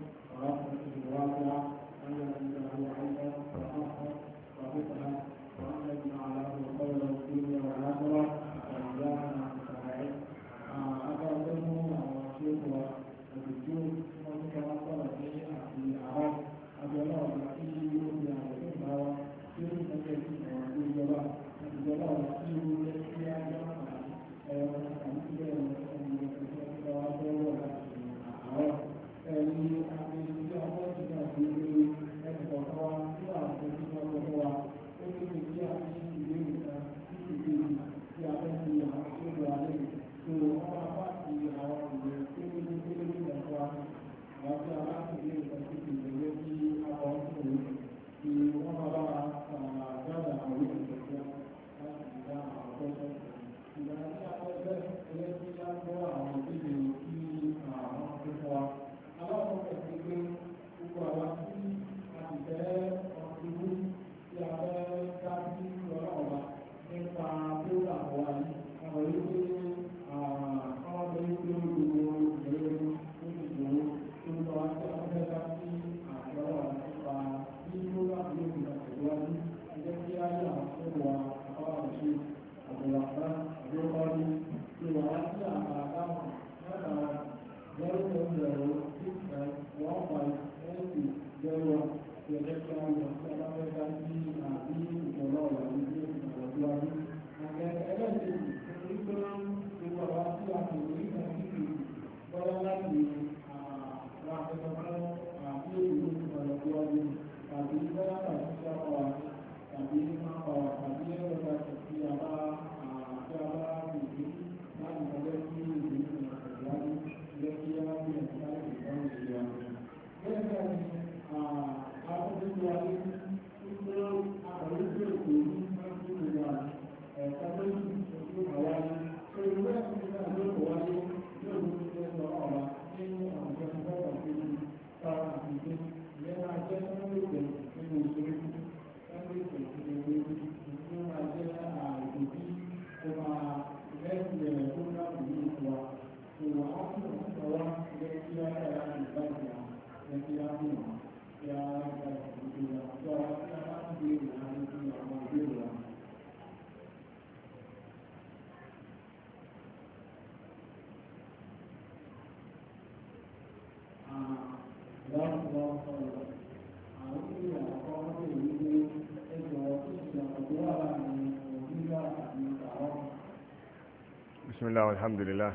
لله والحمد لله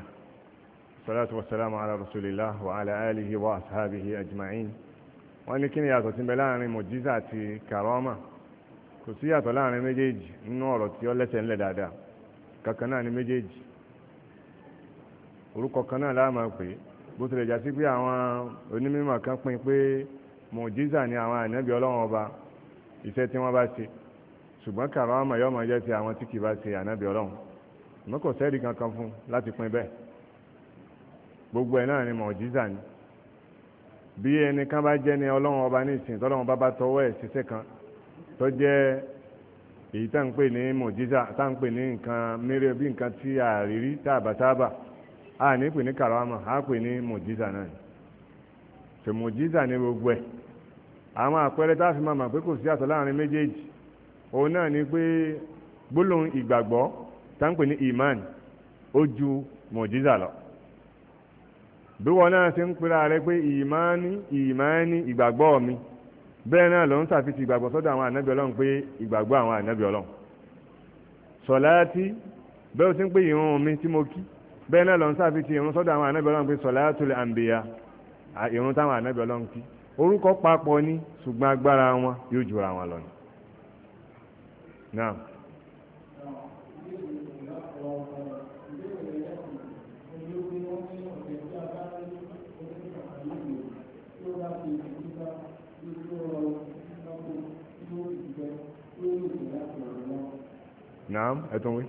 salatu wasalamu ala rasulillah wa ala alihi wa ashabihi ajma'in wọ́n ní kíni yàtọ̀ tí ń bẹ láàrin karama kò sí yàtọ̀ láàrin méjèèjì nínú ọ̀rọ̀ tí ó lẹ́sẹ̀ ńlẹ̀ dáadáa ni méjèèjì orúkọ kan náà láàmà pé àmọ́ kò sẹ́ẹ̀rì kankan fún láti pin bẹ́ẹ̀ gbogbo ẹ̀ náà ni mọ̀jísà ni bí ẹni kan bá jẹ́ ni ọlọ́run ọba ní ìsìn tọ́lọ́run bá bá tọwọ́ ẹ̀ ṣiṣẹ́ kan tó jẹ́ èyí tá ń pè ní mọ̀jísà tá ń pè ní nǹkan mẹ́rẹ̀ bí nǹkan tí àrírí tàbátábà a ní pè ní kàrámà a pè ní mọ̀jísà náà ni ṣe mọ̀jísà ní gbogbo ẹ̀ àwọn àpẹẹrẹ tá a fi máa mọ̀ pé kò sí àtọ̀ láàrin méjèèjì òun náà ni pé gbólóhùn ìgbàgbọ́ táǹpẹ̀ ni iman ó ju mọ̀jíza lọ bí wọn náà ṣe ń pera rẹ pé ìmánì ìmánì ìgbàgbọ́ mi bẹ́ẹ̀ náà ló ń ṣàfihàn ìgbàgbọ́ sọ́dọ̀ àwọn ànábì ọlọ́run pé ìgbàgbọ́ àwọn ànábì ọlọ́run sọ̀láàtì bẹ́ẹ̀ ó ti ń pè ìrun mi tí mo kí bẹ́ẹ̀ náà ló ń ṣàfihàn ìrun sọ́dọ̀ àwọn ànábì ọlọ́run pé sọ̀láàtul àǹbíyà ìrun táwọn ànábì ọlọ́run kí orúkọ papọ̀ ní ṣùgbọ́n agbára wọn yóò jura wọn lọ ni. naam ẹ̀tún wí.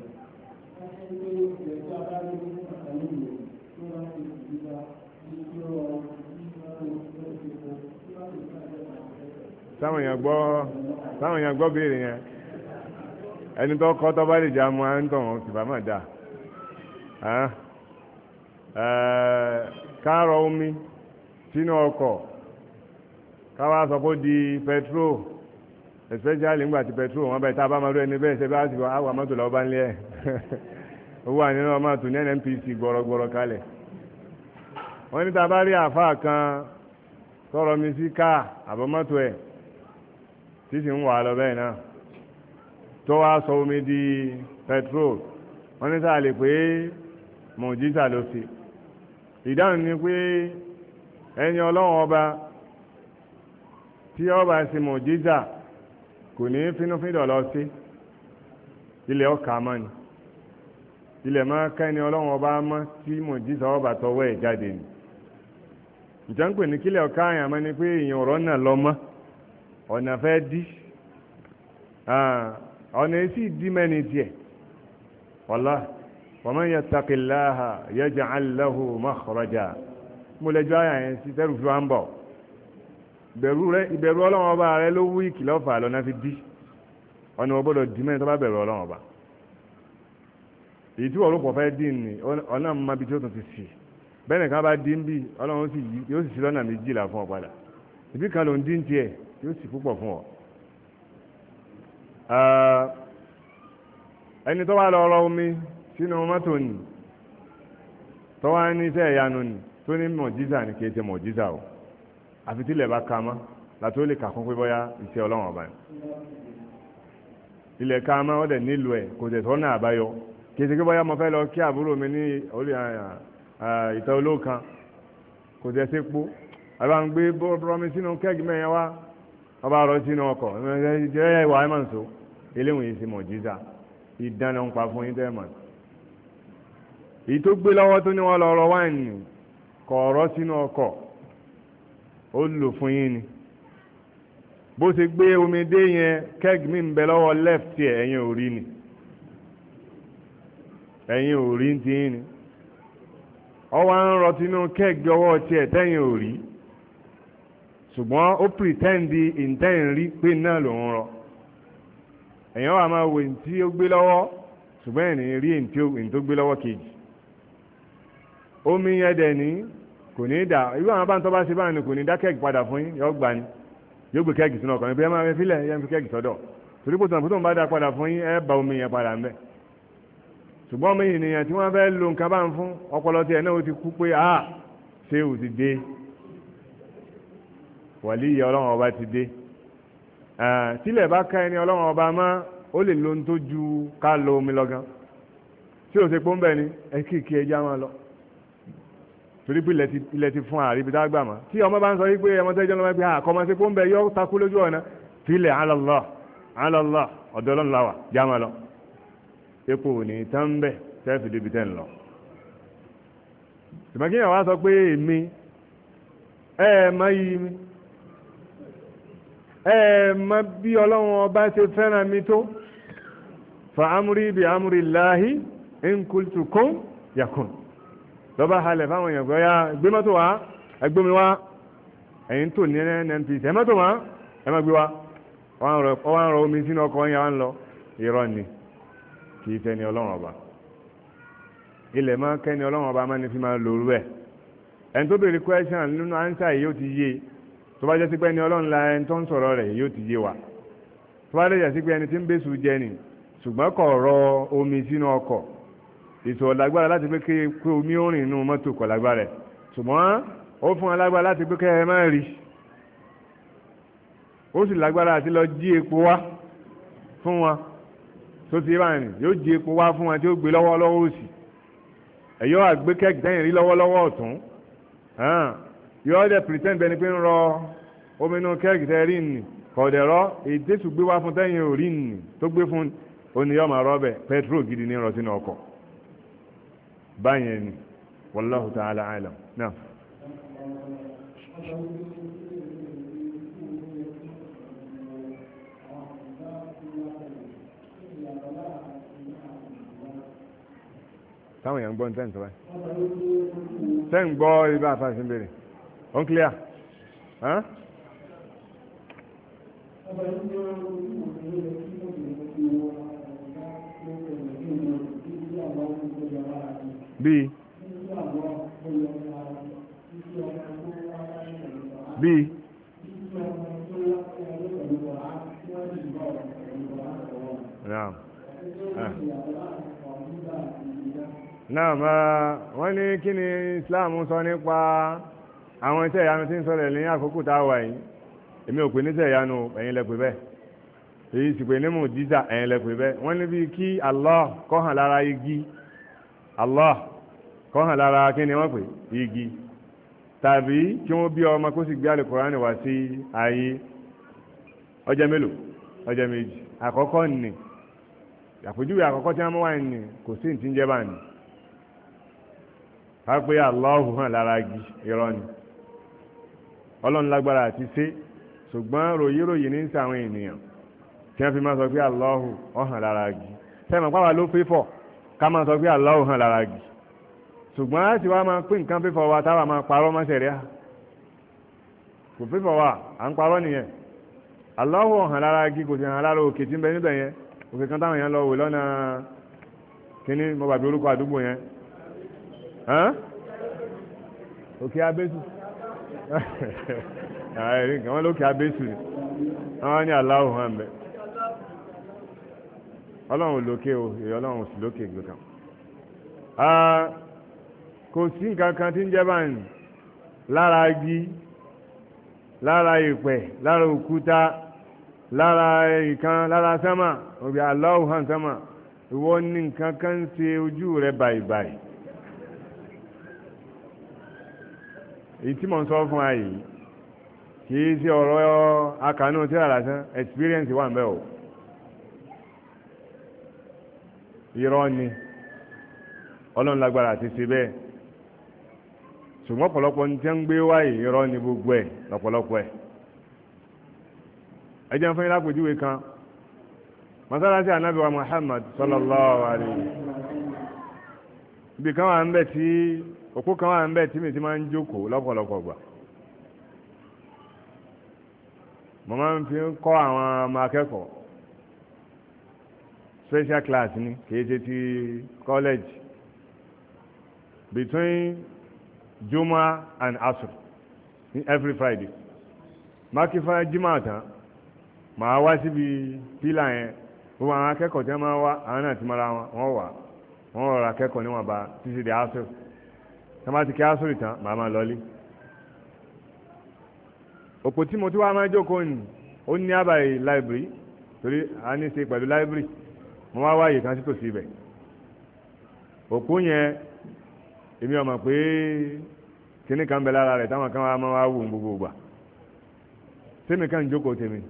táwọn èèyàn gbọ́ táwọn èèyàn ẹni tó kọ́ tó bá lè omi sínú ọkọ̀ káwá di pẹtrol. especially ńgbà tí petrol wọn báyìí tá a bá máa rú ẹni bẹ́ẹ̀ ṣe bá ti wọ àwọn amọ́tò làwọn bá ń lé ẹ̀ (laughs) ó wà nínú ọmọ àtò ní NNPC gbọ̀rọ̀gbọ̀rọ̀ kalẹ̀ wọ́n ní tá a bá rí àáfàá kan tọrọ mi sí káà àbọ̀mọ́tò ẹ̀ tí sì ń wà lọ bẹ́ẹ̀ náà tó wá sọ omi di petrol wọ́n ní tá lè pé mọ̀jísà ló fi ìdáhùn ni pé ẹni ọlọ́run ọba tí ọba sì mọ̀jísà kò ní fínúfíndọ̀ lọ sí ilẹ̀ ọkà mọ́ ni ilẹ̀ máa kẹ́ni ọlọ́run ọba mọ́ tí mò ń jísà ọba tọwọ́ ẹ̀ jáde ni ìjọ ń pè ní kílẹ̀ ọkà àyàn mọ́ ni pé èèyàn ọ̀rọ̀ náà lọ mọ́ ọ̀nà fẹ́ dí ọ̀nà èsì dí mẹ́ni tiẹ̀ ọ̀la waman yattaqillaha yaj'al lahu makhraja mo lẹ́jọ́ àyàn yẹn sí tẹ́rù fi wá ń bọ̀ ìbẹ̀rù ọlọ́run ọba rẹ ló wú ìkìlọ̀ fà lọ́nà fi dí ọ̀nà ọgbọ́dọ̀ dì mẹ́rin tó bá bẹ̀rù ọlọ́run ọba èyí tí wọ́n ló pọ̀ fẹ́ dì ní ọ̀nà mma bí tí ó tún ti sì bẹ́ẹ̀ nìkan bá dín bí ọlọ́run yóò sì sí lọ́nà méjìlá fún ọ padà ìbí kan ló ń dín tiẹ̀ yóò sì púpọ̀ fún ọ. ẹni tó bá lọ rọ omi sínú mọ́tò nì tó wá ní iṣẹ́ ìyanu nì tó ní mọ̀jísà ní kété mọ̀jísà o àfi tí ilẹ̀ bá ka mọ́ láti ó lè kà fún pé bọ́yá iṣẹ́ ọlọ́run ọba ni ilẹ̀ ka mọ́ ọ̀dẹ̀ nílùú ẹ̀ kò tẹ̀ sọ́nà àbáyọ kì í ṣe pé bọ́yá mo fẹ́ lọ kí àbúrò mi ní orí ìtọ́ olóòkan kò tẹ̀ sí pó àbá ń gbé bọ́ọ̀rọ̀mí sínú kẹ́gì mẹ́yẹn wá ọba rọ sínú ọkọ̀ ẹ̀ wà ẹ̀ máa so eléwọ̀n yìí ṣe mọ̀ jíza ìdáná fún yín tẹ́ mọ̀ èyí gbé lọ́wọ́ tó ní wọ́n lọ rọ wáìnì kọ̀ ọ̀rọ̀ sínú ọkọ̀ ó lò fún yín ni bó ṣe gbé omi dé yẹn keg mi ń bẹ lọ́wọ́ left ẹ̀ ẹ̀yin ò ni ẹ̀yin ò rí ti yín ni ọwọ́ ń rọ tinú keg ọwọ́ tiẹ̀ tẹ́yin ò rí ṣùgbọ́n ó pretend intent rí pé náà ló ń rọ èèyàn wà máa wò ní tí ó gbé lọ́wọ́ ṣùgbọ́n ẹ̀nì rí ní gbé lọ́wọ́ kejì omi yẹn dẹ̀ ní kò ní í dà irú àwọn bá ń tọ́ bá ṣe báyìí kò ní í dá kẹ́ẹ̀kì padà fún yín yọ gbà ní yóò gbé kẹ́ẹ̀kì sínú ọkọ̀ ní pé ẹ máa fi filẹ̀ yẹn fi kẹ́ẹ̀kì sọ́dọ̀ torí pé tòun bá dá padà fún yín ẹ bá omi yẹn padà ńbẹ ṣùgbọ́n omi ènìyàn tí wọ́n fẹ́ lo nǹkan bá ń fún ọpọlọ tiẹ̀ náà ó ti kú pé a ah, ṣé ò ti dé wàlí ìyá ọlọ́run ọba ti dé tílẹ̀ bá ká ẹni ọlọ́run ọba mọ́ ó lè lo ohun tó ju ká lo omi lọ gan tí ò ṣe torí pé ilẹ̀ ti fún àríbi tá a gbà mọ́ tí ọmọ bá ń sọ wípé ọmọ tẹ́jọ́ lọ́mọ pé àkọ́mọsí ah, pé ó ń bẹ yọ takú lójú ọ̀nà tilẹ̀ alọ́lọ́ alọ́lọ́ ọ̀dọ́ ọlọ́run làwà jáma lọ epo ò ní tán bẹ́ẹ̀ tẹ́ẹ̀fì débi tẹ́ ń lọ. tìmọ̀kíyàn wá sọ pé èmi ẹ ẹ mọ iyì mi ẹ ẹ mọ bí ọlọ́run ọba ṣe fẹ́ràn mi tó fa amúrí bi amúrí láhi ń kultu kún yàkùn lọ́ba halẹ̀ fáwọn èèyàn gbọ́ ya gbé mọ́tò wá ẹgbẹ́ mi wá ẹ̀yin tó ní nnpc ẹ mọ́tò wá ẹ má gbé wá ọ wá ń rọ omi sínú ọkọ̀ yẹn wá ń lọ irọ́ ni kì í ṣẹni ọlọ́run ọba ilẹ̀ máa kẹ́ni ọlọ́run ọba máa ní fi máa lòrú ẹ̀ ẹni tó béèrè question nínú answer yìí yóò ti yé tó bá jẹ́ sí pé ẹni ọlọ́run la ẹni tó ń sọ̀rọ̀ rẹ̀ yóò ti yé wa tó bá jẹ́ sí pé ẹni tí ń bẹ́sù jẹ ni ṣùgbọ́n kọ̀ rọ omi sínú ọkọ̀ ètò ọ̀lágbára láti pé kí omi ó rìn inú mọ́tò kọ̀ lágbára ẹ̀ ṣùgbọ́n ó fún alágbára láti pé kẹ́ ẹ má rí ó sì lágbára àti lọ jí epo wá fún wa tó ti bá rìn yóò jí epo wá fún wa tí ó gbé lọ́wọ́lọ́wọ́ òsì ẹ̀yọ́ àgbé kẹ́kì tẹ́yìn rí lọ́wọ́lọ́wọ́ ọ̀tún yóò dẹ̀ pretend bẹni pé ń rọ omi inú kẹ́kì tẹ́ rí nì kọ̀dẹ̀rọ́ èdè tó gbé wá fún tẹ́yìn ò rí nì tó gbé fún oníyọ́mọ̀ rọ́bẹ̀ pẹtrol gidi ní rọ sínú ọkọ̀ báyẹn ni wallahu ta'ala alam náà. táwọn èèyàn ń gbọ́ ní tẹ́ǹtì báyìí tẹ́ǹ gbọ́ ibà àfàṣin bèrè on clear Thank you. bí bí naam ah. naam ah, wọ́n ní kí ni Islam sọ nípa àwọn iṣẹ́ ìyanu tí ń ní àkókò tá a wà yìí èmi ò pè ní iṣẹ́ ìyanu ẹ̀yin lẹ èyí sì pè ní wọ́n ní Allah igi Allah kọ́ hàn lára kí ni wọ́n pè igi tàbí kí wọ́n bí ọmọ kó sì gbé alukurani wá sí ayé ọjọ́ mélòó ọjọ́ méjì àkọ́kọ́ nì àpèjúwe àkọ́kọ́ tí wọ́n mú wá nì kò sí ní jẹ́ bá nì hàn lára igi irọ́ ni ọlọ́run lágbára àti ṣe ṣùgbọ́n ròyìnròyìn ní ènìyàn tí fi máa sọ pé ọ̀hàn lára igi ló fẹ́ fọ̀ ká máa sọ pé hàn lára igi ṣùgbọ́n láti wá máa pín nǹkan fífọ̀ wa táwa máa parọ́ mọ́ sẹ̀ríà kò fífọ̀ wa à ń parọ́ nìyẹn aláwọ̀ hàn lára igi kò sì hàn lára òkè tí ń bẹ níbẹ̀ yẹn òkè kan táwọn yẹn lọ wò lọ́nà kíní mo bàbí orúkọ àdúgbò yẹn òkè abẹ́sù (laughs) ààrẹ nǹkan wọn lókè abẹ́sù ni wọn ní aláwọ̀ hàn bẹ́ẹ̀ ọlọ́run lókè o èyí ọlọ́run sì lókè gbẹ̀kan. kò sí nǹkan kan tí ń jẹ́ báyìí lára igi lára ìpẹ̀ lára òkúta lára ìkan lára sánmà òbí aláwọ̀ hàn sánmà ìwọ ní nǹkan ṣe ojú rẹ bàìbàì èyí tí mò ń sọ fún wa yìí kì í ṣe ọ̀rọ̀ akànú tí a lásán experience wà ni ọlọ́run lágbára ti ṣe bẹ́ẹ̀. ṣùgbọ́n ọ̀pọ̀lọpọ̀ ní tẹ́ ń gbé wáyé irọ́ ní gbogbo ẹ̀ lọ́pọ̀lọpọ̀ ẹ̀ lápèjúwe kan masalasi anabi Muhammad sallallahu ibi kan wà ń bẹ tí òkú kan wà ń tí mi ti máa ń jókòó lọ́pọ̀lọpọ̀ gbà mo máa special class ni kì í ṣe ti college juma and asr every friday mákífà jimá tán màá wá pila pílà yẹn gbogbo àwọn akẹ́kọ̀ọ́ tí wọ́n máa wá àwọn náà ti mara wọn wọ́n wà wọ́n rọra akẹ́kọ̀ọ́ níwọ̀n bá títí di asr tí ti kí asr tán màá máa lọlé òpó tí mo ti wá máa jókòó ní ó ní àbáyé library torí a ní í library mo wá wáyé kan sí tòsí ibẹ̀ òpó yẹn èmi ọmọ pé kíní kan bẹ lára rẹ̀ táwọn kan wá máa wù gbogbo gbà tèmi kan jókòó tèmi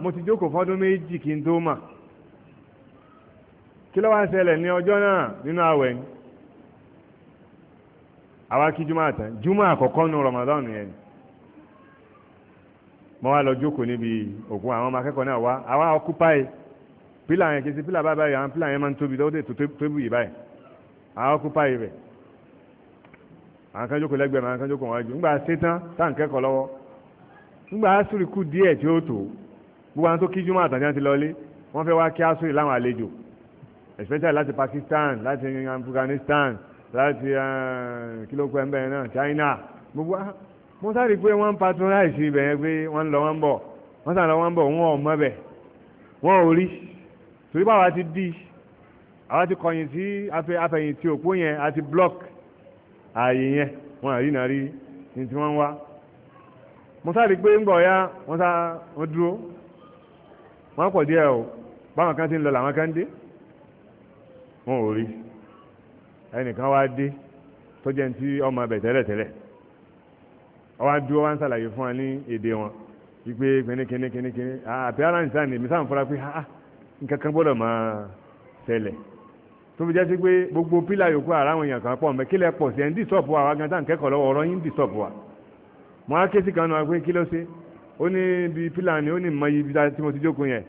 mo ti jókòó fọdún méjì kí n tó mà kí ló wá ń ṣẹlẹ̀ ní ọjọ́ náà nínú àwẹ̀ ni àwa kí jùmọ̀ àtàn jùmọ̀ àkọ́kọ́ nu Ramadan yẹn mo wá lọ jókòó níbi òkú àwọn ọmọ akẹ́kọ̀ọ́ náà wá àwa ọkú páyì pílà yẹn kì í sí pílà báyìí àwọn pílà yẹn máa ń tóbi lọ́wọ́ tó tóbi yìí báyìí àwọn ọkùpá ibẹ̀ àwọn kan jókòó lẹ́gbẹ̀ẹ́ àwọn kan jókòó wájú ńgbà sétán táà ń kẹ́kọ̀ọ́ lọ́wọ́ ńgbà asúrì kù díẹ̀ tí ó tó gbogbo àwọn tó kí júmọ́ àtàjà ti lọlé wọ́n fẹ́ wá kí asúrì láwọn àlejò especially láti Pakistan láti Afghanistan láti eh, kílókù ẹ̀ńbẹ̀ náà China gbogbo mo sáré pé wọ́n ń patronize ibẹ̀ yẹn pé wọ́n ń lọ wọ́n ń bọ̀ wọ́n sàn lọ wọ́n bọ̀ wọ́n ò mọ́ bẹ̀ wọ́n ò rí torí báwa ti dí àwọn ti kọ̀yìn sí afẹ̀yìntì òpó yẹn àti block ààyè yẹn wọn àrínà rí ní tí wọ́n ń wá mo sáré pé ń bọ̀ ya wọ́n sá wọ́n dúró wọ́n pọ̀ díẹ̀ o báwọn kan ti ń lọ làwọn kan dé wọn ò rí ẹnìkan wá dé tó jẹ́ ti ọmọ abẹ tẹ́lẹ̀tẹ́lẹ̀ ọwọ́ dúró wá ń sàlàyé fún wa ní èdè wọn wípé kínníkínníkínní àpẹ́ aláǹsá ni mi sáà ń fura pé ah, ah, nǹkan kan gbọ́dọ̀ máa ṣẹlẹ̀ tó fi jẹ́ sí pé gbogbo pílà yòókù ara àwọn èèyàn kan pọ̀ mẹ́ kílẹ̀ pọ̀ sí ẹ̀ ń dìsọ́ọ̀pù wa gan tá à ń kẹ́kọ̀ọ́ lọ́wọ́ ọ̀rọ̀ yín dìsọ́ọ̀pù wa mo á ké sí kan náà pé kí ló ṣe ó ní pílà ni ó ní mọ ibi tí mo ti jókòó yẹn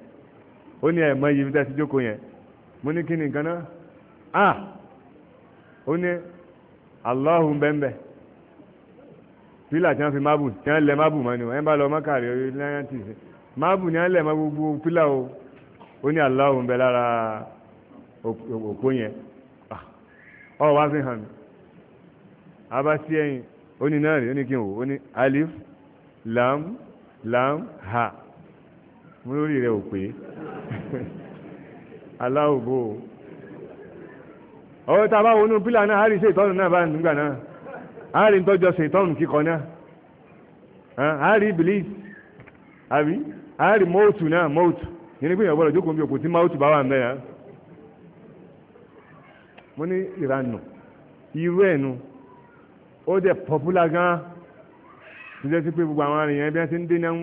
ó ní mọ ibi ti jókòó yẹn mo ní kí ni nǹkan náà ó ní lọ ni gbogbo pílà o ó ní Allahu bẹ́ òpó yẹn ah, ọ wá fi hàn mí abá sí ẹ̀yìn ó ní náà rí ó ní kí n wò ó ní alif lam lam ha mo lórí rẹ ò pé (laughs) aláwòbó ọ̀rọ̀ tá a bá wọnú pílà náà a rí ṣe ìtọ́nù náà bá nígbà náà a rí tọ́jọ́ ṣe ìtọ́nù kíkọ náà a rí iblis àbí a rí mọ́ọ̀tù náà mọ́ọ̀tù yẹn ni pé ìyàwó ọ̀rọ̀ jókòó mi òkú tí mọ́ọ̀tù bá wà mẹ́rin mo ní ìranù irú ẹ̀nu ó dẹ̀ popular gan tó jẹ́ sí pé gbogbo àwọn arìnrìn ẹbí ẹ ti ń dé náà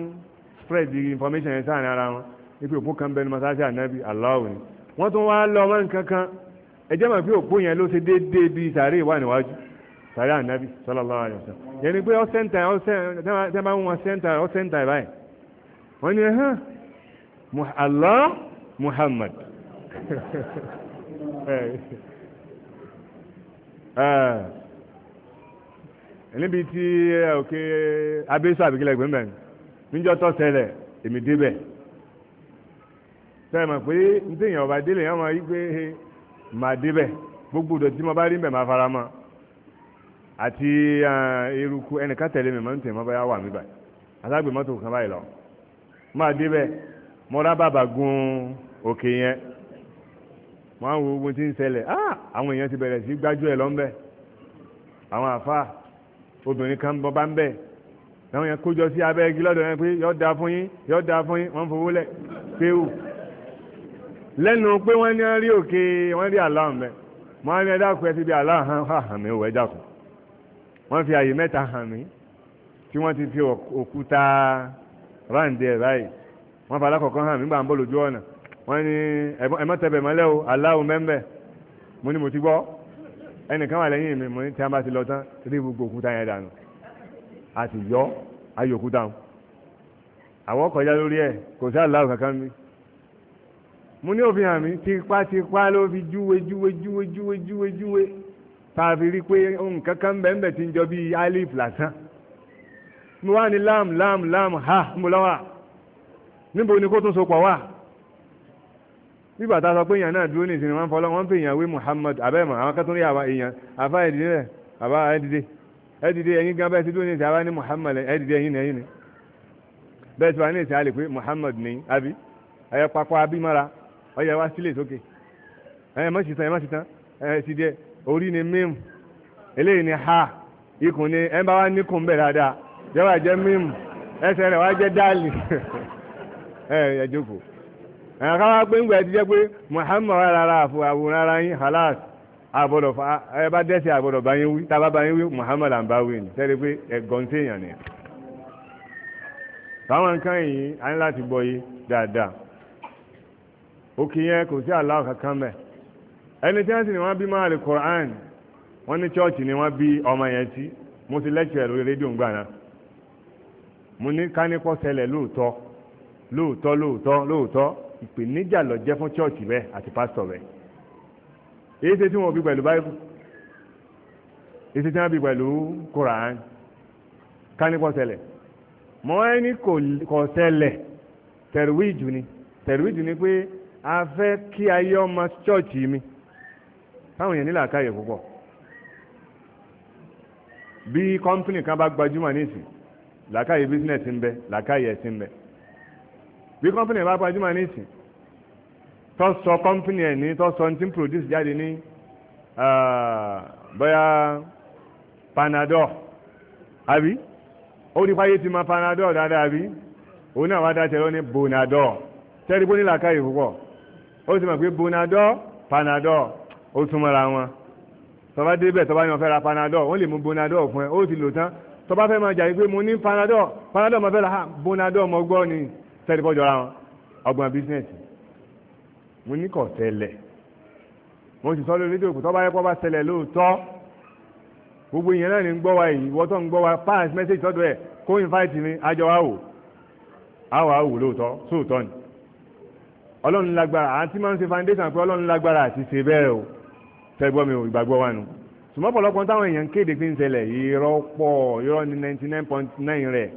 spread the information yẹn sáà ní ara wọn ipe òpó kan bẹnu masáàsì ànábì aláwọ̀ ni wọ́n tún wá lọ ọmọ nǹkan kan ẹjẹ́ mọ̀ pé òpó yẹn ló ṣe déédéé bíi sàárè wà níwájú sàárè ànábì sallallahu alaihi wasallam yẹn ni pé ọ sẹ́ńtà ọ sẹ́ńtà tẹ́ bá ń wọn sẹ́ńtà ọ sẹ́ńtà báyìí wọ́n ní ẹ̀hán Allah Muhammad (laughs) Eh. níbi tí eh, òkè abésù àbíkílẹ̀ gbẹ̀mbẹ̀ níjọ́ tó ṣẹlẹ̀ èmi débẹ̀ sẹ́yìn mọ̀ pé ntẹ̀yìn ọba délé yẹn mọ̀ wípé màá débẹ̀ gbogbo ìdọ̀tí mo bá rí mbẹ̀ máa fara mọ́ àti eh, eruku ẹnìkan tẹ̀lé mi máa ń tẹ̀yìn mọ́ báyà wà mí báyìí alágbèmọ́tò kan báyìí lọ máa débẹ̀ mọ́ra bàbà gun òkè yẹn wọ́n á wo ogun tí ń ṣẹlẹ̀ ah! àwọn èèyàn ti bẹ̀rẹ̀ sí gbájú ẹ̀ lọ́nbẹ̀ àwọn àfáà obìnrin kan bọ́ bá ń bẹ̀ àwọn èèyàn kójọ sí abẹ́ igi lọ́dọ̀ yẹn pé yọ́ da fún yín yọ́ da fún yín wọ́n fowó lẹ̀ pé ó lẹ́nu pé wọ́n ní rí òkè wọ́n rí àlá ọ̀mẹ́ wọ́n rí ẹ̀dá kú ẹ ti bí àlá hàn mí òwò ẹ̀dá wọ́n fi àyè mẹ́ta hàn mí tí wọ́n ti fi òkúta ráǹdẹ̀ báyìí wọ́n fa alákọ̀ọ́kọ́ hàn mí gbà lójú ọ̀nà wọ́n ní ẹ̀mọ́tẹ̀bẹ̀ mọ́lẹ́ o aláwo mẹ́mbẹ̀ mo ní mo ti gbọ́ ẹnìkan wà lẹ́yìn mi mo ní tí a bá ti lọ tán rí gbogbo òkúta yẹn dànù a sì yọ ayò òkúta wọn àwọn kọjá lórí ẹ kò sí aláwo kankan mi mo ní òfin àmì tipátipá ló fi júwe júwe júwe júwe júwe júwe tá a fi rí pé nǹkan kan bẹ́ẹ̀ ti ń jọ bíi alif lásán mo wá ní lam lam lam ha mo wa, níbo ni kó tún so pọ̀ wá. bíbà tá a sọ pé èèyàn náà dúró ní ìsinmi wọn fọlọ́ wọn pè èèyàn Muhammad abẹ́mọ̀ àwọn akẹ́tún àwa èèyàn àfa ẹ̀dìdẹ́ rẹ̀ àbá ẹ̀dìdẹ́ ẹ̀dìdẹ́ ẹ̀yìn gan bẹ́ẹ̀ ti dúró ní ìsìn àwa ní Muhammad ẹ̀dìdẹ́ ẹ̀yìn ẹ̀yìn ni bẹ́ẹ̀ ti wà ní ìsìn àlè Muhammad ni àbí ẹ̀yẹ wá sílẹ̀ sókè mọ́ mọ́ orí ni mím eléyìí ni ha ikùn ni ẹ̀ ń bá wá níkùn bẹ̀ dáadáa jẹ́ mím ẹsẹ̀ rẹ̀ jẹ́ dáàlì ẹ̀ (laughs) ẹ̀ jókòó ẹ̀yàn ká wá pé ń gbà ti jẹ́ pé Muhammad rárá àwòrán ara yín halas àbọ̀dọ̀ ẹ dẹ́sẹ̀ àbọ̀dọ̀ bá yín wí tábà bá yín wí Muhammad àǹbáwí ni sẹ́ni pé ẹ̀gọ́n tí èèyàn ni. táwọn nǹkan yìí á ní láti gbọ́ yìí dáadáa òkè yẹn kò sí aláwọ̀ kankan mẹ́ ẹni tí wọ́n sì ni wọ́n bí máa lè Quran wọ́n ní chọ́ọ̀chì ni wọ́n bí ọmọ yẹn sí mo ti lẹ́kṣẹ̀ lóòótọ́ lóòótọ́ lóòótọ́ ìpèníjà lọ jẹ́ fún chọ́ọ̀chì bẹ́ẹ̀ àti pásítọ̀ bẹ́ẹ̀ èyí ṣe tí wọ́n bí pẹ̀lú báyìí èyí ṣe tí wọ́n bí pẹ̀lú koran kánípọ̀ ṣẹlẹ̀ mọ́ ẹni kò ṣẹlẹ̀ tẹ̀rùwíjù ni tẹ̀rùwíjù ni pé a fẹ́ kí ayé ọmọ chọ́ọ̀chì mi táwọn èèyàn nílà káyè púpọ̀ bí kọ́mpìnì kan bá gbajúmọ̀ nísìn làákàyè bísínẹ̀sì ń bẹ làákàyè ẹ̀sìn ń bẹ bí kọ́mpìnì bá gbajúmọ̀ ní ìsìn tó sọ kọ́mpìnì ẹ̀ ní tó sọ ti ń produce jáde ní uh, bóyá panadol àbí ó ní fáyé ti ma panadol dáadáa àbí òun náà wá dáṣẹ lọ ní bonadol tẹ́rí bó ní làákàyè púpọ̀ ó sì mọ̀ pé bonadol panadol ó súnmọ́ra wọn tọ́ba débẹ̀ tọ́ba ní wọ́n fẹ́ ra panadol wọ́n lè mú bonadol fún ẹ ó ti lò tán tọ́ba fẹ́ máa jà yí pé mo ní panadol panadol mo fẹ́ ra bonadol mo gbọ́ ni sẹ́ni bọ́ jọra wọn ọgbọ́n bísíǹsì mo ní kò tẹ́lẹ̀ mo sì sọ lórí rédíò kò tọ́ bá yẹ kó bá tẹ́lẹ̀ lóòótọ́ gbogbo ìyẹn náà ní ń gbọ́ wa yìí wọ́n tó ń gbọ́ wa pass message tọ́dọ̀ ẹ̀ kó invite mi àjọ wa wò àwọ̀ àwò lóòótọ́ sóòótọ́ ni ọlọ́run lágbára àti máa ń ṣe foundation pé ọlọ́run lágbára àti ṣe bẹ́ẹ̀ o tẹ́gbọ́ mi ò ìgbàgbọ́ wa nù ṣùgbọ́n ọ̀pọ̀lọpọ̀ táwọn èèyàn kéde pé ń ṣẹlẹ̀ irọ́ pọ̀ irọ́ ní ninety nine point nine rẹ̀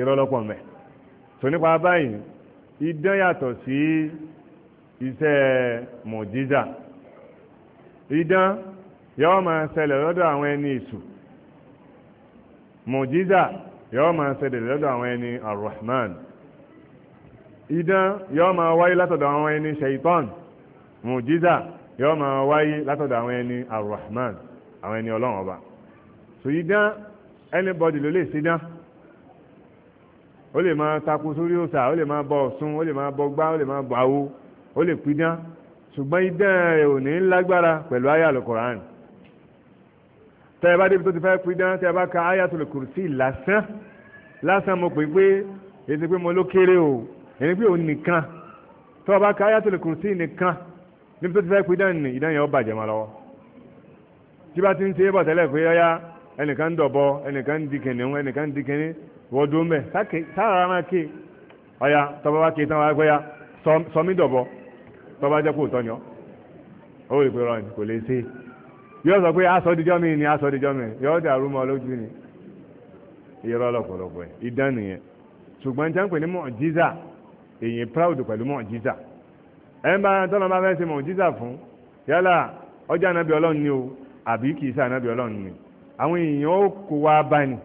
irọ́ lọ́pọ̀ mẹ́ẹ̀ tó báyìí idán yàtọ̀ sí iṣẹ́ mọ̀jíza idán yọ́ máa ṣẹlẹ̀ lọ́dọ̀ àwọn ẹni èṣù mọ̀jíza yọ́ máa ṣẹlẹ̀ lọ́dọ̀ àwọn ẹni arrahman idán yọ́ máa wáyé látọ̀dọ̀ àwọn ẹni shaitan mọ̀jíza yọ́ máa wáyé látọ̀dọ̀ àwọn ẹni arrahman àwọn ẹni ọlọ́run ọba so idán anybody ló lè ṣe dán ó lè máa takú sórí òòṣà ó lè máa bọ Ọ̀ṣun ó lè máa bọ gbá ó lè máa bọ àwo ó lè pidán ṣùgbọ́n idán rẹ̀ ò ní lágbára pẹ̀lú àyà lọ́kọ̀ọ́rán tẹ́ ẹ bá débi tó ti fẹ́ pidán tẹ́ ẹ bá ka Ayatul Kursi lásán lásán mo pè pé èsì pé mo ló kéré o ẹni pé òun nìkan tọ́ ọ bá ka Ayatul Kursi nìkan níbi tó ti fẹ́ pidán ni ìdán yẹn ó bàjẹ́ mọ́ lọ́wọ́ tí bá ti ń ṣe é bọ̀ tẹ́lẹ̀ pé ọyá ẹnìkan dọ̀bọ ẹnìkan di kìnìún ẹnìkan di kìnìún wọ́dún mẹ́ sára máa ké ọ̀ya tọ́ba bá ké tán wá ya sọmí dọ̀bọ tọ́ba jẹ́ kó tọ́ ni ọ́ ó rí pé rọ́ọ̀nì kò lè ṣe yóò sọ pé aṣọ dijọ́ mi mi yóò mọ́ lójú ni lọ́pọ̀lọpọ̀ nìyẹn ṣùgbọ́n jẹ́ ń pè ní èyí proud pẹ̀lú ẹ̀ ń bá tọ́lọ́ bá fẹ́ ṣe fún yálà ọjà anábì o ni àwọn èèyàn ó kó wa bani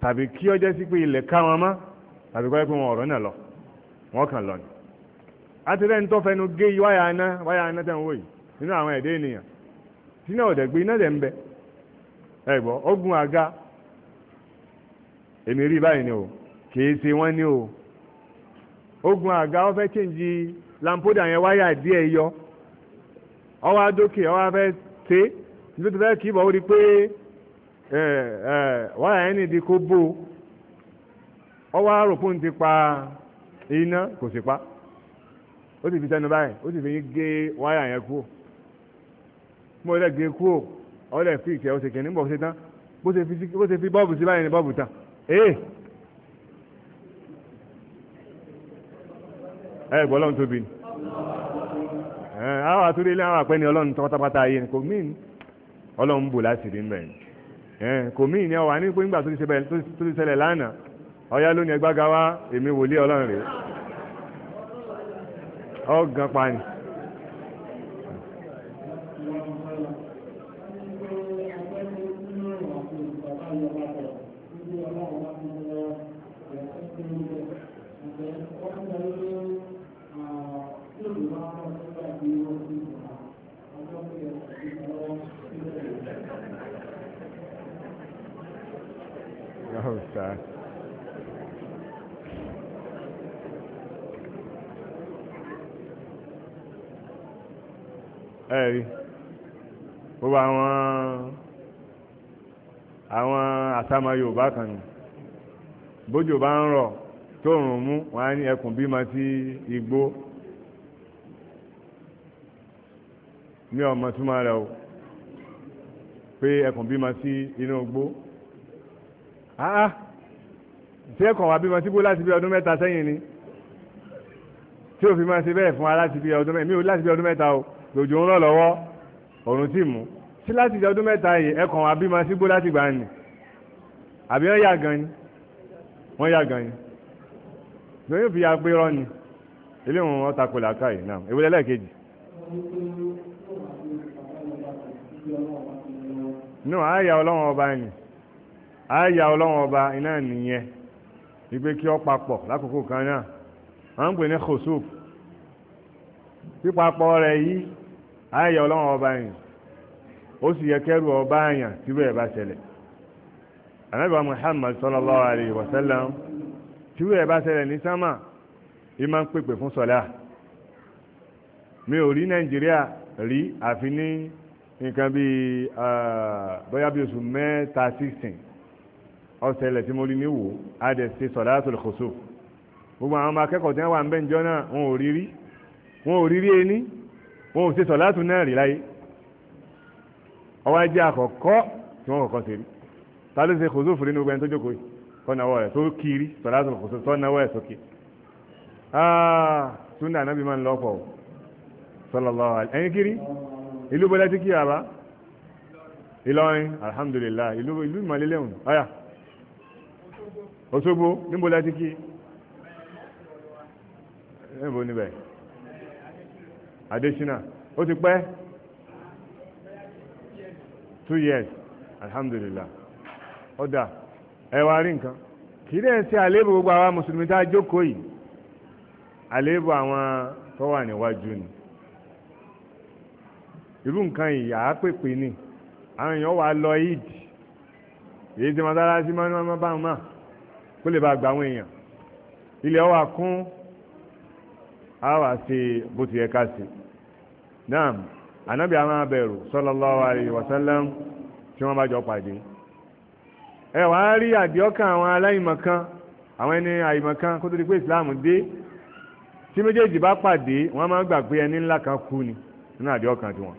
tàbí kí ọjọ́ sí pé ilẹ̀ ká wọn mọ́ tàbí kọ́ pé wọn ọ̀rọ̀ náà lọ wọn kàn lọ ni. àti rẹ́ni tó fẹnu gé wáyà aná wáyà aná tẹ̀ ń wò yìí nínú àwọn ẹ̀dẹ́ ènìyàn tí náà ọ̀dẹ̀ gbé iná dẹ̀ ń o kìí ṣe o ogun àga fẹ́ chẹ́ǹjì lampoda yẹn wáyà díẹ̀ yọ nítorí wáyà yẹn nìdí kó bó ọ wá rò pé òun ti pa iná kò sì pa ó sì fi sẹ́nu báyìí ó sì fi gé wáyà yẹn kúrò mo lè gé kúrò ọ lè fi ìkẹ́ ọ̀sẹ̀ kìíní bọ̀ ṣe tán bó ṣe fi bọ́ọ̀bù sí báyìí ni bọ́ọ̀bù tán ee ẹ gbọ́ ọlọ́run tóbi ni àwọn àtúndé ilé àwọn àpẹni ọlọ́run tọ́pátápátá ayé ni kò mí ọlọ́run bò láti rí mẹ́rin kò mí ìní ọwà nípò nígbà tó ti ṣẹlẹ̀ lánàá ọ̀yá lónìí ẹgbága wá èmi wòlíì ọlọ́run rèé ọ̀gàn yorùbá kan ni bójú bá ń rọ̀ tóòrùn mú wọn á ní ẹkùn bímọ sí igbó mi ò mọ̀ túmọ̀ rẹ̀ o pé ẹkùn bímọ sí inú igbó áá tí ẹkùn wà bímọ sí igbó láti bí ọdún mẹ́ta sẹ́yìn ni tí òfin máa ṣe bẹ́ẹ̀ fún wa láti bí ọdún mẹ́ta mi ò láti bí ọdún mẹ́ta o lòjò ń rọ̀ lọ́wọ́ ọ̀run tí mú sí láti bí ọdún mẹ́ta yìí ẹkùn wà bímọ sí láti gbà ní àbí wọ́n yà gan ni wọ́n yà gan ni lóyún fi ya pé rọ́ni ilé ìwọ̀n wọn tako làákà yìí náà èwo lẹ́lẹ́kejì. nù àyà ọlọ́wọ́n ọba ni àyà ọlọ́wọ́n ọba iná nìyẹn ìgbé kí ọ papọ̀ lákòókò kan náà wọ́n ń pè ní khosuf pípapọ̀ rẹ̀ yìí àyà ọlọ́wọ́n ọba yìí ó sì yẹ kẹ́rù ọba àyàn tí bẹ́ẹ̀ bá ṣẹlẹ̀ anábìwá Muhammad sallallahu alayhi wa sallam tí wíwẹ̀ bá ṣẹlẹ̀ ní sámà yìí máa ń pèpè fún sọlá mi ò rí Nàìjíríà rí àfi ní nǹkan bíi bóyá bíi oṣù mẹ́ta sixteen ọ̀sẹ̀ ilẹ̀ tí mo rí ní wò á dẹ̀ ṣe sọ̀láàtò lùkòsò gbogbo àwọn ọmọ akẹ́kọ̀ọ́ tí wọ́n wà ń bẹ́ ǹjọ́ náà wọn ò rí rí wọn ò rí rí ení wọn ò ṣe sọ̀láàtò náà rí láyé ọwọ́ ajé àkọ́kọ́ tí wọ́n kọ́kọ́ ṣe rí ta ló ṣe kòsófò nínú gbẹni tó jókòó yìí tọ́nàwọ́ rẹ̀ tó kiri sọ̀látò kòsó tọ́nàwọ́ rẹ̀ sókè túnda ah, anábì máa ń lọ́pọ̀ sallallahu alaihi ẹni kiri ìlú bọ́lá ti kí àbá Ìlọrin alhamdulillah ìlú ìmọ̀lélẹ́hùn ọ̀yà Òṣogbo níbo la ti kí níbo níbẹ̀ Adésínà ó ti pẹ́ two years alhamdulillah ọ̀dà ẹwà rí nǹkan kì í dẹ̀ ṣe àléébù gbogbo àwa mùsùlùmí tá a jókòó yìí àléébù àwọn tó wà níwájú ni irú nǹkan yìí àá pèpè ni àwọn èèyàn wà lọ id èyí tí mọ́tàlásí máa ń bá wọn mà kó lè bá gba àwọn èèyàn ilẹ̀ ọwà kún á wà ṣe bó ti yẹ ká ṣe náà ànábì àwọn abẹ̀rù sallallahu alaihi wasallam tí wọ́n bá jọ pàdé ẹ wàá rí àdìọ́kàn àwọn aláìmọ̀kan àwọn ẹni àìmọ̀kan kó tó di pé ìsìláàmù dé tí méjèèjì bá pàdé wọ́n máa gbà pé ẹni ńlá kan kú ni nínú àdìọ́kàn tiwọn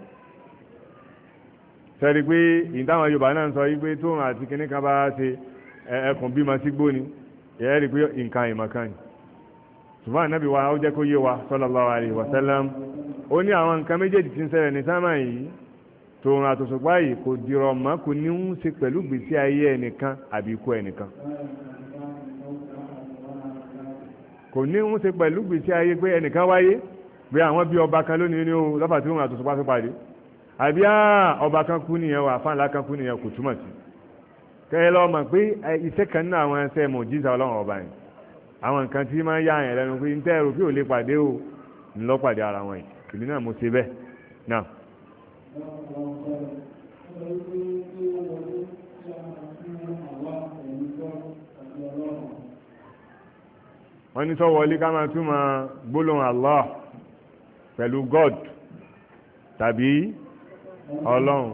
sẹ́ni pé ìdáhùn Yorùbá náà ń sọ yí pé tóun àti kinní kan bá ṣe ẹkùn bímọ sí gbóni rí pé nǹkan àìmọ̀kan ni ṣùgbọ́n ànábì wa ó wa ó ní àwọn nǹkan méjèèjì ti ń ní tòun àtòsùpá yìí kò dìrọ̀ mọ́ kò ní ń ṣe pẹ̀lú gbèsè ayé ẹnìkan àbí ikú ẹnìkan kò ní ń ṣe pẹ̀lú gbèsè ayé pé ẹnìkan wáyé pé àwọn bí ọba kan lónìí ní o lọ́fà tí òun àtòsùpá fi pàdé àbí ọba kan kú nìyẹn wà fáńlá kan kú nìyẹn kò túmọ̀ sí kẹ́yẹ lọ́wọ́ mọ̀ pé iṣẹ́ kan náà àwọn ẹsẹ̀ mọ̀ jíjà ọlọ́run ọba yẹn àwọn nǹkan tí máa ń yá àyàn lẹ́nu pé ń tẹ́ kí ò lè pàdé o ńlọ́pàdé ara wọn yìí ìlú náà mo ṣe bẹ́ẹ̀ náà wọ́n ní sọ́wọ́lé ká máa túmọ̀ gbólóhùn Allah pẹ̀lú God tàbí ọlọ́run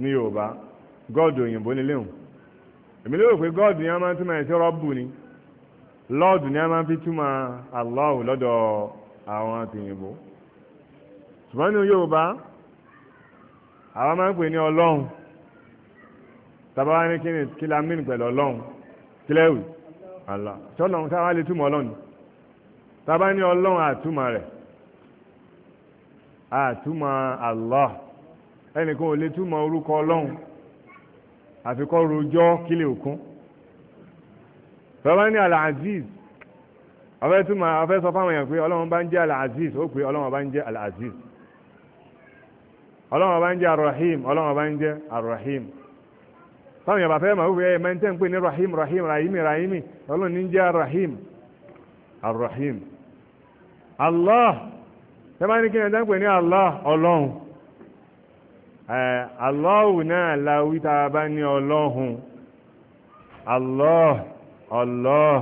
ní Yorùbá God òyìnbó nílé hùn èmi lérò pé God ni a máa túmọ̀ ẹ̀ rọ́bù ni Lord ni a máa fi túmọ̀ Allah lọ́dọ̀ àwọn àtìyìnbó ṣùgbọ́n ní Yorùbá àwọn máa ń pè ní ọlọ́run tàbá wá ní kí ni kí la mìn pẹ̀lú ọlọ́run kí lẹ́wì àlá tọ́lọ́run táwa lè túmọ̀ ọlọ́run tàbá ní ọlọ́run àtúmọ̀ rẹ̀ àtúmọ̀ Allah ẹnìkan ò lè túmọ̀ orúkọ ọlọ́run àfikọ́ rojọ́ kílè òkun tọ́lọ́run ní Al-Aziz ọ̀fẹ́ túmọ̀ ọ̀fẹ́ sọ fáwọn èèyàn pé ọlọ́run bá ń jẹ́ Al-Aziz ó pé ọlọ́run bá ń jẹ́ Al-Aziz ọlọ́run ọba ń jẹ́ arahim ọlọ́run ọba ń jẹ́ arahim táwọn yàrá fẹ́ máa wúwo ẹ̀ máa ń tẹ́ ń pè ní rahim rahim rahimi rahimi ọlọ́run ní jẹ́ arahim arahim allah ẹ bá ní kí ẹ̀ ń pè ní allah ọlọ́run allahu náà la tá a bá ní ọlọ́run allah allah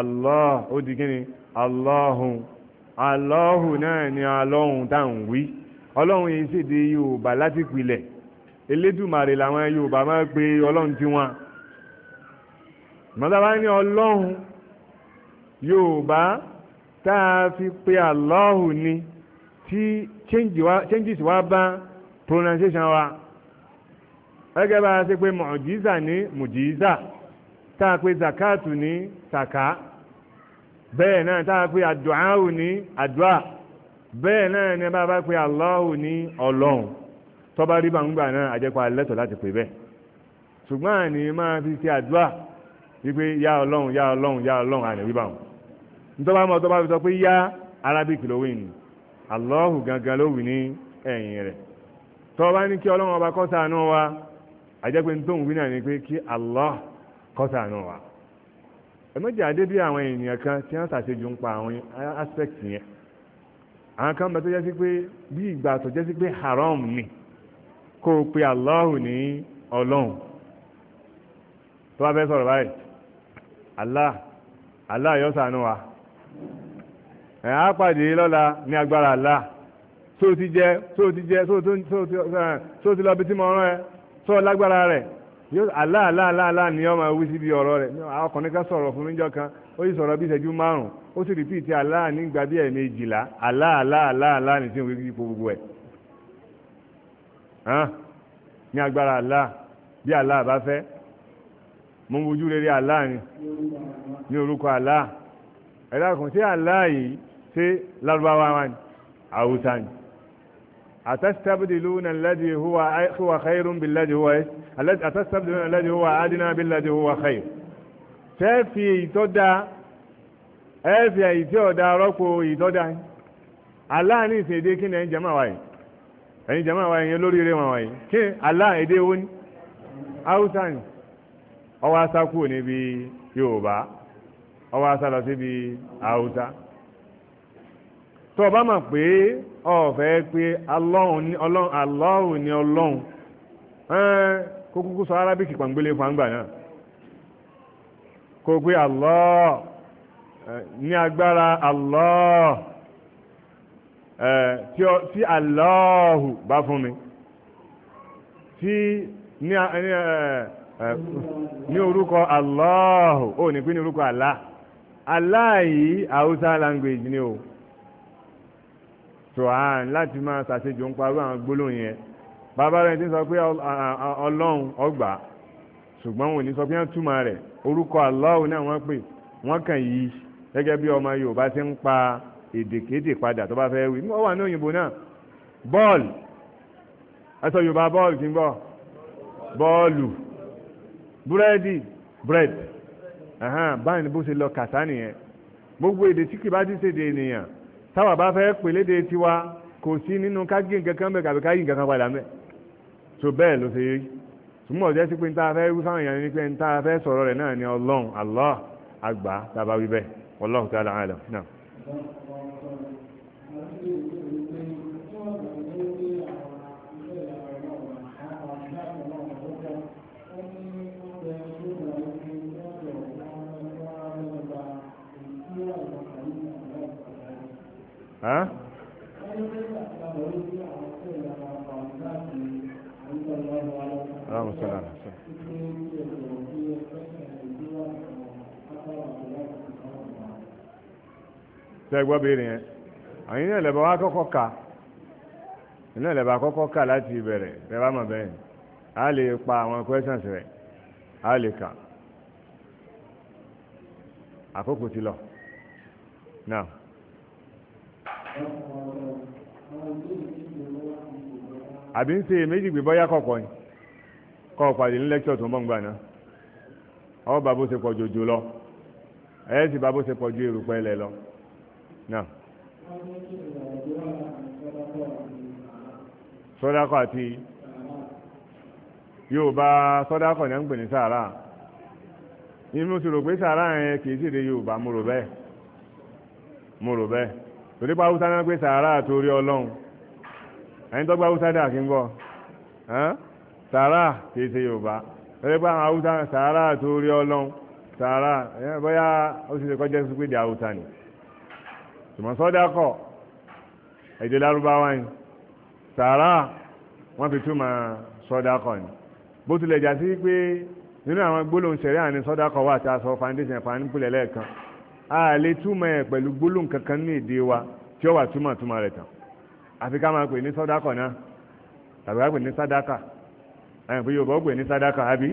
allah ó di kí ni allahun allahu náà ni alọ́run táwọn wí ọlọ́run yìí ṣèdè yorùbá láti pilẹ̀ elédùmarè làwọn yorùbá máa ń pe ọlọ́run tiwọn mọ́tàbá ní ọlọ́run yorùbá tá a fi pe àlọ́hù ni tí changes wá bá pronunciation wa gẹ́gẹ́ bá a ṣe pé mọ̀jíza ní mọ̀jíza tá a pe zakatu ní saka bẹ́ẹ̀ náà tá a pe àdùáhù ní àdùá. bẹ́ẹ̀ náà ni bá bá pe ní ọlọ́run tó rí náà àjẹpọ̀ alẹ́tọ̀ láti pè bẹ́ẹ̀ ṣùgbọ́n àní máa fi ṣe àdúrà wípé yá ọlọ́run yá ọlọ́run yá ọlọ́run àní wíbà wọn nítorí bá mọ̀ fi sọ pé yá Arabic ló wí ni Allahu gangan ló wí ní ẹ̀yìn rẹ̀ tó ní kí ọlọ́run ọba wa ni pé kí àwọn kan bẹ tó jẹ́ sí pé bí ìgbà tó jẹ́ sí pé haram ni kó o pe Allahu ní ọlọ́run tó bá fẹ́ sọ̀rọ̀ báyìí Allah Allah yóò ṣàánú wa ẹ̀ á pàdé lọ́la ní agbára Allah tó ti jẹ tó ti jẹ tó ti lọ bí tí mo rán ẹ tó lágbára rẹ̀ yóò Allah Allah Allah ni ọmọ ewu síbi ọ̀rọ̀ rẹ̀ ọkùnrin kan sọ̀rọ̀ fún mi kan ó sì sọ̀rọ̀ bí ìṣẹ́jú márùn ó sì rìpíìtì Allah nígbà bí ẹ̀ẹ̀mejìlá Allah Allah Allah Allah ní tí ó fi ipò gbogbo ẹ̀ ní agbára Allah bí Allah bá fẹ́ mo ń wojú rere Allah ni ní orúkọ Allah ẹ̀dá kan sí Allah yìí ṣé lárúbáwá wa ni àwùsá ni أتستبدلون الذي هو خير بالذي هو أتستبدلون الذي هو أدنى بالذي هو خير tẹ́ẹ̀fì ìtọ́da ẹ̀ẹ́fì àìsí ọ̀dà rọ́pò ìtọ́da yìí aláàánú kí ni ẹ̀yin wa wáyé ẹ̀yin jẹ́mọ̀ wáyé yẹn lórí eré kí ni ni ọwọ́ asá kúrò níbi yorùbá ọwọ́ asá lọ síbi haúsá tó o bá mọ̀ pé ọ̀fẹ́ pé ni ọlọ́hùn sọ arábìkì pàǹgbélé fún àgbà kó gbé Allah ní agbára Allah tí Allahu bá fún mi tí ní orúkọ Allahu ó ní pín ní orúkọ Allah Allah yìí Hausa language ni o so a láti máa ṣàṣejò ń parú àwọn gbólóhùn yẹn bàbá rẹ̀ ti sọ pé Ọlọ́run ọgbà ṣùgbọ́n òní sọ pé wọ́n túmọ̀ rẹ̀ orúkọ Allahu náà wọ́n pè wọ́n kàn yí gẹ́gẹ́ bí ọmọ Yorùbá ti ń pa èdèkédè padà tó bá fẹ́ wí wọ́n wà ní òyìnbó náà bọ́ọ̀lù ẹsọ Yorùbá bọ́ọ̀lù kí n bọ̀ bọ́ọ̀lù búrẹ́dì bread báyìí ni bó ṣe lọ kàtá nìyẹn gbogbo èdè tí kì bá ti ṣèdè ènìyàn táwa bá fẹ́ pèlédè tiwa kò sí nínú ká gé nǹkan kan bẹ̀ kàbí ká yí nǹkan kan padà mẹ́ so bẹ́ẹ̀ ló ṣe yé túmọ̀ jẹ́ sí pé ń tá a fẹ́ wí fáwọn èèyàn ni pé ń tá a fẹ́ sọ̀rọ̀ rẹ̀ náà ni ọlọ́run Allah àgbà tábà wíbẹ̀ wallahu ta'ala alam náà. Huh? sallallahu alaihi wasallam. tẹ́gbọ́ béèrè yẹn àyìn náà lẹ́bàá wá kọ́kọ́ ka iná lẹ́bàá kọ́kọ́ ka láti ìbẹ̀rẹ̀ lẹ́bàá mọ̀ bẹ́ẹ̀ a lè pa àwọn questions rẹ̀ a lè kà àkókò ti lọ náà. àbí ń ṣe méjì gbé bọ́yá kọ̀ọ̀kan yìí. kọ́ pàdé ní lẹ́kítọ̀ tó ń náà ọ bá bó ṣe pọ̀ jù jù lọ E sì bá bó ṣe pọ̀ jù lọ náà. sọ́dákọ̀ àti yorùbá sọ́dákọ̀ ní à ń pè ní sàárà inú sì rò pé sàárà yẹn kì sì dé yorùbá mo rò bẹ́ẹ̀ mo rò bẹ́ẹ̀ torí pa haúsá náà pé sàárà torí ọlọ́run ẹni tó gba dà kí n sàárà kìí ṣe yorùbá ẹgbẹ́ àwọn haúsá sàárà tó rí ọlọ́run sàárà bóyá ó sì ṣe kọjá sí pé di haúsá ni ṣùgbọ́n sọ́dá kọ̀ èdè lárúbáwá ni sàárà wọ́n fi túmọ̀ sọ́dá ni bó tilẹ̀ jà sí pé nínú àwọn gbólóhùn ṣẹ̀rí àní sọ́dá kọ̀ wà tá a sọ foundation ìpanipulẹ̀ lẹ́ẹ̀kan a lè túmọ̀ ẹ̀ pẹ̀lú gbólóhùn kankan ní èdè wa tí ó wà túmọ̀ túmọ̀ rẹ̀ tán àfi ká máa pè ní sọ́dákọ̀ náà tàbí ká pè ní sádákà ẹ̀yìn fún yorùbá pè ní sádàkà àbí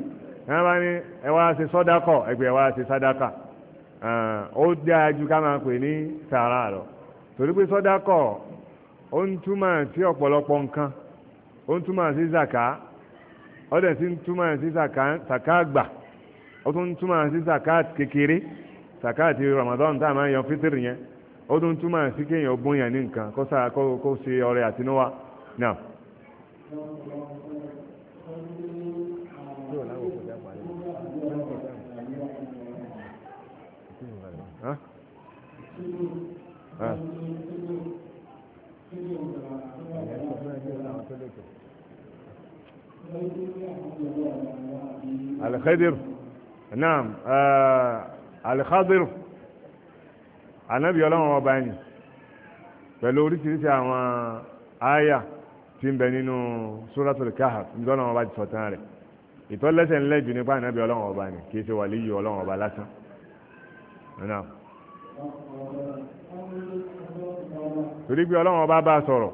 ẹ̀yìn bá ní ẹ ṣe sọ́dàkọ̀ ẹgbẹ́ ẹ ṣe sádàkà ó dáa ju ká máa pè ní sàrà lọ torí pé sọ́dàkọ̀ ó ń túmọ̀ sí ọ̀pọ̀lọpọ̀ nǹkan ó ń túmọ̀ sí zàká ó dẹ̀ sì ń túmọ̀ sí zaka àgbà ó tún ń túmọ̀ sí zàká kékeré zàká àti Ramadan tá a máa yan fítìrì yẹn ó tún ń túmọ̀ الخضر نعم آه الخضر ànábì ọlọ́run ọba ẹni pẹ̀lú oríṣiríṣi àwọn àyà tí ń bẹ nínú suratul kahf nígbà ọlọ́run ọba ti sọ̀tàn rẹ̀ ìtọ́lẹ́sẹ̀ ńlẹ̀ jù nípa ànábì ọlọ́run ọba ni kì í ṣe wàlíyù ọlọ́run ọba lásán. torí pé ọba bá sọ̀rọ̀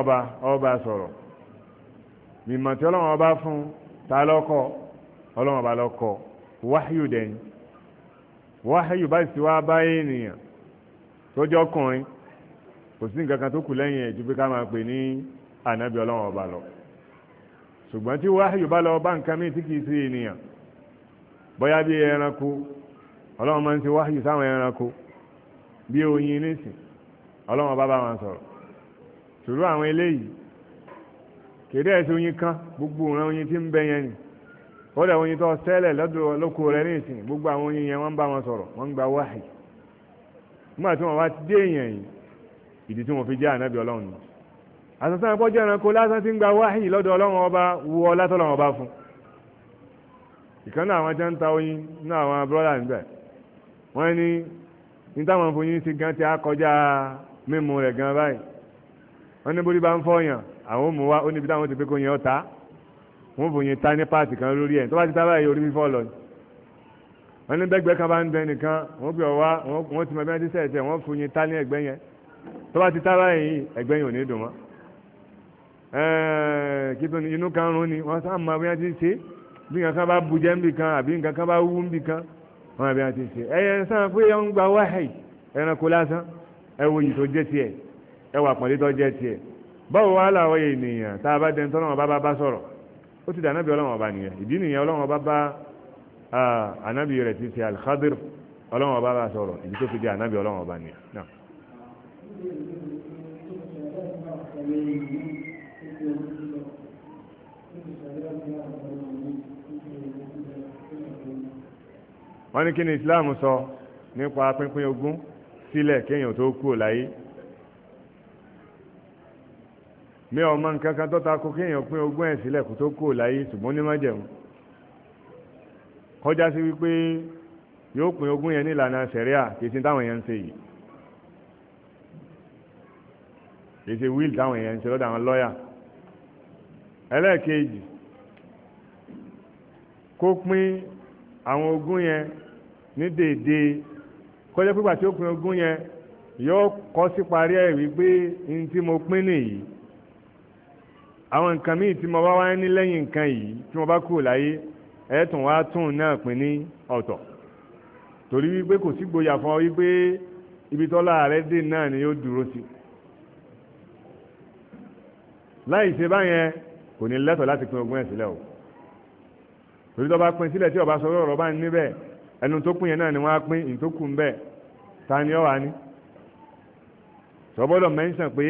ọba ọba sọ̀rọ̀ mímọ̀ tí ọba fún ta lọ́kọ́ ọlọ́run ọba lọ́kọ́ wáyù dẹ́yìn wáyù bá sì wá bá ènìyàn tó jọ ọkùnrin kò sí nǹkan kan tó kù lẹ́yìn ẹ̀ ju pé ká máa pè ní ànábì ọba lọ ṣùgbọ́n tí bá lọ bá nǹkan míì tí kì í sí ènìyàn bí ẹranko máa ọlọ́wọ́n bá bá wọn sọ̀rọ̀ sòrò àwọn eléyìí kéde ẹ̀sìn oyin kan gbogbo òun oyin tí ń bẹ yẹn ni kódà oyin tó sẹ́lẹ̀ lọ́dọ̀ lóko rẹ̀ ní ìsìn gbogbo àwọn oyin yẹn wọ́n bá wọn sọ̀rọ̀ wọ́n ń gba wáhì nígbà tí wọ́n wá dé èèyàn yìí ìdí tí wọ́n fi jẹ́ ànábì ọlọ́run ni àtúntàn ẹ̀kọ́ jẹ́ ẹranko lásán tí ń gba wáhì lọ́dọ̀ ọlọ́run ọba wọ látọ̀lọ́run ọba fún ìkan náà àwọn jẹ́ oyin ní àwọn brọ́dà níbẹ̀ wọ́n ní ní fún yín sí gan ti á mímu rẹ̀ gan báyìí wọ́n ní bórí bá ń fọyàn àwọn ò mú wá ó níbi táwọn ti pé kó yẹn ọ̀tá wọ́n fò yẹn ta páàtì kan lórí ẹ̀ tó bá ti ta báyìí orí fífọ́ lọ ni wọ́n ní bẹ́gbẹ́ kan bá ń bẹ nìkan wọ́n pè ọ́ wá wọ́n ti mọ bí wọ́n ti sẹ̀ tẹ̀ wọ́n fò yẹn ta ẹ̀gbẹ́ yẹn tó bá ti ta báyìí ẹ̀gbẹ́ yẹn ò ní dùn mọ́ kí tó ní inú kan rún ni wọ́n sá mọ bí wọ́n ti ṣe bí nǹkan kan bá bu jẹ́ nbì kan àbí nǹkan kan bá wú nbì kan wọ́n mọ bí wọ́n ti ṣe ẹ̀yẹ sáà pé wọ́n gba wáhẹ̀ ẹranko lásán ẹ wo yìí tó jẹ́ tiẹ̀ ẹ wà pọ̀lẹ́ tó jẹ́ tiẹ̀ báwo wá làwọn ènìyàn tá a bá dẹni tọ́lọ́wọ́n bá bá sọ̀rọ̀ ó ti dànábì ọlọ́wọ́n ọba nìyẹn ìdí nìyẹn ọlọ́wọ́n ọba bá ànábì rẹ̀ ti ṣe alhadir ọlọ́wọ́n ọba bá sọ̀rọ̀ ìdí tó fi di ànábì ọlọ́wọ́n ọba nìyẹn náà. wọ́n ní kí ni Islam sọ nípa pínpín ogún sílẹ̀ kéèyàn tó kú láyé mi ò mọ nǹkan kan tó ta ko kéèyàn pín ogún ẹ̀ sílẹ̀ kó tó kú láyé ṣùgbọ́n ní májẹ̀mú kọjá sí wípé yóò pín ogún yẹn nílànà sẹ̀ríà kìí sin táwọn èèyàn ń ṣe yìí kìí ṣe wíìlì táwọn èèyàn ń ṣe lọ́dọ̀ àwọn lọ́ọ̀yà ẹlẹ́ẹ̀kejì kó pín àwọn ogún yẹn ní déédéé kọjá pípa tí ó pin ogún yẹn yóò kọ́ sí parí ẹ̀ wípé n tí mo pín nìyí àwọn nǹkan míì tí mo bá wá ní lẹ́yìn nǹkan yìí tí mo bá kú láyé ẹ̀ẹ́tùn wá tún náà pín ní ọ̀tọ̀ torí wípé kò sí gboyà fún ọ wípé ibi tọ́lá rẹ dé náà ni yóò dúró sí láì ṣe báyẹn kò ní lẹ́tọ̀ọ́ láti pín ogún ẹ̀ sílẹ̀ o torí tó bá pín sílẹ̀ tí ọba sọ ọ̀rọ̀ bá ń níbẹ̀ ẹnu tó kún yẹn náà ni wọ́n á pín ìyìn tó kù ń bẹ̀ ta ni ọ wà ní. sọ́bọ́dọ̀ mẹ́ńsàn pé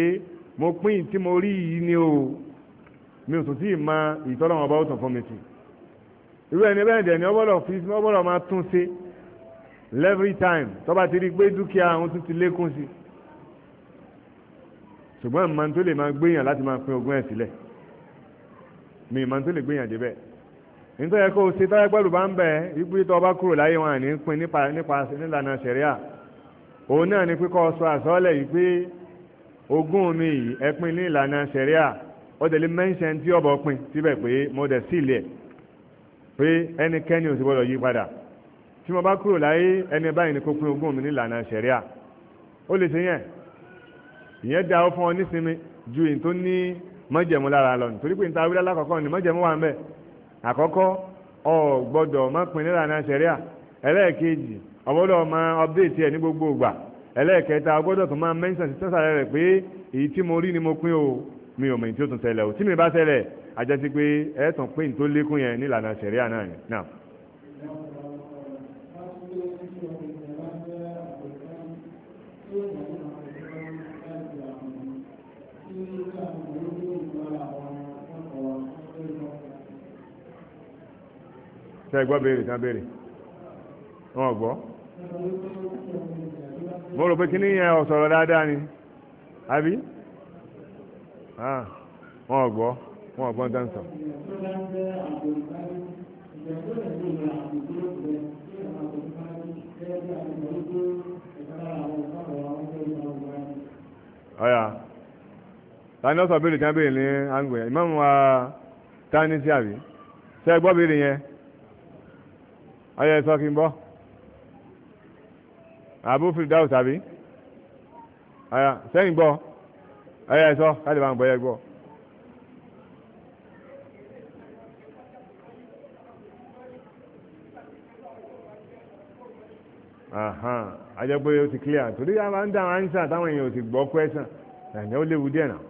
mo pín ìyìn tí mo rí yìí ni o mi ò tún tí ì mọ ìtọ́lọ́wọ́n ọba ó tàn fún mi sí. irú ẹni bẹ́ẹ̀ dẹ̀ ni ọbọ̀dọ̀ fi ọbọ̀dọ̀ máa tún ṣe every time tọ́ba ti rí i pé dúkìá àwọn tún ti lékún sí i ṣùgbọ́n ìmọ̀ tó lè máa gbéyàn láti máa pín ogún ẹ̀ sílẹ̀ mi ìmọ̀ gbéyàn débẹ̀ nítorí ẹ̀kọ́ òsè tó ẹgbẹ́rù bá ń bẹ̀ ibi tó bá kúrò láyé wọn àní pin nípa nílànà sẹ̀ríà òun náà ni píkọ́ sọ àsọ́ọ́lẹ̀ yìí pé ogún mi yìí ẹ pin ní ìlànà sẹ̀ríà ó tẹ̀lé mẹ́ńsẹ̀n tí ọ̀bọ̀ pin síbẹ̀ pé mo dẹ̀ sí ilẹ̀ pé ẹnikẹ́ni ò sì gbọ́dọ̀ yí padà tí mo bá kúrò láyé ẹni báyìí ni kó pin ogún mi ní ìlànà sẹ̀ríà ó lè ṣe yẹn ìyẹn da àkọ́kọ́ ọ gbọ́dọ̀ má pin nílànà sẹ̀ríà ẹlẹ́ẹ̀kejì ọgbọ́dọ̀ máa update ẹ̀ ní gbogbo ìgbà ẹlẹ́ẹ̀kẹta ọgbọ́dọ̀ tó máa mẹ́ńsà sí tẹ́sàlẹ̀ rẹ̀ pé èyí tí mo rí ni mo pín o mi ò mọ̀ tí ó tún ṣẹlẹ̀ o tí mi bá ṣẹlẹ̀ àjẹsí pé pín tó lékún yẹn nílànà sẹ̀ríà náà ṣe ẹgbọ́ béèrè tán béèrè wọn gbọ́ mo rò pé kí níyẹn ọ̀sọ̀rọ̀ dáadáa ni àbí wọn gbọ́ wọn gbọ́ tán sọ. ọ̀yà tani ọ̀sọ̀ béèrè tán béèrè ní àǹgbẹ̀ ìmọ̀ wa tani sí àbí ṣe ẹgbọ́ yẹn. ọyọ ẹ sọ kí n bọ́ àbú fìdáwù gbọ, ọyọ sẹ́yìn ń ajẹ́ pé o ti clear torí a máa ń dá answer táwọn èèyàn ò ti gbọ́ question ẹ̀yìn ó léwu díẹ̀ náà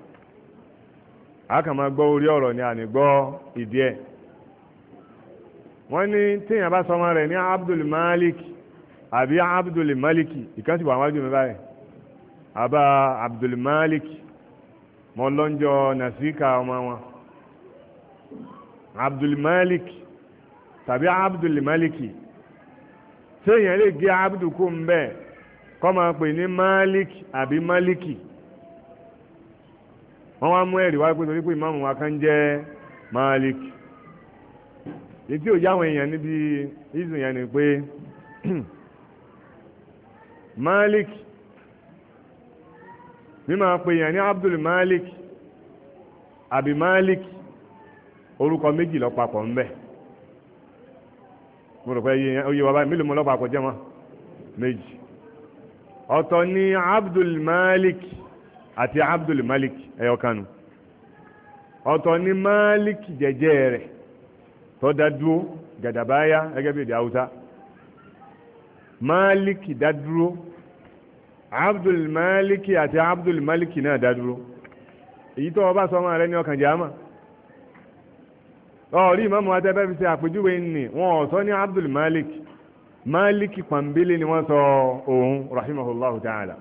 a kàn máa gbọ́ orí ọ̀rọ̀ ni a ní gbọ́ ìdí wọ́n ní téèyàn bá sọmọ rẹ̀ ní Abdul Malik àbí Abdul Malik ìkan sì wà wájú mi báyìí àbá Abdul Malik mọ lọ́njọ́ nàṣíkà ọmọ wọn Abdul Malik tàbí Abdul Malik téèyàn lè gé Abdul kó ń bẹ́ẹ̀ kọ́ máa pè ní Malik àbí Maliki wọ́n wá mú ẹ̀rí wá pé torí pé ìmáàmù wa kan jẹ́ Malik èyí tí ò yáwọn èèyàn níbi ìzù yẹn ni pé (clears throat) Malik mímọ pé èèyàn ní Abdul Malik àbí Malik orúkọ méjì lọ papọ̀ ńbẹ mo rò pé oyè bàbá mi ló mọ lọ́pàá kọjá wọn méjì ọ̀tọ̀ ni Abdul Malik àti Abdul Malik ẹ̀yọkanu ọ̀tọ̀ ni Malik jẹjẹ rẹ̀. tó dádúró gàdàbáyá gẹ́gẹ́ bí èdè haúsá abdul máàlìkì àti abdul máàlìkì èyí tó ọba sọmọ rẹ ní ọkàn jàmá ọ̀rí ìmọ̀mù atẹ́fẹ́ fi ṣe àpèjúwe ni wọn sọ ní abdulmalik máàlìkì pàmbélé ni wọ́n sọ òun rahimahullahu ta'ala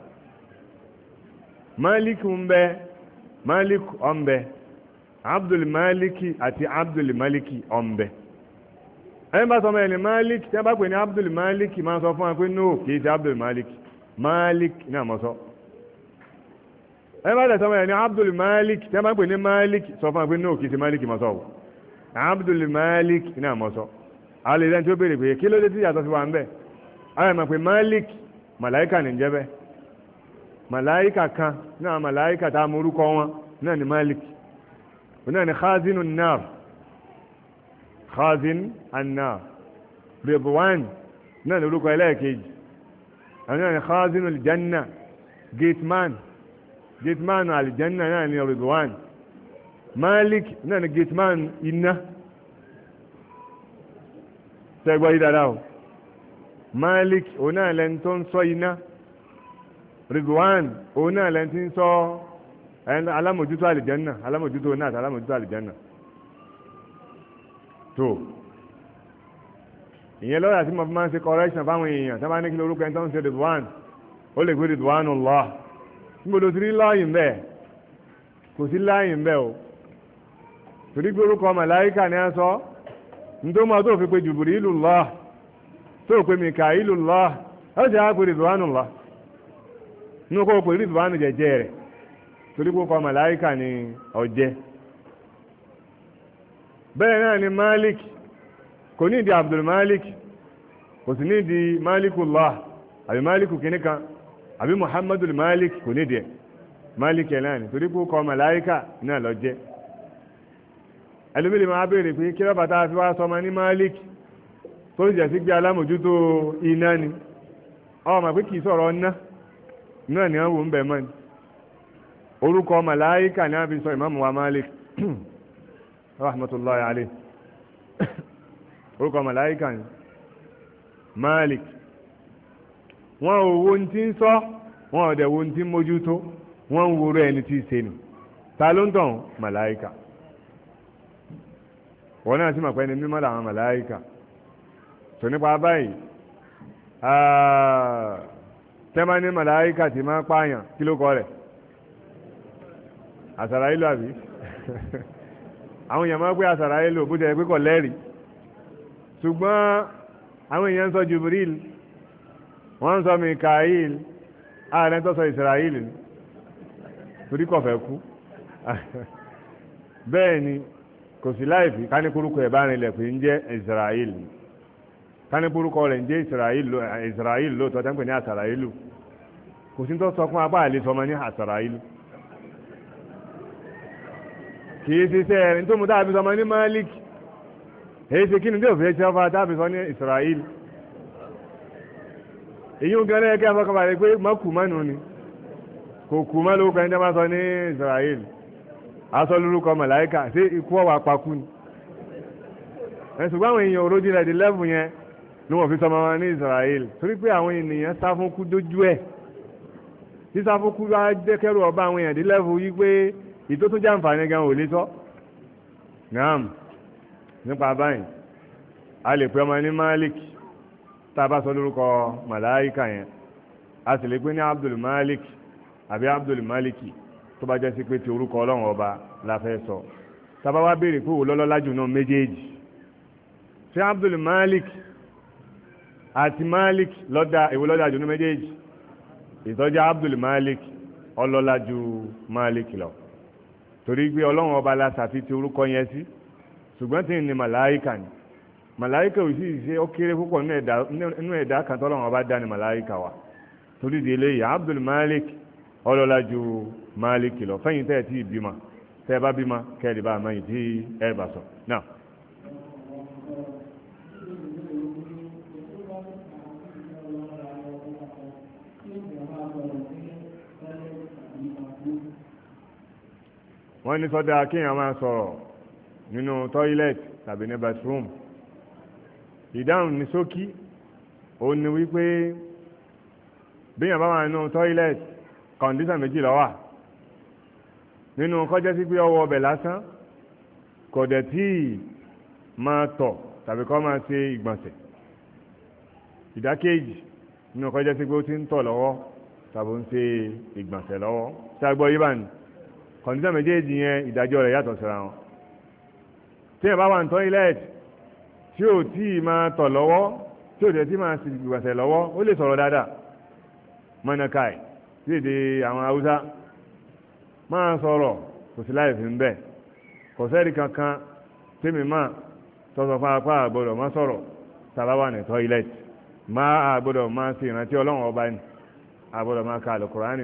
máàlìkì ń bẹ Malik ọ̀ ń bẹ abdulmaliki àti abdulmaliki ọ̀nbẹ ẹni bá sọmọ ẹni maliki tẹ́ bá pè ní abdulmaliki máa sọ fún wa pé no kìí ṣe abdulmaliki maliki náà mọ̀ sọ ẹni bá sọmọ ẹni abdulmaliki tẹ́ bá pè ní maliki sọ fún wa pé no kìí ṣe maliki mọ̀ sọ o abdulmaliki náà mọ̀ sọ alẹ́ ìdáni tó béèrè pé kí ló dé tí yàtọ̀ sí wa ń bẹ̀ ayọ̀ mọ̀ pé maliki màláìkà ní jẹ́ màláìkà kan náà màláìkà tá a mọ orúkọ wọn náà ni maliki náà ni khazinu nar khazin annar ridwan náà ni orúkọ ẹlẹ́ẹ̀kejì àwọn náà ni khazinu aljanna gateman gateman aljanna náà ni ridwan malik náà ni gateman iná tẹ́gbọ́ yìí dáadáa o malik òun náà lẹ́ni tó ridwan òun náà lẹ́ni alámòjútó àlìjẹ́nà alámòjútó náà alámòjútó àlìjẹ́nà tó ìyẹn ń correction fáwọn èèyàn bá ní kí ń ridwan ó lè gbé ridwan lọ níbo rí o torí orúkọ ni a sọ nítorí máa tó fi pe Jubrilullah tó pe Mikailullah ó sì á pe nínú o pe ridwan torí kó kọ màláíkà ní ọ̀jẹ́ bẹ́ẹ̀ náà ni malik kò ní ìdí abdul malik kò sì ní ìdí malikullah àbí maliku kìnníkan àbí Muhammadu malik kò ní ìdí ẹ̀ malik ẹ̀ náà ni torí kó kọ màláíkà náà lọ́jẹ́ ẹlòmílì máa béèrè pé kí lọ́ba tá fi wá sọmọ ní malik tó ń jẹ́ sí gbé alámòjútó iná ni ọmọ pé kì í sọ̀rọ̀ ọ̀nà náà ni wọ́n wò ń bẹ̀ mọ́ orúkọ màláíkà ní àbí sọ ìmáàmù wa Malik rahmatullahi alayh orúkọ màláíkà ní Malik wọn ò wo ní tí ń sọ wọn ò dẹ̀ wo ní tí ń mójútó wọn ń worú ẹni tí ń ṣe nù ta ló ń tàn màláíkà wọn náà sì mà pé ẹni mímọ́ làwọn màláíkà tó nípa báyìí ah, tẹ́mání màláíkà ti máa pààyàn kí ló kọ rẹ̀ àsàrà ìlú àbí àwọn èèyàn máa ń pè àsàrà ìlú bó jẹ́ pé kò lẹ́rìí ṣùgbọ́n àwọn èèyàn ń sọ Jibril wọ́n ń sọ Mikael ààrẹ tó sọ Israel torí kò fẹ́ kú bẹ́ẹ̀ ni kò sí láìfi káníkúrúkọ ẹ̀ bá rinlẹ̀ pé ń jẹ́ Israel káníkúrúkọ rẹ̀ ń jẹ́ Israel lóòótọ́ tẹ́ ń pè ní àsàrà ìlú kò sí tó sọ fún apá àlè sọmọ ní àsàrà ìlú kìí ṣe iṣẹ́ ẹ̀rin tó mú dáàbí sọmọ ní Malik èyí ṣe kí ni tí ò fi ṣe ọfà dáàbí sọ ní Israel èyí ń gan lẹ́yìn kí afọkànbalẹ̀ pé mọ́kù mọ́nu ni kò kù mọ́ lórúkọ ẹni tí wọ́n sọ ní Israel aṣọ lórúkọ màláìkà ṣé ikú ọ̀wà pakú ni ẹ̀sùgbọ́n àwọn èèyàn òròjì rẹ̀ di lẹ́fù yẹn ni wọ́n fi sọmọ wọn ní Israel torí pé àwọn ènìyàn sá fún kú dójú ẹ̀ sísá fún kú wá jẹ́kẹ́rù ọba àwọn èèyàn di lẹ́fù yí pé ìtó tún jẹ́ àǹfààní gan ò lè sọ naam nípa báyìí a lè pè ọmọ ní malik tá a bá sọ lórúkọ màláìka yẹn a sì lè pè ní abdul malik àbí abdul maliki tó bá jẹ́ sí pé ti orúkọ ọlọ́run ọba la fẹ́ sọ tábà wá béèrè pé òlọ́lọ́lá jù náà méjèèjì ṣé abdul malik àti malik lọ́dà èwo lọ́dà jù náà méjèèjì ìtọ́jà abdul malik ọlọ́lá jù malik lọ torí pé ọlọ́run ọba la ṣàfi ti orúkọ yẹn sí ṣùgbọ́n tí ní màláìkà ni màláìkà ò sì ṣe ó kéré púpọ̀ nínú ẹ̀dá kan tọ́lọ́run ọba dá ní màláìkà wa torí di eléyìí Abdul Malik ọlọ́lá ju Malik lọ fẹ́yìntẹ́ ẹ̀ tí ì bímọ tẹ́ ẹ bá bímọ kẹ́ bá a mọ̀ yìí tí ẹ bá sọ náà. wọ́n ní sọ́dá kéèyàn máa sọ̀rọ̀ nínú toilet tàbí ní bathroom ìdáhùn ní ṣókí ó ní wípé bíyàn bá wà nínú toilet kọ̀ǹdíṣàn méjì ló wà nínú kọjá sí pé ọwọ́ ọbẹ̀ lásán kò dẹ̀ tí máa tọ̀ tàbí kó máa ṣe ìgbọ̀nsẹ̀ ìdákéjì nínú kọjá sí pé ó ti ń tọ̀ lọ́wọ́ tàbí ń ṣe ìgbọ̀nsẹ̀ lọ́wọ́ ṣàgbọ́ yìí bá ní kọ̀ǹdíṣàn méjèèjì yẹn ìdájọ́ rẹ̀ yàtọ̀ síra wọn tí ẹ bá wà ní tọ́ílẹ̀tì tí ò tí ì máa tọ̀ lọ́wọ́ tí ò tẹ̀ tí máa sì gbàsẹ̀ lọ́wọ́ ó lè sọ̀rọ̀ dáadáa mọ́nàkàì sí èdè àwọn haúsá máa sọ̀rọ̀ kò sí láì fi ń bẹ̀ kò sẹ́ẹ̀rì kankan tèmi máa tọ́sọ̀ fún àgbọ̀dọ̀ máa sọ̀rọ̀ tàbá wà ní tọ́ílẹ̀tì máa àgbọ̀dọ̀ máa ṣe ìrántí ọlọ́run ọba ni àgbọ̀dọ̀ máa ka àlùkùránì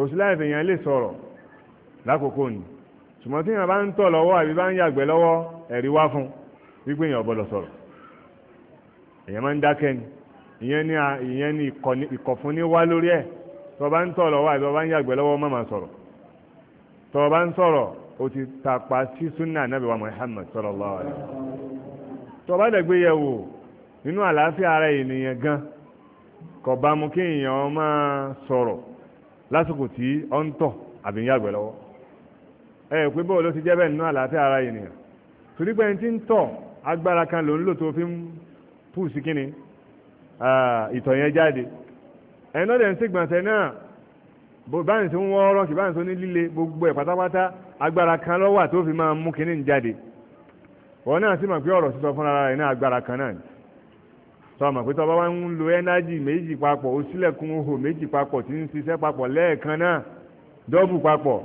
kò sí lè sọ̀rọ̀ lákòókò ni ṣùgbọ́n tí èèyàn bá ń tọ̀ lọ́wọ́ àbí bá ń yàgbẹ́ lọ́wọ́ ẹ̀rí wá ni ìyẹn ni ìyẹn ni ìkọ̀fún ní wá lórí ẹ̀ tó bá ń tọ̀ lọ́wọ́ àbí bá ń yàgbẹ́ lọ́wọ́ má máa o ti tàpá sí súnà nàbì wa bá ara ènìyàn gan bá kí èèyàn lásìkò tí ọ ń tọ̀ àbí ń yàgbẹ́ lọ́wọ́ ẹ pé bọ́ọ̀ ló ti jẹ́ bẹ́ẹ̀ nínú àlàáfíà ara ènìyàn torí pé ẹni tí ń tọ̀ agbára kan ló ń lò tó fi ń pù sí kíni ìtọ̀ yẹn jáde ẹni náà dẹ̀ ń sígbọ̀nsẹ̀ náà báyìí tó ń wọ́ ọ́rọ́ kì báyìí tó ní líle gbogbo ẹ̀ pátápátá agbára kan ló wà tó fi máa mú kíní jáde wọn náà sì mọ̀ pé ọ̀rọ̀ sísọ fúnra rẹ̀ náà agbára kan náà ni sọmọ pé tọba wa ń lo ẹnájì méjì papọ̀ ó sílẹ̀kùn ohò méjì papọ̀ tí ń ṣiṣẹ́ papọ̀ lẹ́ẹ̀kan náà dọ́bù papọ̀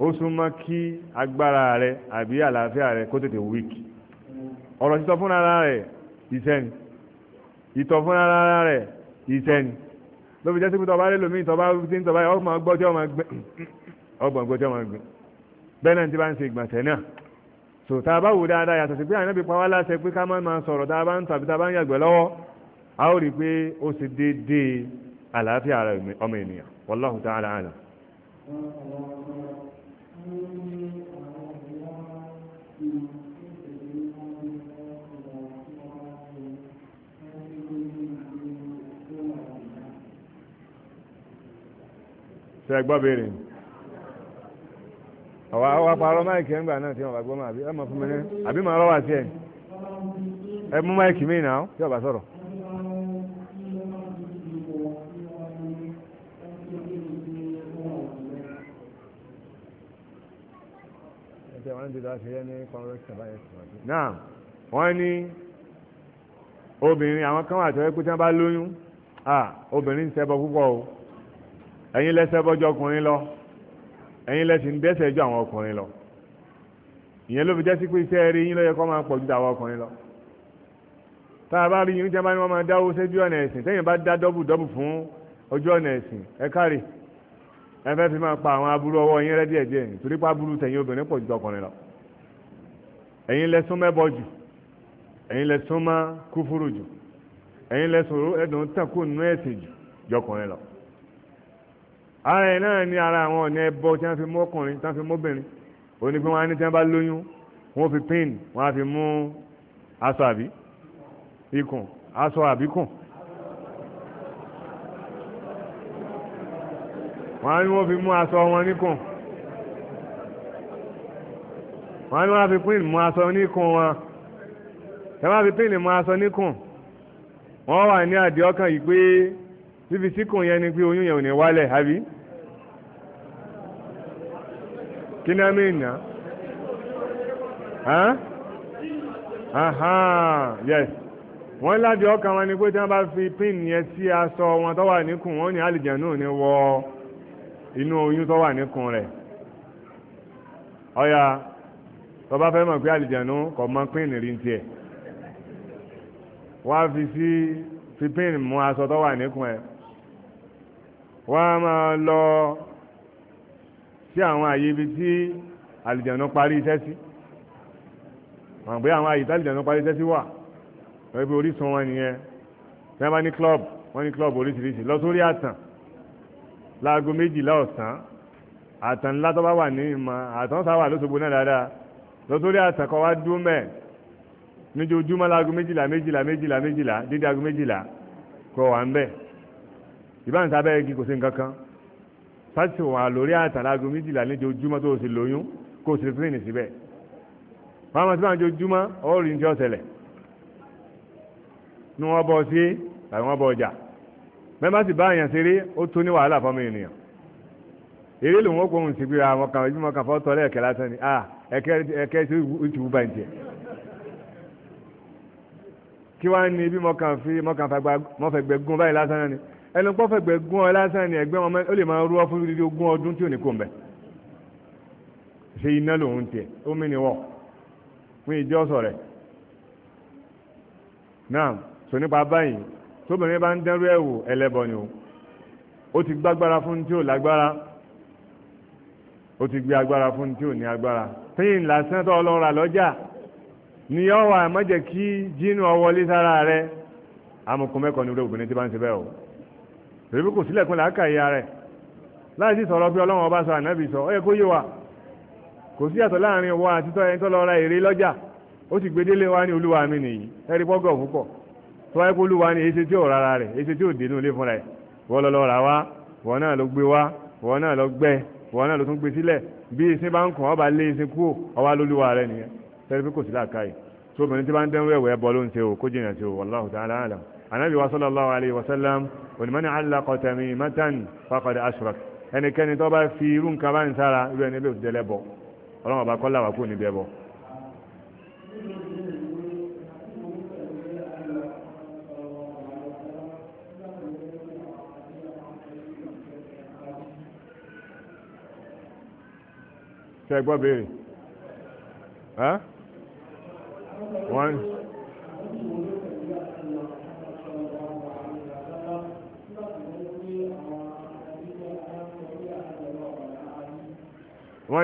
ó súnmọ́ kí agbára rẹ àbí àlàáfíà rẹ kó tètè wíkì ọ̀rọ̀ títọ́ fún ara rẹ̀ iṣẹ́ ni ìtọ̀ fún ara rẹ̀ iṣẹ́ ni lóbi jẹ́ sípò tọba lélòmí tọba tí ń tọba yẹ ọgbọ̀n gbọ́ tí ọmọ gbẹ ọgbọ̀n gbọ́ tí ọmọ gbẹ bẹ́ẹ̀ náà ti bá ń ṣe ìgbọ̀nsẹ̀ náà so tá a bá wò dáadáa yàtọ̀ sí pé ànábì pa wá láṣẹ pé ká má máa sọ̀rọ̀ tá a bá ń tàbí tá a bá ń yàgbẹ́ lọ́wọ́ a ó rí i pé ó ṣe déédéé àlàáfíà ara ọmọ ènìyàn wallahu ta'ala alam. ṣe gbọ́ béèrè ọ̀wà ọ̀wà parọ́ máìkì ẹ̀ngbà náà tí wọ́n bá gbọ́ máa bí ẹ̀ máa fún mi ní àbí máa rọ́wà sí ẹ̀ ẹ̀ mú máìkì mí náà tí ọ̀bà sọ̀rọ̀. náà wọ́n ní obìnrin àwọn kan wà tó yẹ pé tí wọ́n bá lóyún obìnrin ń ṣẹbọ púpọ̀ o ẹ̀yin lẹ́sẹ̀ bọ́jọ́ ọkùnrin lọ ẹ̀yin lẹ́sìn ń dẹ́ṣẹ̀ jù àwọn ọkùnrin lọ ìyẹn ló fi jẹ́ sí pé iṣẹ́ rí yín ló yẹ kó máa pọ̀ ju àwọn ọkùnrin lọ tá a bá rí yín tí wọ́n bá ní wọ́n máa dáwó sójú ọ̀nà ẹ̀sìn tẹ́yìn bá dá dọ́bù dọ́bù fún ojú ọ̀nà ẹ̀sìn ẹ káre ẹ fẹ́ fi máa pa àwọn aburú ọwọ́ yín rẹ́ nítorí pé aburú tẹ̀yìn obìnrin pọ̀ ju ọkùnrin lọ ẹ̀yin lẹ́sùn mẹ́bọ jù ẹ̀yin lẹ́sùn má kúfúrú jù ẹ̀yin lẹ́sùn ẹ̀dùn tẹ̀kù nínú ẹ̀sìn jù jọkùnrin lọ. ara ẹ̀ náà ní ara àwọn ọ̀nà ẹbọ tí wọ́n fi mú ọkùnrin tí wọ́n fi mú obìnrin ó ní pé wọ́n á ní tí wọ́n bá lóyún wọ́n fi pín wọ́n á fi mú aṣọ àbí ikùn aṣọ àbíkùn. wọ́n á ní wọ́n fi mú aṣọ wọn níkùn wọ́n ní wọ́n fi pín mú aṣọ níkùn wọn ẹ wọ́n fi pín mú aṣọ níkùn wọ́n wà ní àdí ọkàn yìí pé fífi síkùn yẹn ni pé oyún yẹn ò ní wálẹ̀ àbí kí ni a mí nà yes wọ́n láti ọkàn wọn ni pé tí wọ́n bá fi pín yẹn sí aṣọ wọn tó wà níkùn wọn ní àlìjẹ̀nù ní wọ inú oyún tó wà níkùn rẹ̀ ọ̀ya tó bá fẹ́ mọ̀ pé àlìjànú kò mọ pín rí tiẹ̀ wá fi sí fi pín mú aṣọ tó wà níkùn ẹ̀ wá máa lọ sí àwọn àyè ibi tí àlìjànú parí iṣẹ́ sí mọ̀ pé àwọn àyè tí àlìjànú parí iṣẹ́ sí wà lọ́wọ́ pé orísun wọn nìyẹn tí bá ní club wọ́n ní club oríṣiríṣi lọ sórí àtàn láago méjìlá ọ̀sán àtàn ńlá tó bá wà ní ìmọ̀ àtàn sáwà lóṣogbo náà dáadáa lọ́tọ́rí àtàkọ́ wa dúró mẹ́ níjojúmọ́ láago méjìlá méjìlá méjìlá méjìlá dídí aago méjìlá kọ wà ń bẹ̀ ìbáǹtà abẹ́rẹ́ kí kò sí nǹkan kan sásìkò wà lórí àtà láago méjìlá níjojúmọ́ tó o sì lóyún kó o sì fi rìn síbẹ̀ fáwọn tí wọ́n jojúmọ́ ọ̀rì ní ti ọ̀sẹ̀lẹ̀ ní wọ́n bọ́ sí tàbí wọ́n bọ́ ọjà mẹ́mbà sì bá àyàn ṣeré ó tó ní wàhálà fọ́mọ ènìyàn eré lòun ó pọ̀ òun sì àwọn kan ojúmọ́ kan fọ́ tọ́lẹ̀ kẹ́ lásán ah ẹ̀kẹ́ tí ó ti wú bá ń jẹ kí wá ní bí mọ́kàn fi mọ́kàn fẹ̀gbẹ́ gún báyìí lásán náà ni ẹnu pọ́ fẹ̀gbẹ́ gún ọ lásán ni ẹgbẹ́ wọn ó lè máa rú ọ fún dídí ogún ọdún tí ò ní kó mbẹ ṣe iná lòun tiẹ̀ ó mí ni wọ̀ fún ìjọ sọ̀rẹ̀ náà sọ nípa báyìí tóbìnrin bá ń dẹ́rú ẹ̀wò ẹlẹ́bọ ni o ó ti gbágbára fún tí ò lágbára ó ti gbé agbára fún tí ò ní agbára pain lásán tó lọ rà lọ́jà ni yọ wà mọ́jẹ̀ kí ọwọ́ lé sára rẹ amukun mẹ́kọ̀ọ́ ni obìnrin tí bá ń ṣe bẹ́ẹ̀ o rèébi kò sílẹ̀kùn làákà ìyá rẹ̀ láì sí sọ̀rọ̀ ọba sọ ànábì sọ yẹ kó wa kò sí yàtọ̀ láàrin wa àti tọ́ ẹni èrè lọ́jà ó sì gbé délé wa ní olúwa mi nìyí pọ́gọ̀ púpọ̀ tó wáyé kó olúwa èsì tí ò rárá rẹ̀ èsì tí bí ìsìn bá ń kàn ọba lé ìsìn e kúò ọwá lólúwa rẹ nìyẹn tẹ́lifí kò sí làákàyè tó obìnrin tí bá ń dẹ́n wẹ̀wẹ̀ bọ́ ló ń ṣe o kó jìnà sí o wallahu ta'ala alam anabi wa sallallahu alayhi wa sallam onímọ̀ni alaqa tamimatan faqad ashrak ẹnikẹ́ni tó bá fi irú nǹkan bá ń sára irú ẹni bẹ́ẹ̀ ti dẹ́lẹ́ bọ̀ kọ́lá wà kúrò níbi ẹbọ. tẹ́ gbọ́ béèrè wọ́n wọ́n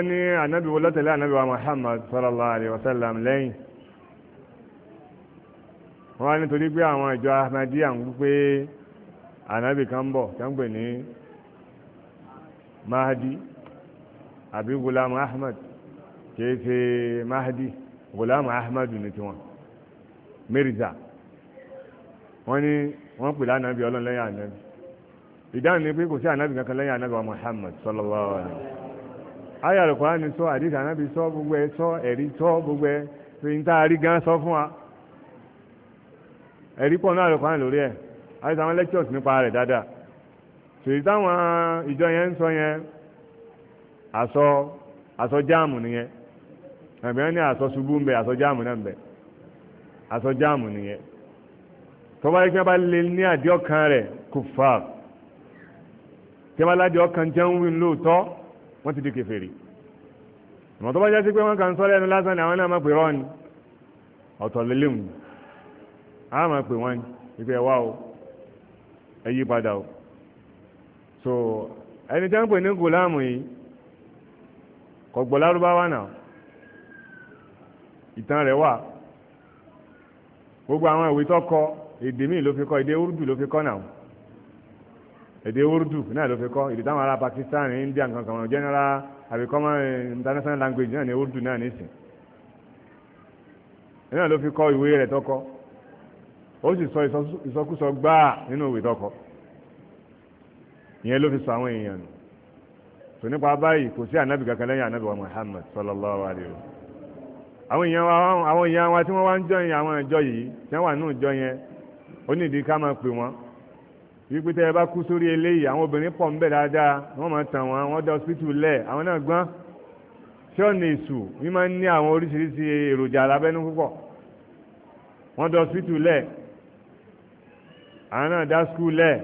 ní ànábì wo lọ́tẹ̀lé ànábì wa Muhammad sallallahu alaihi wasallam lẹ́yìn wọ́n ní torí pé àwọn ìjọ Ahmadiyya ń pé ànábì kan bọ̀ kan pè ní Mahdi Abi gulam ahmed kìí mahdi gulam ahmed ní tiwọn mirza wọ́n ní wọ́n pè lánàá bí ni pé kò sí ànábì kankan lẹ́yìn wa muhammad sallallahu alaihi wa sallam ayé so sọ àdìsí ànábì sọ gbogbo sọ sọ gan sọ fún wa ẹ̀rí pọ̀ náà àlùkòrán lórí ẹ̀ àti lectures ìjọ yẹn aṣọ aṣọ jáàmù nìyẹn àbí wọn ní aṣọ ṣubú ń bẹ aṣọ jáàmù náà ń bẹ aṣọ jáàmù nìyẹn tọ́ba yìí kí wọ́n bá lè ní àdí ọkàn rẹ̀ kò fà tí wọ́n bá ládìí ọkàn jẹun wí lóòótọ́ wọ́n ti di kèfèrí ìmọ̀ tó bá jẹ́ sí pé wọ́n kàn sọ́ọ́ lẹ́nu lásán ni àwọn náà máa pè rọ́ mu àwọn máa pè wọ́n ni ìfẹ́ o ẹ padà o so ẹni tí wọ́n pè ní gòláàmù yìí ọ̀gbọ̀ lárúbáwá náà ìtàn rẹ̀ wà gbogbo àwọn ìwé tó kọ èdè míì ló fi kọ èdè urdu ló fi kọ náà èdè urdu náà ló fi kọ èdè táwọn ará Pakistan India nǹkan kan wọn general àbí common eh, international language náà ní urdu náà nísìn náà ló fi kọ ìwé rẹ̀ tó kọ ó sì sọ ìsọkúsọ gbáà nínú ìwé tó kọ ìyẹn ló fi sọ àwọn èèyàn nù tó nípa báyìí kò sí ànábì kankan lẹ́yìn ànábì wa Muhammad sallallahu alayhi wa àwọn èèyàn wa àwọn èèyàn wa tí wọ́n wá ń jọyìn àwọn ìjọ yìí tí wọ́n wà nínú ìjọ yẹn ó nídìí ká máa pè wọ́n wípé tẹ́ ẹ bá kú sórí eléyìí àwọn obìnrin pọ̀ ń bẹ̀ dáadáa wọ́n máa tàn wọ́n wọ́n dá hospital lẹ̀ àwọn náà gbọ́n tí ọ̀nà èṣù yìí máa ń ní àwọn oríṣiríṣi èròjà alábẹ́nú púpọ̀ wọ́n dá hospital lẹ̀ àwọn náà dá school lẹ̀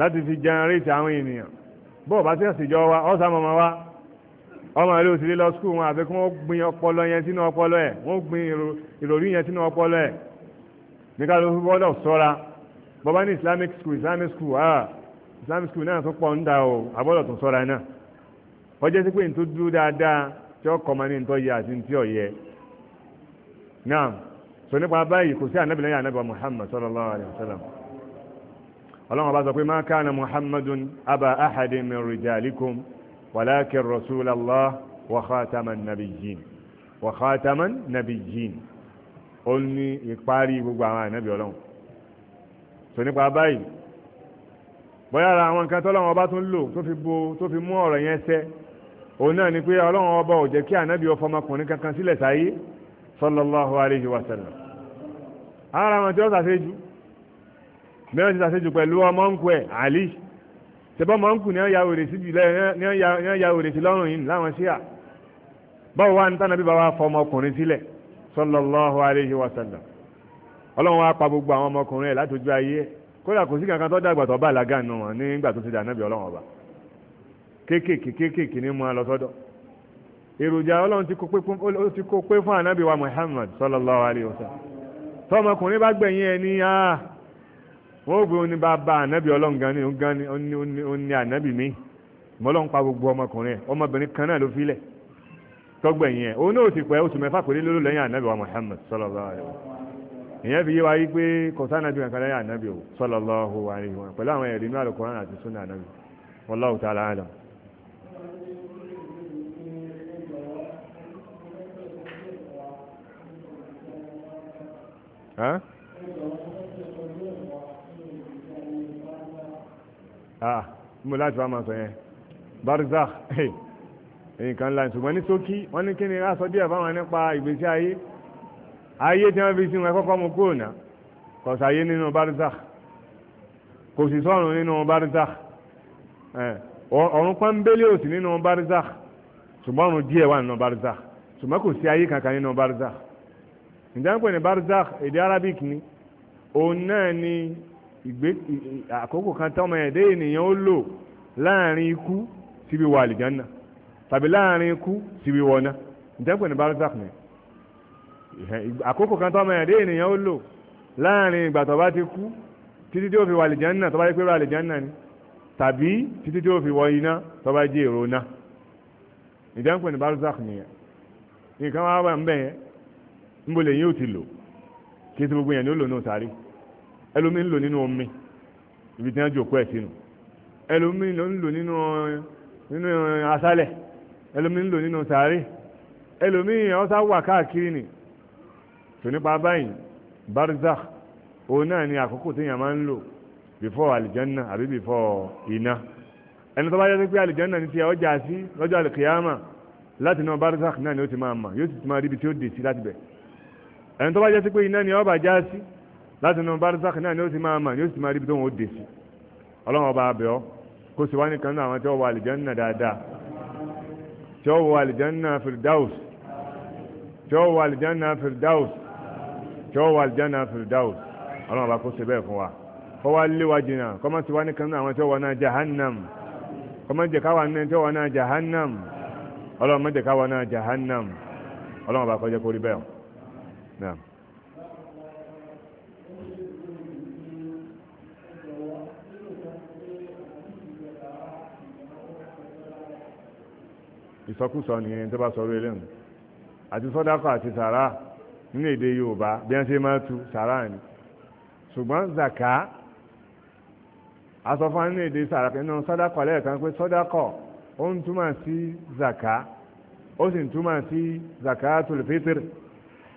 láti fi generate àwọn ènìyàn bọ́ọ̀ bá sẹ́sì jọ wa ọ̀sán mọ̀mọ́ wa ọmọ ilé òsèlè lọ skul wọn àfi kí wọ́n gbin ọpọlọ yẹn sínú ọpọlọ gbin ìròrí yẹn sínú ọpọlọ bọ́dọ̀ sọ́ra bọ́bá ní islamic school islamic school ah islamic school náà pọ̀ ń da o àbọ̀dọ̀ sọ́ra náà ọjọ́ sí pé ní tó dúró dáadáa tí ní àti náà sọ nípa báyìí kò sí ànábìlẹ́yìn ànábì Muhammad sallallahu alayhi wa sallam ọlọ́run bá sọ pé ma kana muhammadun aba ahadin min rijalikum walakin rasulallah wa khataman nabiyyin wa khataman nabiyyin ó ní ìparí gbogbo àwọn ànábì ọlọ́run tó nípa báyìí bóyá ara àwọn nǹkan tọ́lọ́run ọba tún lò tó fi bo tó fi mú ọ̀rọ̀ yẹn ṣẹ òun náà ni pé ọlọ́run ọba ò jẹ́ kí ànábì ọfọmọkùnrin kankan sílẹ̀ sáyé sallallahu alayhi wa sallam ara àwọn tí ó sàṣẹ́jú mẹ́rin ti sàṣejù pẹ̀lú ọmọ ń kú ẹ̀ àlì ṣẹbọ́ ọmọ ń kú ní ọ̀yà òrè sí jùlẹ̀ ní ọ̀yà òrè sí lọ́rùn yìí láwọn ṣíà báwo wá ní tànàbí bá fọ ọmọkùnrin sílẹ̀ sallallahu alayhi wa sallam ọlọ́run wá pa gbogbo àwọn ọmọkùnrin ẹ̀ látòjú ayé kódà kò sí kankan tó dàgbà tó bá làgà nù wọn nígbà tó ti dà nábì ọlọ́run ọba kéékèèké kéékèèké ní mú wọn lọ sọ́dọ̀ wa Muhammad sallallahu alayhi wa sallam tọmọkùnrin bá gbẹ̀yìn ẹ wọ́n gbé oní bá bá ànábì ọlọ́run gan ni gan ni ó mi mọ́lọ́run gbogbo ọmọkùnrin ẹ̀ ọmọbìnrin kan náà ló filẹ̀ òun náà ti pẹ́ oṣù mẹ́fà péré lẹ́yìn wa ìyẹn fi yé wa yí pé kankan lẹ́yìn o pẹ̀lú ní àti ah mo láti wá máa sọ yẹn barzakh nǹkan ńlá ṣùgbọ́n ní ṣókí wọ́n ní kí ni a sọ díẹ̀ fáwọn nípa ìgbésí ayé ayé tí wọ́n fi sí wọn kọ́kọ́ mu kúrò náà kò sáyé nínú barzakh kò sì sọ́run nínú barzakh eh, ọ̀run pọ́nbélé ò sí nínú barzakh ṣùgbọ́n ọ̀run díẹ̀ wà nínú barzakh ṣùgbọ́n kò sí ayé kankan nínú barzakh ǹjẹ́ ń pè barzakh èdè arabic ni òun náà ni ìgbé àkókò kan tọ́mọ ẹ̀dẹ́ ènìyàn ó lò láàrin ikú síbi wà àlìjánná tàbí láàrin ikú síbi wọná ìjẹ́pẹ̀ ní barzak ni àkókò kan tọ́mọ ẹ̀dẹ́ ènìyàn ó lò láàrin ìgbà tó bá ti kú títí tí ó fi wà àlìjánná tó bá jẹ́ pé àlìjánná ni tàbí títí tí ó fi wọ iná tó bá jẹ́ èrò náà ìjẹ́pẹ̀ ní barzak ni nǹkan wá wà ń bẹ̀ yẹn ń bolè yín ò ti lò kí ti gbogbo yẹn ni ó lò náà sáré ẹlòmí ń lò nínú omi ibi tí wọ́n jòkó ẹ̀ sínú ẹlòmí ń lò nínú nínú eh, asálẹ̀ ẹlòmí ń lò nínú sàárè ẹlòmí ọ̀sá wà káàkiri ni tò nípa báyìí barzakh òun náà ni àkókò téèyàn máa ń lò before alìjẹ́nà àbí before iná ẹni tó bá yẹ pé alìjẹ́nà ní ti ọjà sí lọ́jọ́ alìkìyàmà láti náà barzakh náà ni ó ti máa mà yóò sì ti máa ríbi tí ó dè sí láti bẹ̀ ẹni tó bá yẹ pé iná ni ọba já sí láti inú barzak náà ni ó ti máa mà ni ó sì máa rí ibi tó wọn ó dé sí ọlọ́run ọba abẹ́ ọ kó sì wá nìkan náà àwọn tí ó wọ àlìjánná dáadáa tí ó wọ àlìjánná firdaus tí ó wọ àlìjánná firdaus tí ó wọ àlìjánná firdaus ọlọ́run ọba kó sì bẹ́ẹ̀ fún wa kó wá léwá jìnnà kó má sì wá nìkan náà àwọn tí ó náà jahannam kó má jẹ káwa náà jahannam ọlọ́run má jẹ káwa bẹ́ẹ̀ náà. ìsọkúsọ nìyẹn tó bá sọ̀rọ̀ eléyìí àti sọdákọ àti sàrà nínú èdè yorùbá bí wọ́n ṣe máa tu sàrà ni ṣùgbọ́n zaka asọfún nínú èdè sàrà náà sọdákọ lẹ́ẹ̀kan pé sọdákọ ó ń túmọ̀ sí zaka ó sì ń túmọ̀ sí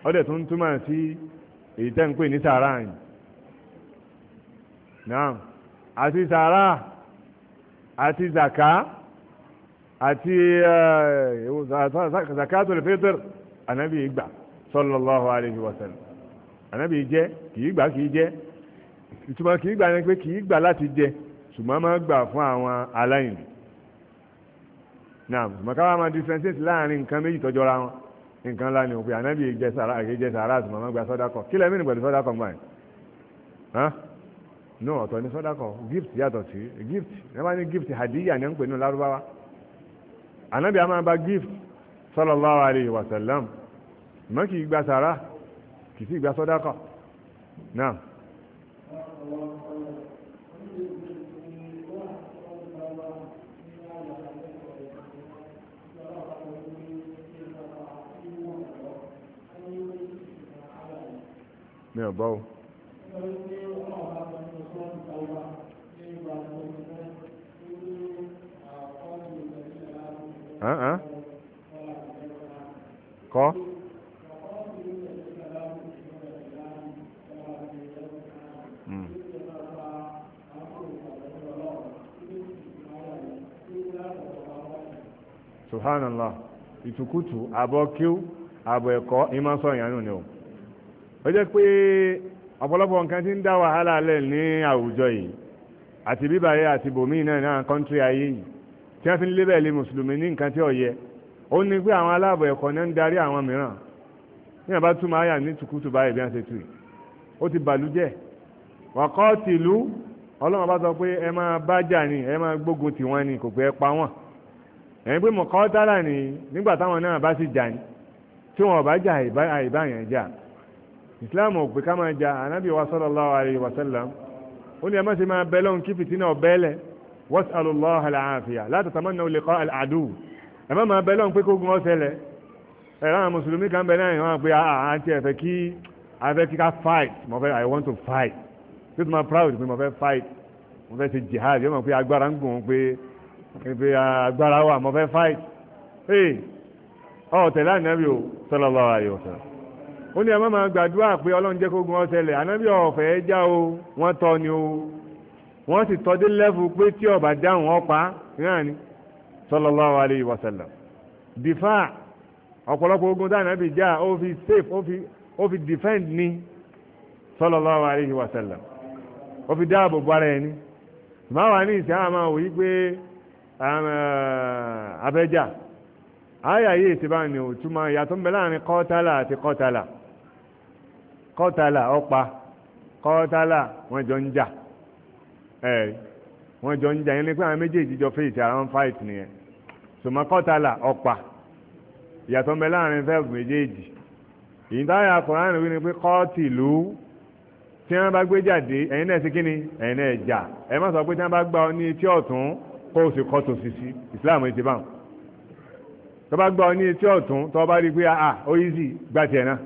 ó dẹ̀ tún túmọ̀ sí èyí tẹ́ ń pè ní sàrà ni àti sàrà àti zaka. àti eh, eh, eh, zakatul fitr anabi gbà sallallahu alayhi wa sallam anabi jẹ kìí gbà kìí jẹ ìtumọ̀ kìí gbà ni pé kìí gbà láti jẹ ṣùgbọ́n máa gbà fún àwọn aláìní náà ṣùgbọ́n káwá máa differentiate láàrin nǹkan méjì tọ́jọ́ ra wọn nǹkan ńlá ni anabi jẹ sàrà àti jẹ sàrà ṣùgbọ́n máa gbà sọ́dákọ̀ kí lẹ́mìnì pẹ̀lú sọ́dákọ̀ gbà yẹn no ọ̀tọ̀ ni sọ́dákọ̀ gift yàtọ̀ sí gift ẹ bá ní gift hadiya ni ń pè ní lárúbáwá ànábì a máa bá gift sallallahu alayhi wa sallam mọ́ kì í gba sàrá kì í sì náà. mi ò kọ́ subhanallah ìtùkùtù àbọ̀ kíw àbọ̀ ẹ̀kọ́ ní sọ ìyànú ni o ó jẹ́ pé ọ̀pọ̀lọpọ̀ nǹkan ń dá wàhálà lẹ̀ ní àwùjọ yìí àti bíbáyé àti náà náà tí wọ́n fi ń lé bẹ́ẹ̀ lé mùsùlùmí ní nǹkan tí ò yẹ ó ní pé àwọn aláàbọ̀ ẹ̀kọ́ náà ń darí àwọn mìíràn ní àbá túmọ̀ àyà ní tukutu báyìí bí wọ́n ṣe tù ó ti bàlújẹ́ wàkọ́ọ̀tìlú ọlọ́run bá sọ pé ẹ máa bájà ni ẹ máa gbógun tì wọ́n ni kò pé ẹ bá wasalu allah alaafiya la tatamannaw liqa al'adu ẹ má máa bẹ lọ́n pé kógun ọ̀sẹ̀lẹ̀ ẹ̀rọ àwọn mùsùlùmí kan bẹ náà ìwọ̀n pé àà àti ẹ̀fẹ̀ kí afẹ́ kíká fight mo fẹ́ i want to fight tí mo máa proud pé mo fẹ́ fight mo fẹ́ ṣe jihad yóò mọ̀ pé agbára ń gùn pé pé agbára wà mo fẹ́ fight ee ọ̀ tẹ̀lé ànábì o sallallahu alaihi wasallam ó ní ẹ má gbàdúrà pé ọlọ́run jẹ́ kógun ọ̀sẹ̀lẹ̀ ànábì wọ́n sì tọ́ lẹ́fù pé tí ọba dáhùn ọpa náà ni sallallahu alayhi wa ọ̀pọ̀lọpọ̀ ogun dáná bíi já ó fi safe ó fi defend ni sallallahu alayhi wa sallam ó fi dáàbò bo ara ẹ̀ ni máa ní ìsìn àwọn pé abẹ́jà ìyàtọ̀ ń bẹ láàrin ẹ wọ́n jọ ń jà yẹn ní pé àwọn méjèèjì jọ fèyìtì àwọn fight nìyẹn sòmọ́kọ́tàlà ọ̀pà ìyàtọ̀ ń bẹ láàrin fẹ́ẹ̀bù méjèèjì èyí táwọn akọ̀rán rẹ̀ wí ni pé kọ́ọ̀tì lù ú tí wọ́n bá gbé jáde ẹ̀yin náà sí kíni ẹ̀yin náà jà ẹ má sọ pé tí wọ́n bá gbá ọ ní etí ọ̀tún kó o sì kọ́ tòsì sí ìsìláàmù ètè báwọn tó bá gbá ọ ní etí ọ̀tún tó bá rí i pé a ah, ah, ó yí sí gbà tiẹ̀ náà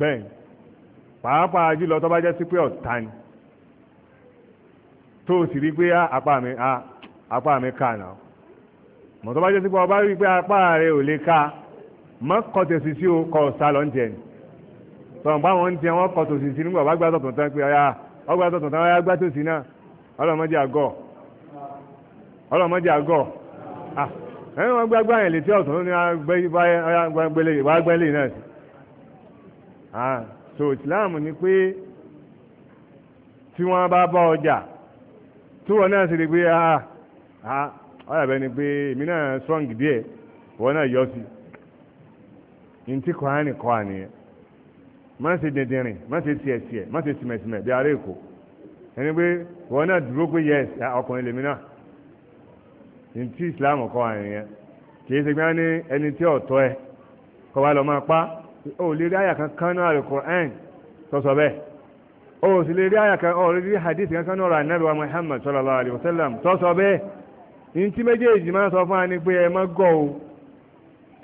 bẹ́ẹ̀ pàápàá jùlọ tó bá jẹ́ sí pé ọ̀tá ni tó sì rí pé ah, apá mi ah, apá mi kà náà mọ̀tọ́ bá jẹ́ sí pé ọba rí pé apá rẹ̀ ò lè ká mọ́ kọ̀tẹ̀ sí sí o kọ̀ sá lọ́n tiẹ̀ ni tọ̀hún bá wọn ń tiẹ̀ wọ́n kọ̀tẹ̀ sí sí nígbà wọ́n gbá tọ̀tún tán pé ọ̀yà ọgbà tọ̀tún tán ọ̀yà gbá tó sí náà ọlọ́mọdé àgọ́ ọlọ́mọdé àgọ́ ah, ẹni wọn gbágbá yẹn létí ọ̀tún ní agbẹ́lẹ̀ náà sí so Islam ni pé tí wọ́n bá bá ọjà tí wọ́n náà sì rí pé ah, ha ha ọ̀làbẹ́ ni pé èmi náà strong díẹ̀ wọ́n náà yọ sí ní tí kọ́ á ní kọ́ àníyàn má ṣe dẹ̀dẹ̀rìn má ṣe tiẹ̀tiẹ̀ má ṣe tìmẹ̀tìmẹ̀ bí ará èkó ẹni pé wọ́n náà dúró pé yes ah, ọkùnrin lèmi náà ní Islam kọ́ àníyàn kì í ṣe gbá ní ẹni tí ọ̀tọ́ ẹ kọ́ wa lọ máa pa ó lè rí àyà kan kan náà Al-Qur'an sọ́sọ́ bẹ́ẹ̀. ó sì lè rí àyà kan ó lè rí hadith kan kan ọ̀rọ̀ Muhammad sallallahu alayhi wa sallam tó sọ bẹ́ẹ̀ ní tí méjèèjì máa sọ fún wa ni pé ẹ má gọ̀ o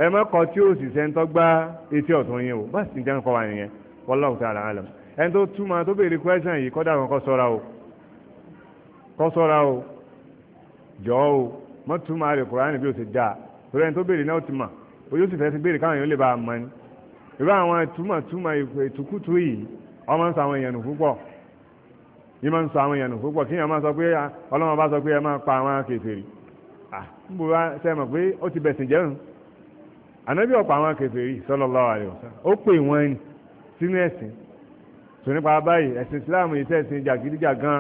ẹ má kọ tí ó sì sẹ́ńtọ́ gbá etí ọ̀tún yẹn o bá sì ń jẹ́ kọ́ wa nìyẹn wallahu ta'ala alam ẹni tó túmọ̀ tó béèrè question yìí kọ́dà kan kọ́ sọ́ra o kọ́ sọ́ra o jọ́ o mọ́ túmọ̀ rẹ̀ Kùránì bí o ti dáa torí ẹni tó béèrè náà ọmọ ń sàwọn èèyàn nù púpọ̀ yìí máa ń sàwọn èèyàn nù púpọ̀ kíyàn máa sọ pé ah, ọlọ́mọ bá sọ pé ẹ máa pa àwọn kèfèrí níbo bá ṣe mọ̀ pé ó ti bẹ̀sìn jẹ́rùn ànábì ọ̀pọ̀ àwọn kèfèrí sallallahu alaihi wasallam ó pè wọ́n ni sínú ẹ̀sìn tó nípa báyìí ẹ̀sìn Islam yìí tẹ̀sìn jàgídíjàgan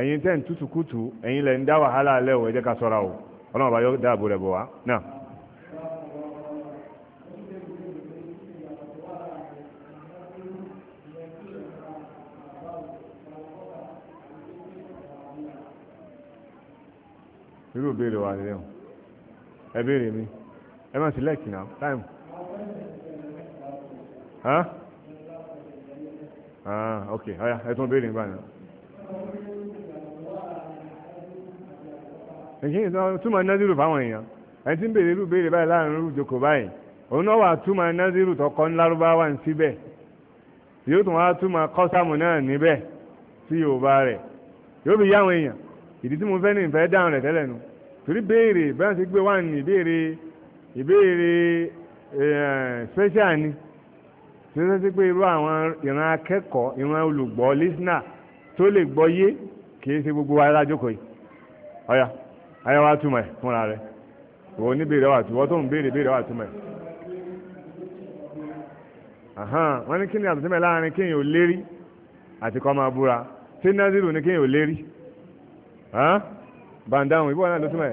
ẹ̀yin tẹ̀ ń tútùkùtù ẹ̀yin lẹ̀ ń dá wàhálà alẹ́ ò ẹ ká ṣọ́ra o ọlọ́mọ bá yọ dáàbò rẹ̀ bọ̀ wá náà. irú ìbéèrè wa nílẹ̀ hàn ẹ béèrè mi ẹ má sí lẹ́ẹ̀kì náà táìmù. ok ọ̀ya ẹ tún béèrè nígbà náà. èyí ni túmọ̀ nádìrú fáwọn èèyàn ẹ ti ń béèrè irú béèrè báyìí láàrin irú ìjókòó báyìí òun náà wà túmọ̀ nádìrú tọkọ ńlárúbáwá ń síbẹ̀ yóò tún wá túmọ̀ kọ́sàmù náà níbẹ̀ sí Yorùbá rẹ̀ yóò fi yá àwọn èèyàn. ìdí tí mo fẹ́ ní ìfẹ́ dáhùn rẹ̀ tẹ́lẹ̀ nu torí béèrè bẹ́ẹ̀ ti gbé wá ní ìbéèrè ìbéèrè eh, special ni tí ó ti pé irú àwọn ìran akẹ́kọ̀ọ́ ìran olùgbọ́ lísínà tó lè gbọ́ yé kì í ṣe gbogbo wa lájókòó yìí ọ̀yà ayé wa túmọ̀ ẹ̀ fúnra rẹ̀ ìwọ oníbèrè wà tó ń béèrè béèrè wà túmọ̀ ẹ̀ wọ́n ní kí ni láàrin ò lérí àti kọ́ máa búra ní ò lérí. bàǹdáhùn ìbọn náà ló túmọ̀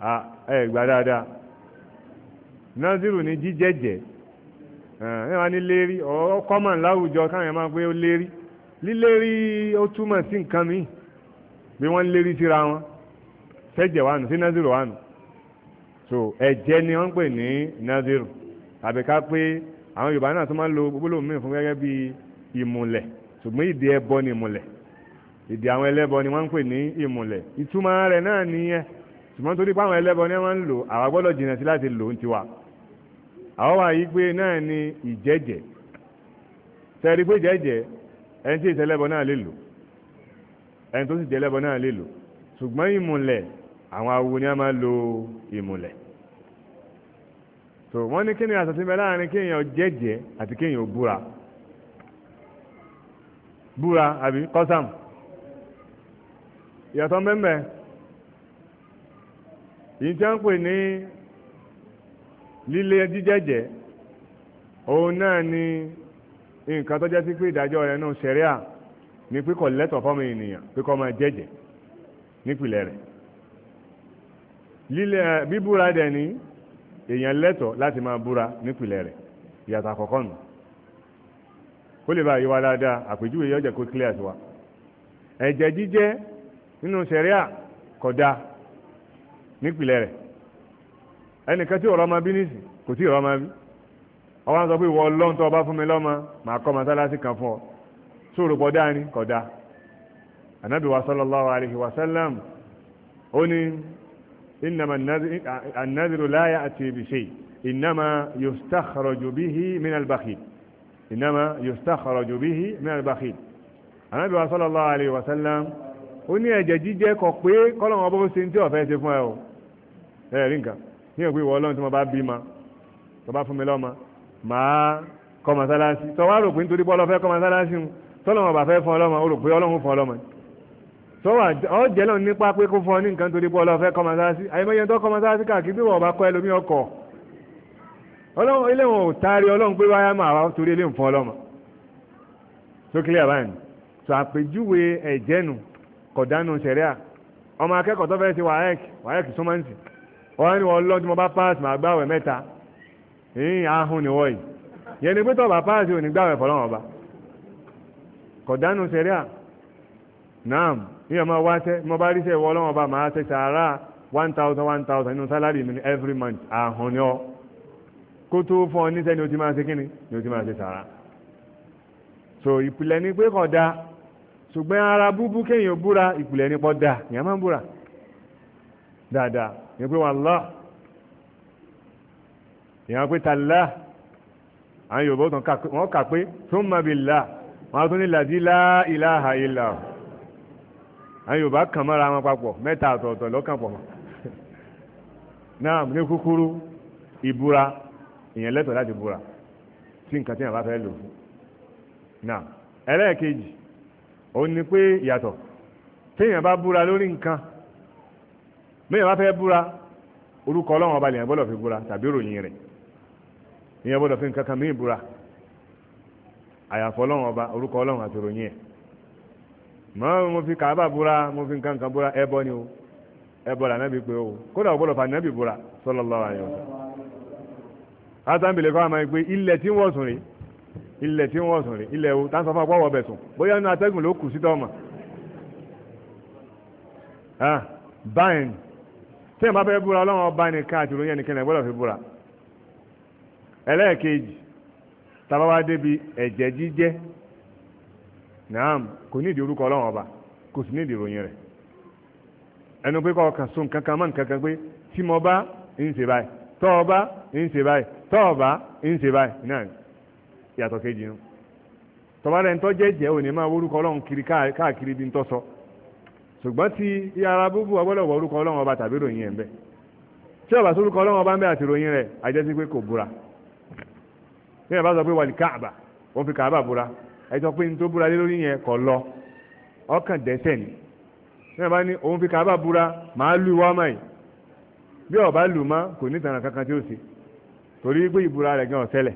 ẹ̀ ẹ̀ dáadáa naziru ni jíjẹ́jẹ́ ẹ̀ ní lérí leri láwùjọ káwọn máa pé ó lérí lílérí ó túmọ̀ sí nǹkan mi bí wọ́n lérí síra wọn sẹ́jẹ̀ wánu sí naziru wánu so ẹ̀jẹ̀ ni wọ́n pè ní naziru tàbí ká pé àwọn yorùbá náà tó máa lo gbólóhùn míì fún gẹ́gẹ́ bí ìmùlẹ̀ èdè àwọn ẹlẹ́bọ ni wọ́n ń pè ní ìmùlẹ̀ ìtumọ̀ rẹ̀ náà nìyẹn ṣùgbọ́n torí pé àwọn ẹlẹ́bọ ni wọ́n ń lò àwa gbọ́dọ̀ jìnnà sí láti lò ń tiwa àwọn wà yí pé náà ni ìjẹ́jẹ́ tẹ́rí pé jẹ́jẹ́ ẹni tí ìṣẹlẹ́bọ náà lè lò ẹni tó sì jẹ́lẹ́bọ náà lè lò ṣùgbọ́n ìmùlẹ̀ àwọn awo ni a máa lo ìmùlẹ̀ so wọ́n ní kí ni àtàtúnbẹ láàrin kéèyàn jẹ́jẹ́ àti kéèyàn búra búra àbí kọ́sàmù ìyàtọ̀ mẹ́mẹ́ yìí tí a ń pè ní líle jíjẹ́jẹ́ òun náà ni nǹkan tó jẹ́ sí pé ìdájọ́ rẹ̀ náà ṣẹ̀ríà ni pé kò lẹ́tọ̀ fọ́mọ ènìyàn pé máa jẹ́jẹ́ nípìnlẹ̀ rẹ̀ líle bíbúra dẹ̀ ni èèyàn lẹ́tọ̀ láti máa búra nípìnlẹ̀ rẹ̀ ìyàtọ̀ àkọ́kọ́ nù kó lè bá yíwa dáadáa àpèjúwe yọjẹ kó clear sí wa ẹ̀jẹ̀ jíjẹ́ nínú sẹ̀ríà kódà nípìnlẹ̀ rẹ̀ ẹnìkan tí ọ̀rọ̀ ọmọ bí nìsí kò tí ọ̀rọ̀ ọmọ bí ọwọ́n sọ pé ìwọ ọlọ́run tó ọba fún mi lọ́mọ màá kọ́ mọ́sálásí kan fún ọ sóòrò pọ̀dá ni kódà anabi wa sallallahu alayhi wa sallam ó ní innama an-nadhru la ya'ti innama yustakhraju bihi min bakhil innama yustakhraju bihi min bakhil anabi wa sallallahu alayhi wa sallam ó ní ẹ̀jẹ̀ jíjẹ kọ̀ pé kọ́lọ́wọ́n bó ṣe ń tí ọ̀fẹ́ ṣe fún ẹ o ẹ rí nǹkan ní ìwé ìwọ ọlọ́run tí mo bá bí ma tó bá fún mi lọ́mọ màá kọ́ mọ́sálásí tó wá rò pé nítorí bọ́ ọlọ́fẹ́ kọ́ mọ́sálásí ń tọ́lọ́wọ́n bá fẹ́ fún ọlọ́mọ ó rò pé ọlọ́run fún ọlọ́mọ tó wà ọ jẹ́ lọ́n nípa pé kó fún ọ ní nǹkan torí bọ́ ọlọ́fẹ́ kọ́ mọ́sálásí àyẹ̀mọ́yẹ tó kọ́ mọ́sálásí káàkiri bí wọ́n bá kọ́ ẹlòmí ọkọ̀ ọlọ́run ilé wọn ò taari ọlọ́run pé wáyà máa wá torí ilé ń fún ọlọ́mọ tó kílẹ̀ báyìí tó àpèjúwe kọ̀dánù sẹ̀ríà ọmọ akẹ́kọ̀ọ́ tó fẹ́ ṣe wàhálẹ́kì wàhálẹ́kì súnmọ́ǹsì wọ́n ní wọ́n lọ́dún mo bá páàsì màá gbàwẹ̀ mẹ́ta yìnyín ahun ni wọ́ọ̀yì yẹn ni pé tó bá páàsì ò ní gbàwẹ̀ fọlọ́wọ́n ọba kọ̀dánù sẹ̀ríà naam yíyan máa wáṣẹ́ mo bá ríṣẹ́ ìwọ ọba màá ṣe sàárà one thousand one thousand nínú sálárì mi every month ahun ni ọ kó tó fún ọ ni o ti so ìpìlẹ̀ ni pé kódà ṣùgbọ́n ara búbú kéèyàn búra ìpìlẹ̀ nípọ̀ dáa èèyàn máa búra dáadáa pé ìyàn pé tàlá àwọn bọ́ wọn kà pé wọn la wọn papọ̀ mẹ́ta àtọ̀ọ̀tọ̀ lọ́kàn pọ̀ mọ́ (laughs) ó ni pé ìyàtọ̀ téèyàn bá búra lórí nǹkan méèyàn bá fẹ́ búra orúkọ ọlọ́run ọba lèèyàn gbọ́dọ̀ fi búra tàbí ròyìn rẹ̀ èèyàn gbọ́dọ̀ fi nǹkan kan míì búra àyàfọ́ ọlọ́run ọba orúkọ ọlọ́run àti ròyìn ẹ̀ mọ́ mo fi kàábà búra mo fi nǹkan búra ẹbọ ni o ẹbọ là pé o kódà búra kọ́ àmọ́ ẹ pé ilẹ̀ tí wọ́n sùn rè ilẹ̀ o tá ń sọ fún apáwọ̀ ọbẹ̀ sùn bóyá inú atẹ́gùn ló kù sí tọ́mà báyìí tí ẹ̀ bá fẹ́ búra ọlọ́run ọba nìkan àti ìròyìn ẹnìkan ẹ̀ gbọ́dọ̀ búra ẹlẹ́ẹ̀kejì tàbá wá débi ẹ̀jẹ̀ jíjẹ́ naam kò nídìí orúkọ ọlọ́run ọba kò sì nídìí ìròyìn rẹ̀ ẹnu pé kọ́ ọkàn sún kankan mọ́ nǹkan kan pé tí mo bá ń ṣe báyìí tọ́ bá ń ṣe báyìí tọ́ bá ń ṣe báyìí náà yàtọ̀ kejì nu tọ́bárẹ̀ ń tọ́jẹ́ jẹ́ òní máa wórúkọ ọlọ́run kiri káàkiri bí ń sọ ṣùgbọ́n ti yàrá búbú ọgbọ́dọ̀ wọ orúkọ ọlọ́run ọba tàbí ròyìn ẹ̀ ń bẹ́ tí ọba sọ orúkọ ọlọ́run ọba ń bẹ́ àti ròyìn pé kò tí sọ pé wàlí káàbà fi káàbà bura ẹ sọ pé tó ni tí ní òun fi káàbà màá lu bí ọba kò ní kankan tí ó ṣe torí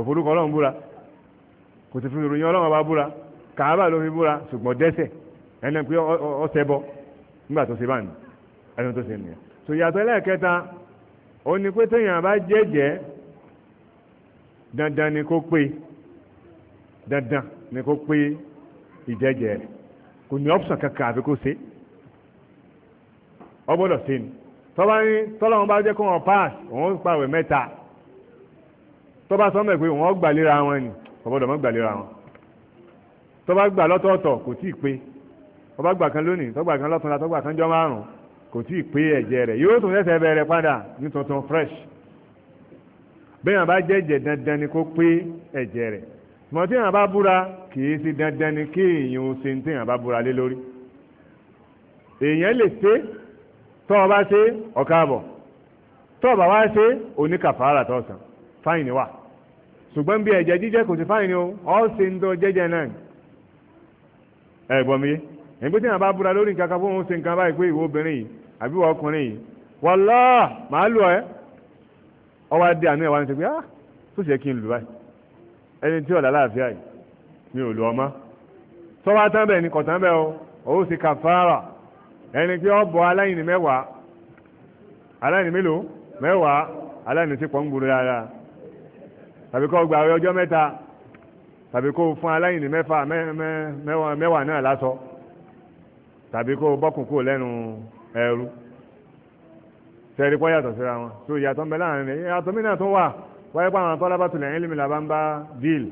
kò forúkọ ọlọ́run búra kò sì fi ìròyìn ọlọ́run ọba búra kàábà ló fi búra ṣùgbọ́n dẹ́sẹ̀ ẹni pé ọ̀sẹ̀ bọ́ nígbà tó ṣe bá nù ẹni tó ṣe nìyẹn tó ẹlẹ́ẹ̀kẹta ó ní pé téèyàn bá jẹ́jẹ́ dandan ni kó pé dandan ni kó pé ìjẹ́jẹ́ kò ní ọ́pṣàn kankan àfi kó ṣe ọ gbọ́dọ̀ ṣe ni tọ́ba ní tọ́lọ́run bá jẹ́ kó wọn pass òun pàwẹ̀ mẹ́ta tó bá sọ́mọ̀ pé wọ́n gbàlera wọn ni ọ̀bọ̀dọ̀ mọ́ gbàlera wọn tó bá gbà lọ́tọ̀ọ̀tọ̀ kò tí ì pé ó bá gbà kan lónìí tó gbà kan lọ́tọ̀ọ̀la tó kan jọ márùn kò tí ì pé ẹ̀jẹ̀ rẹ̀ yóò tún lẹ́sẹ̀ bẹ̀rẹ̀ padà ní tuntun fresh bẹ́ẹ̀ bá jẹ́jẹ̀ dandan ni kó pé ẹ̀jẹ̀ rẹ̀ mọ̀ tí èèyàn bá búra kì í ṣe dandan ni kí èèyàn ó ṣe tí èèyàn bá búra lé lórí èèyàn lè ṣe tọ́ ọ ṣe ọ̀kaàbọ̀ tọ́ ọ wá ṣe oníkàfàárà tọ̀sán fáìní wà ṣùgbọ́n bí ẹ̀jẹ̀ jíjẹ kò sí fáìní o ọ́ ṣe ń dán jẹ́jẹ́ náà na gbọ́n mi yé ẹ̀yìn pé tí wọn bá búra lórí nǹkan kan fún òun ṣe nǹkan báyìí pé ìwọ obìnrin yìí àbí ìwọ ọkùnrin yìí màá lù ẹ́ ọwọ́ adé ni ṣe pé ah tó ṣe kí n lù báyìí ẹni tí ọ̀dà láàfíà yìí mi ò lù ọmọ sọ́wọ́ atán bẹ́ẹ̀ ni kọ̀tán bẹ́ẹ̀ o òun ṣe kàfàrà ẹni pé ọ aláìní tàbí kó gba àwẹ̀ ọjọ́ mẹ́ta tàbí kó fún aláìní mẹ́fà mẹ́wàá náà láṣọ tàbí kó bọ́kùn lẹ́nu ẹrú tẹ̀rí pọ́ yàtọ̀ síra wọn tó ìyàtọ̀ mẹ́lá rẹ̀ ìyàtọ̀ mí náà tó wà wáyé pa àwọn tọ́lábà tó lẹ́yìn lèmi làbá ń bá díìl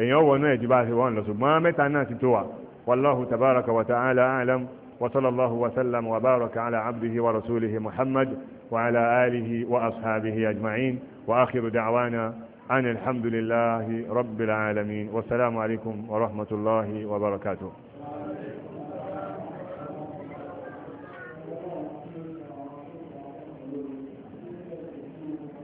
èèyàn wọnú ẹ̀ jìbá sí wọn lọ ṣùgbọ́n mẹ́ta náà ti tó wà wàláhu tabaraka wa ta'ala alam wa sallallahu wa sallam wa baraka ala abdihi wa rasulihi muhammad wa ala alihi wa ashabihi ajma'in wa akhiru da'wana أن الحمد لله رب العالمين والسلام عليكم ورحمة الله وبركاته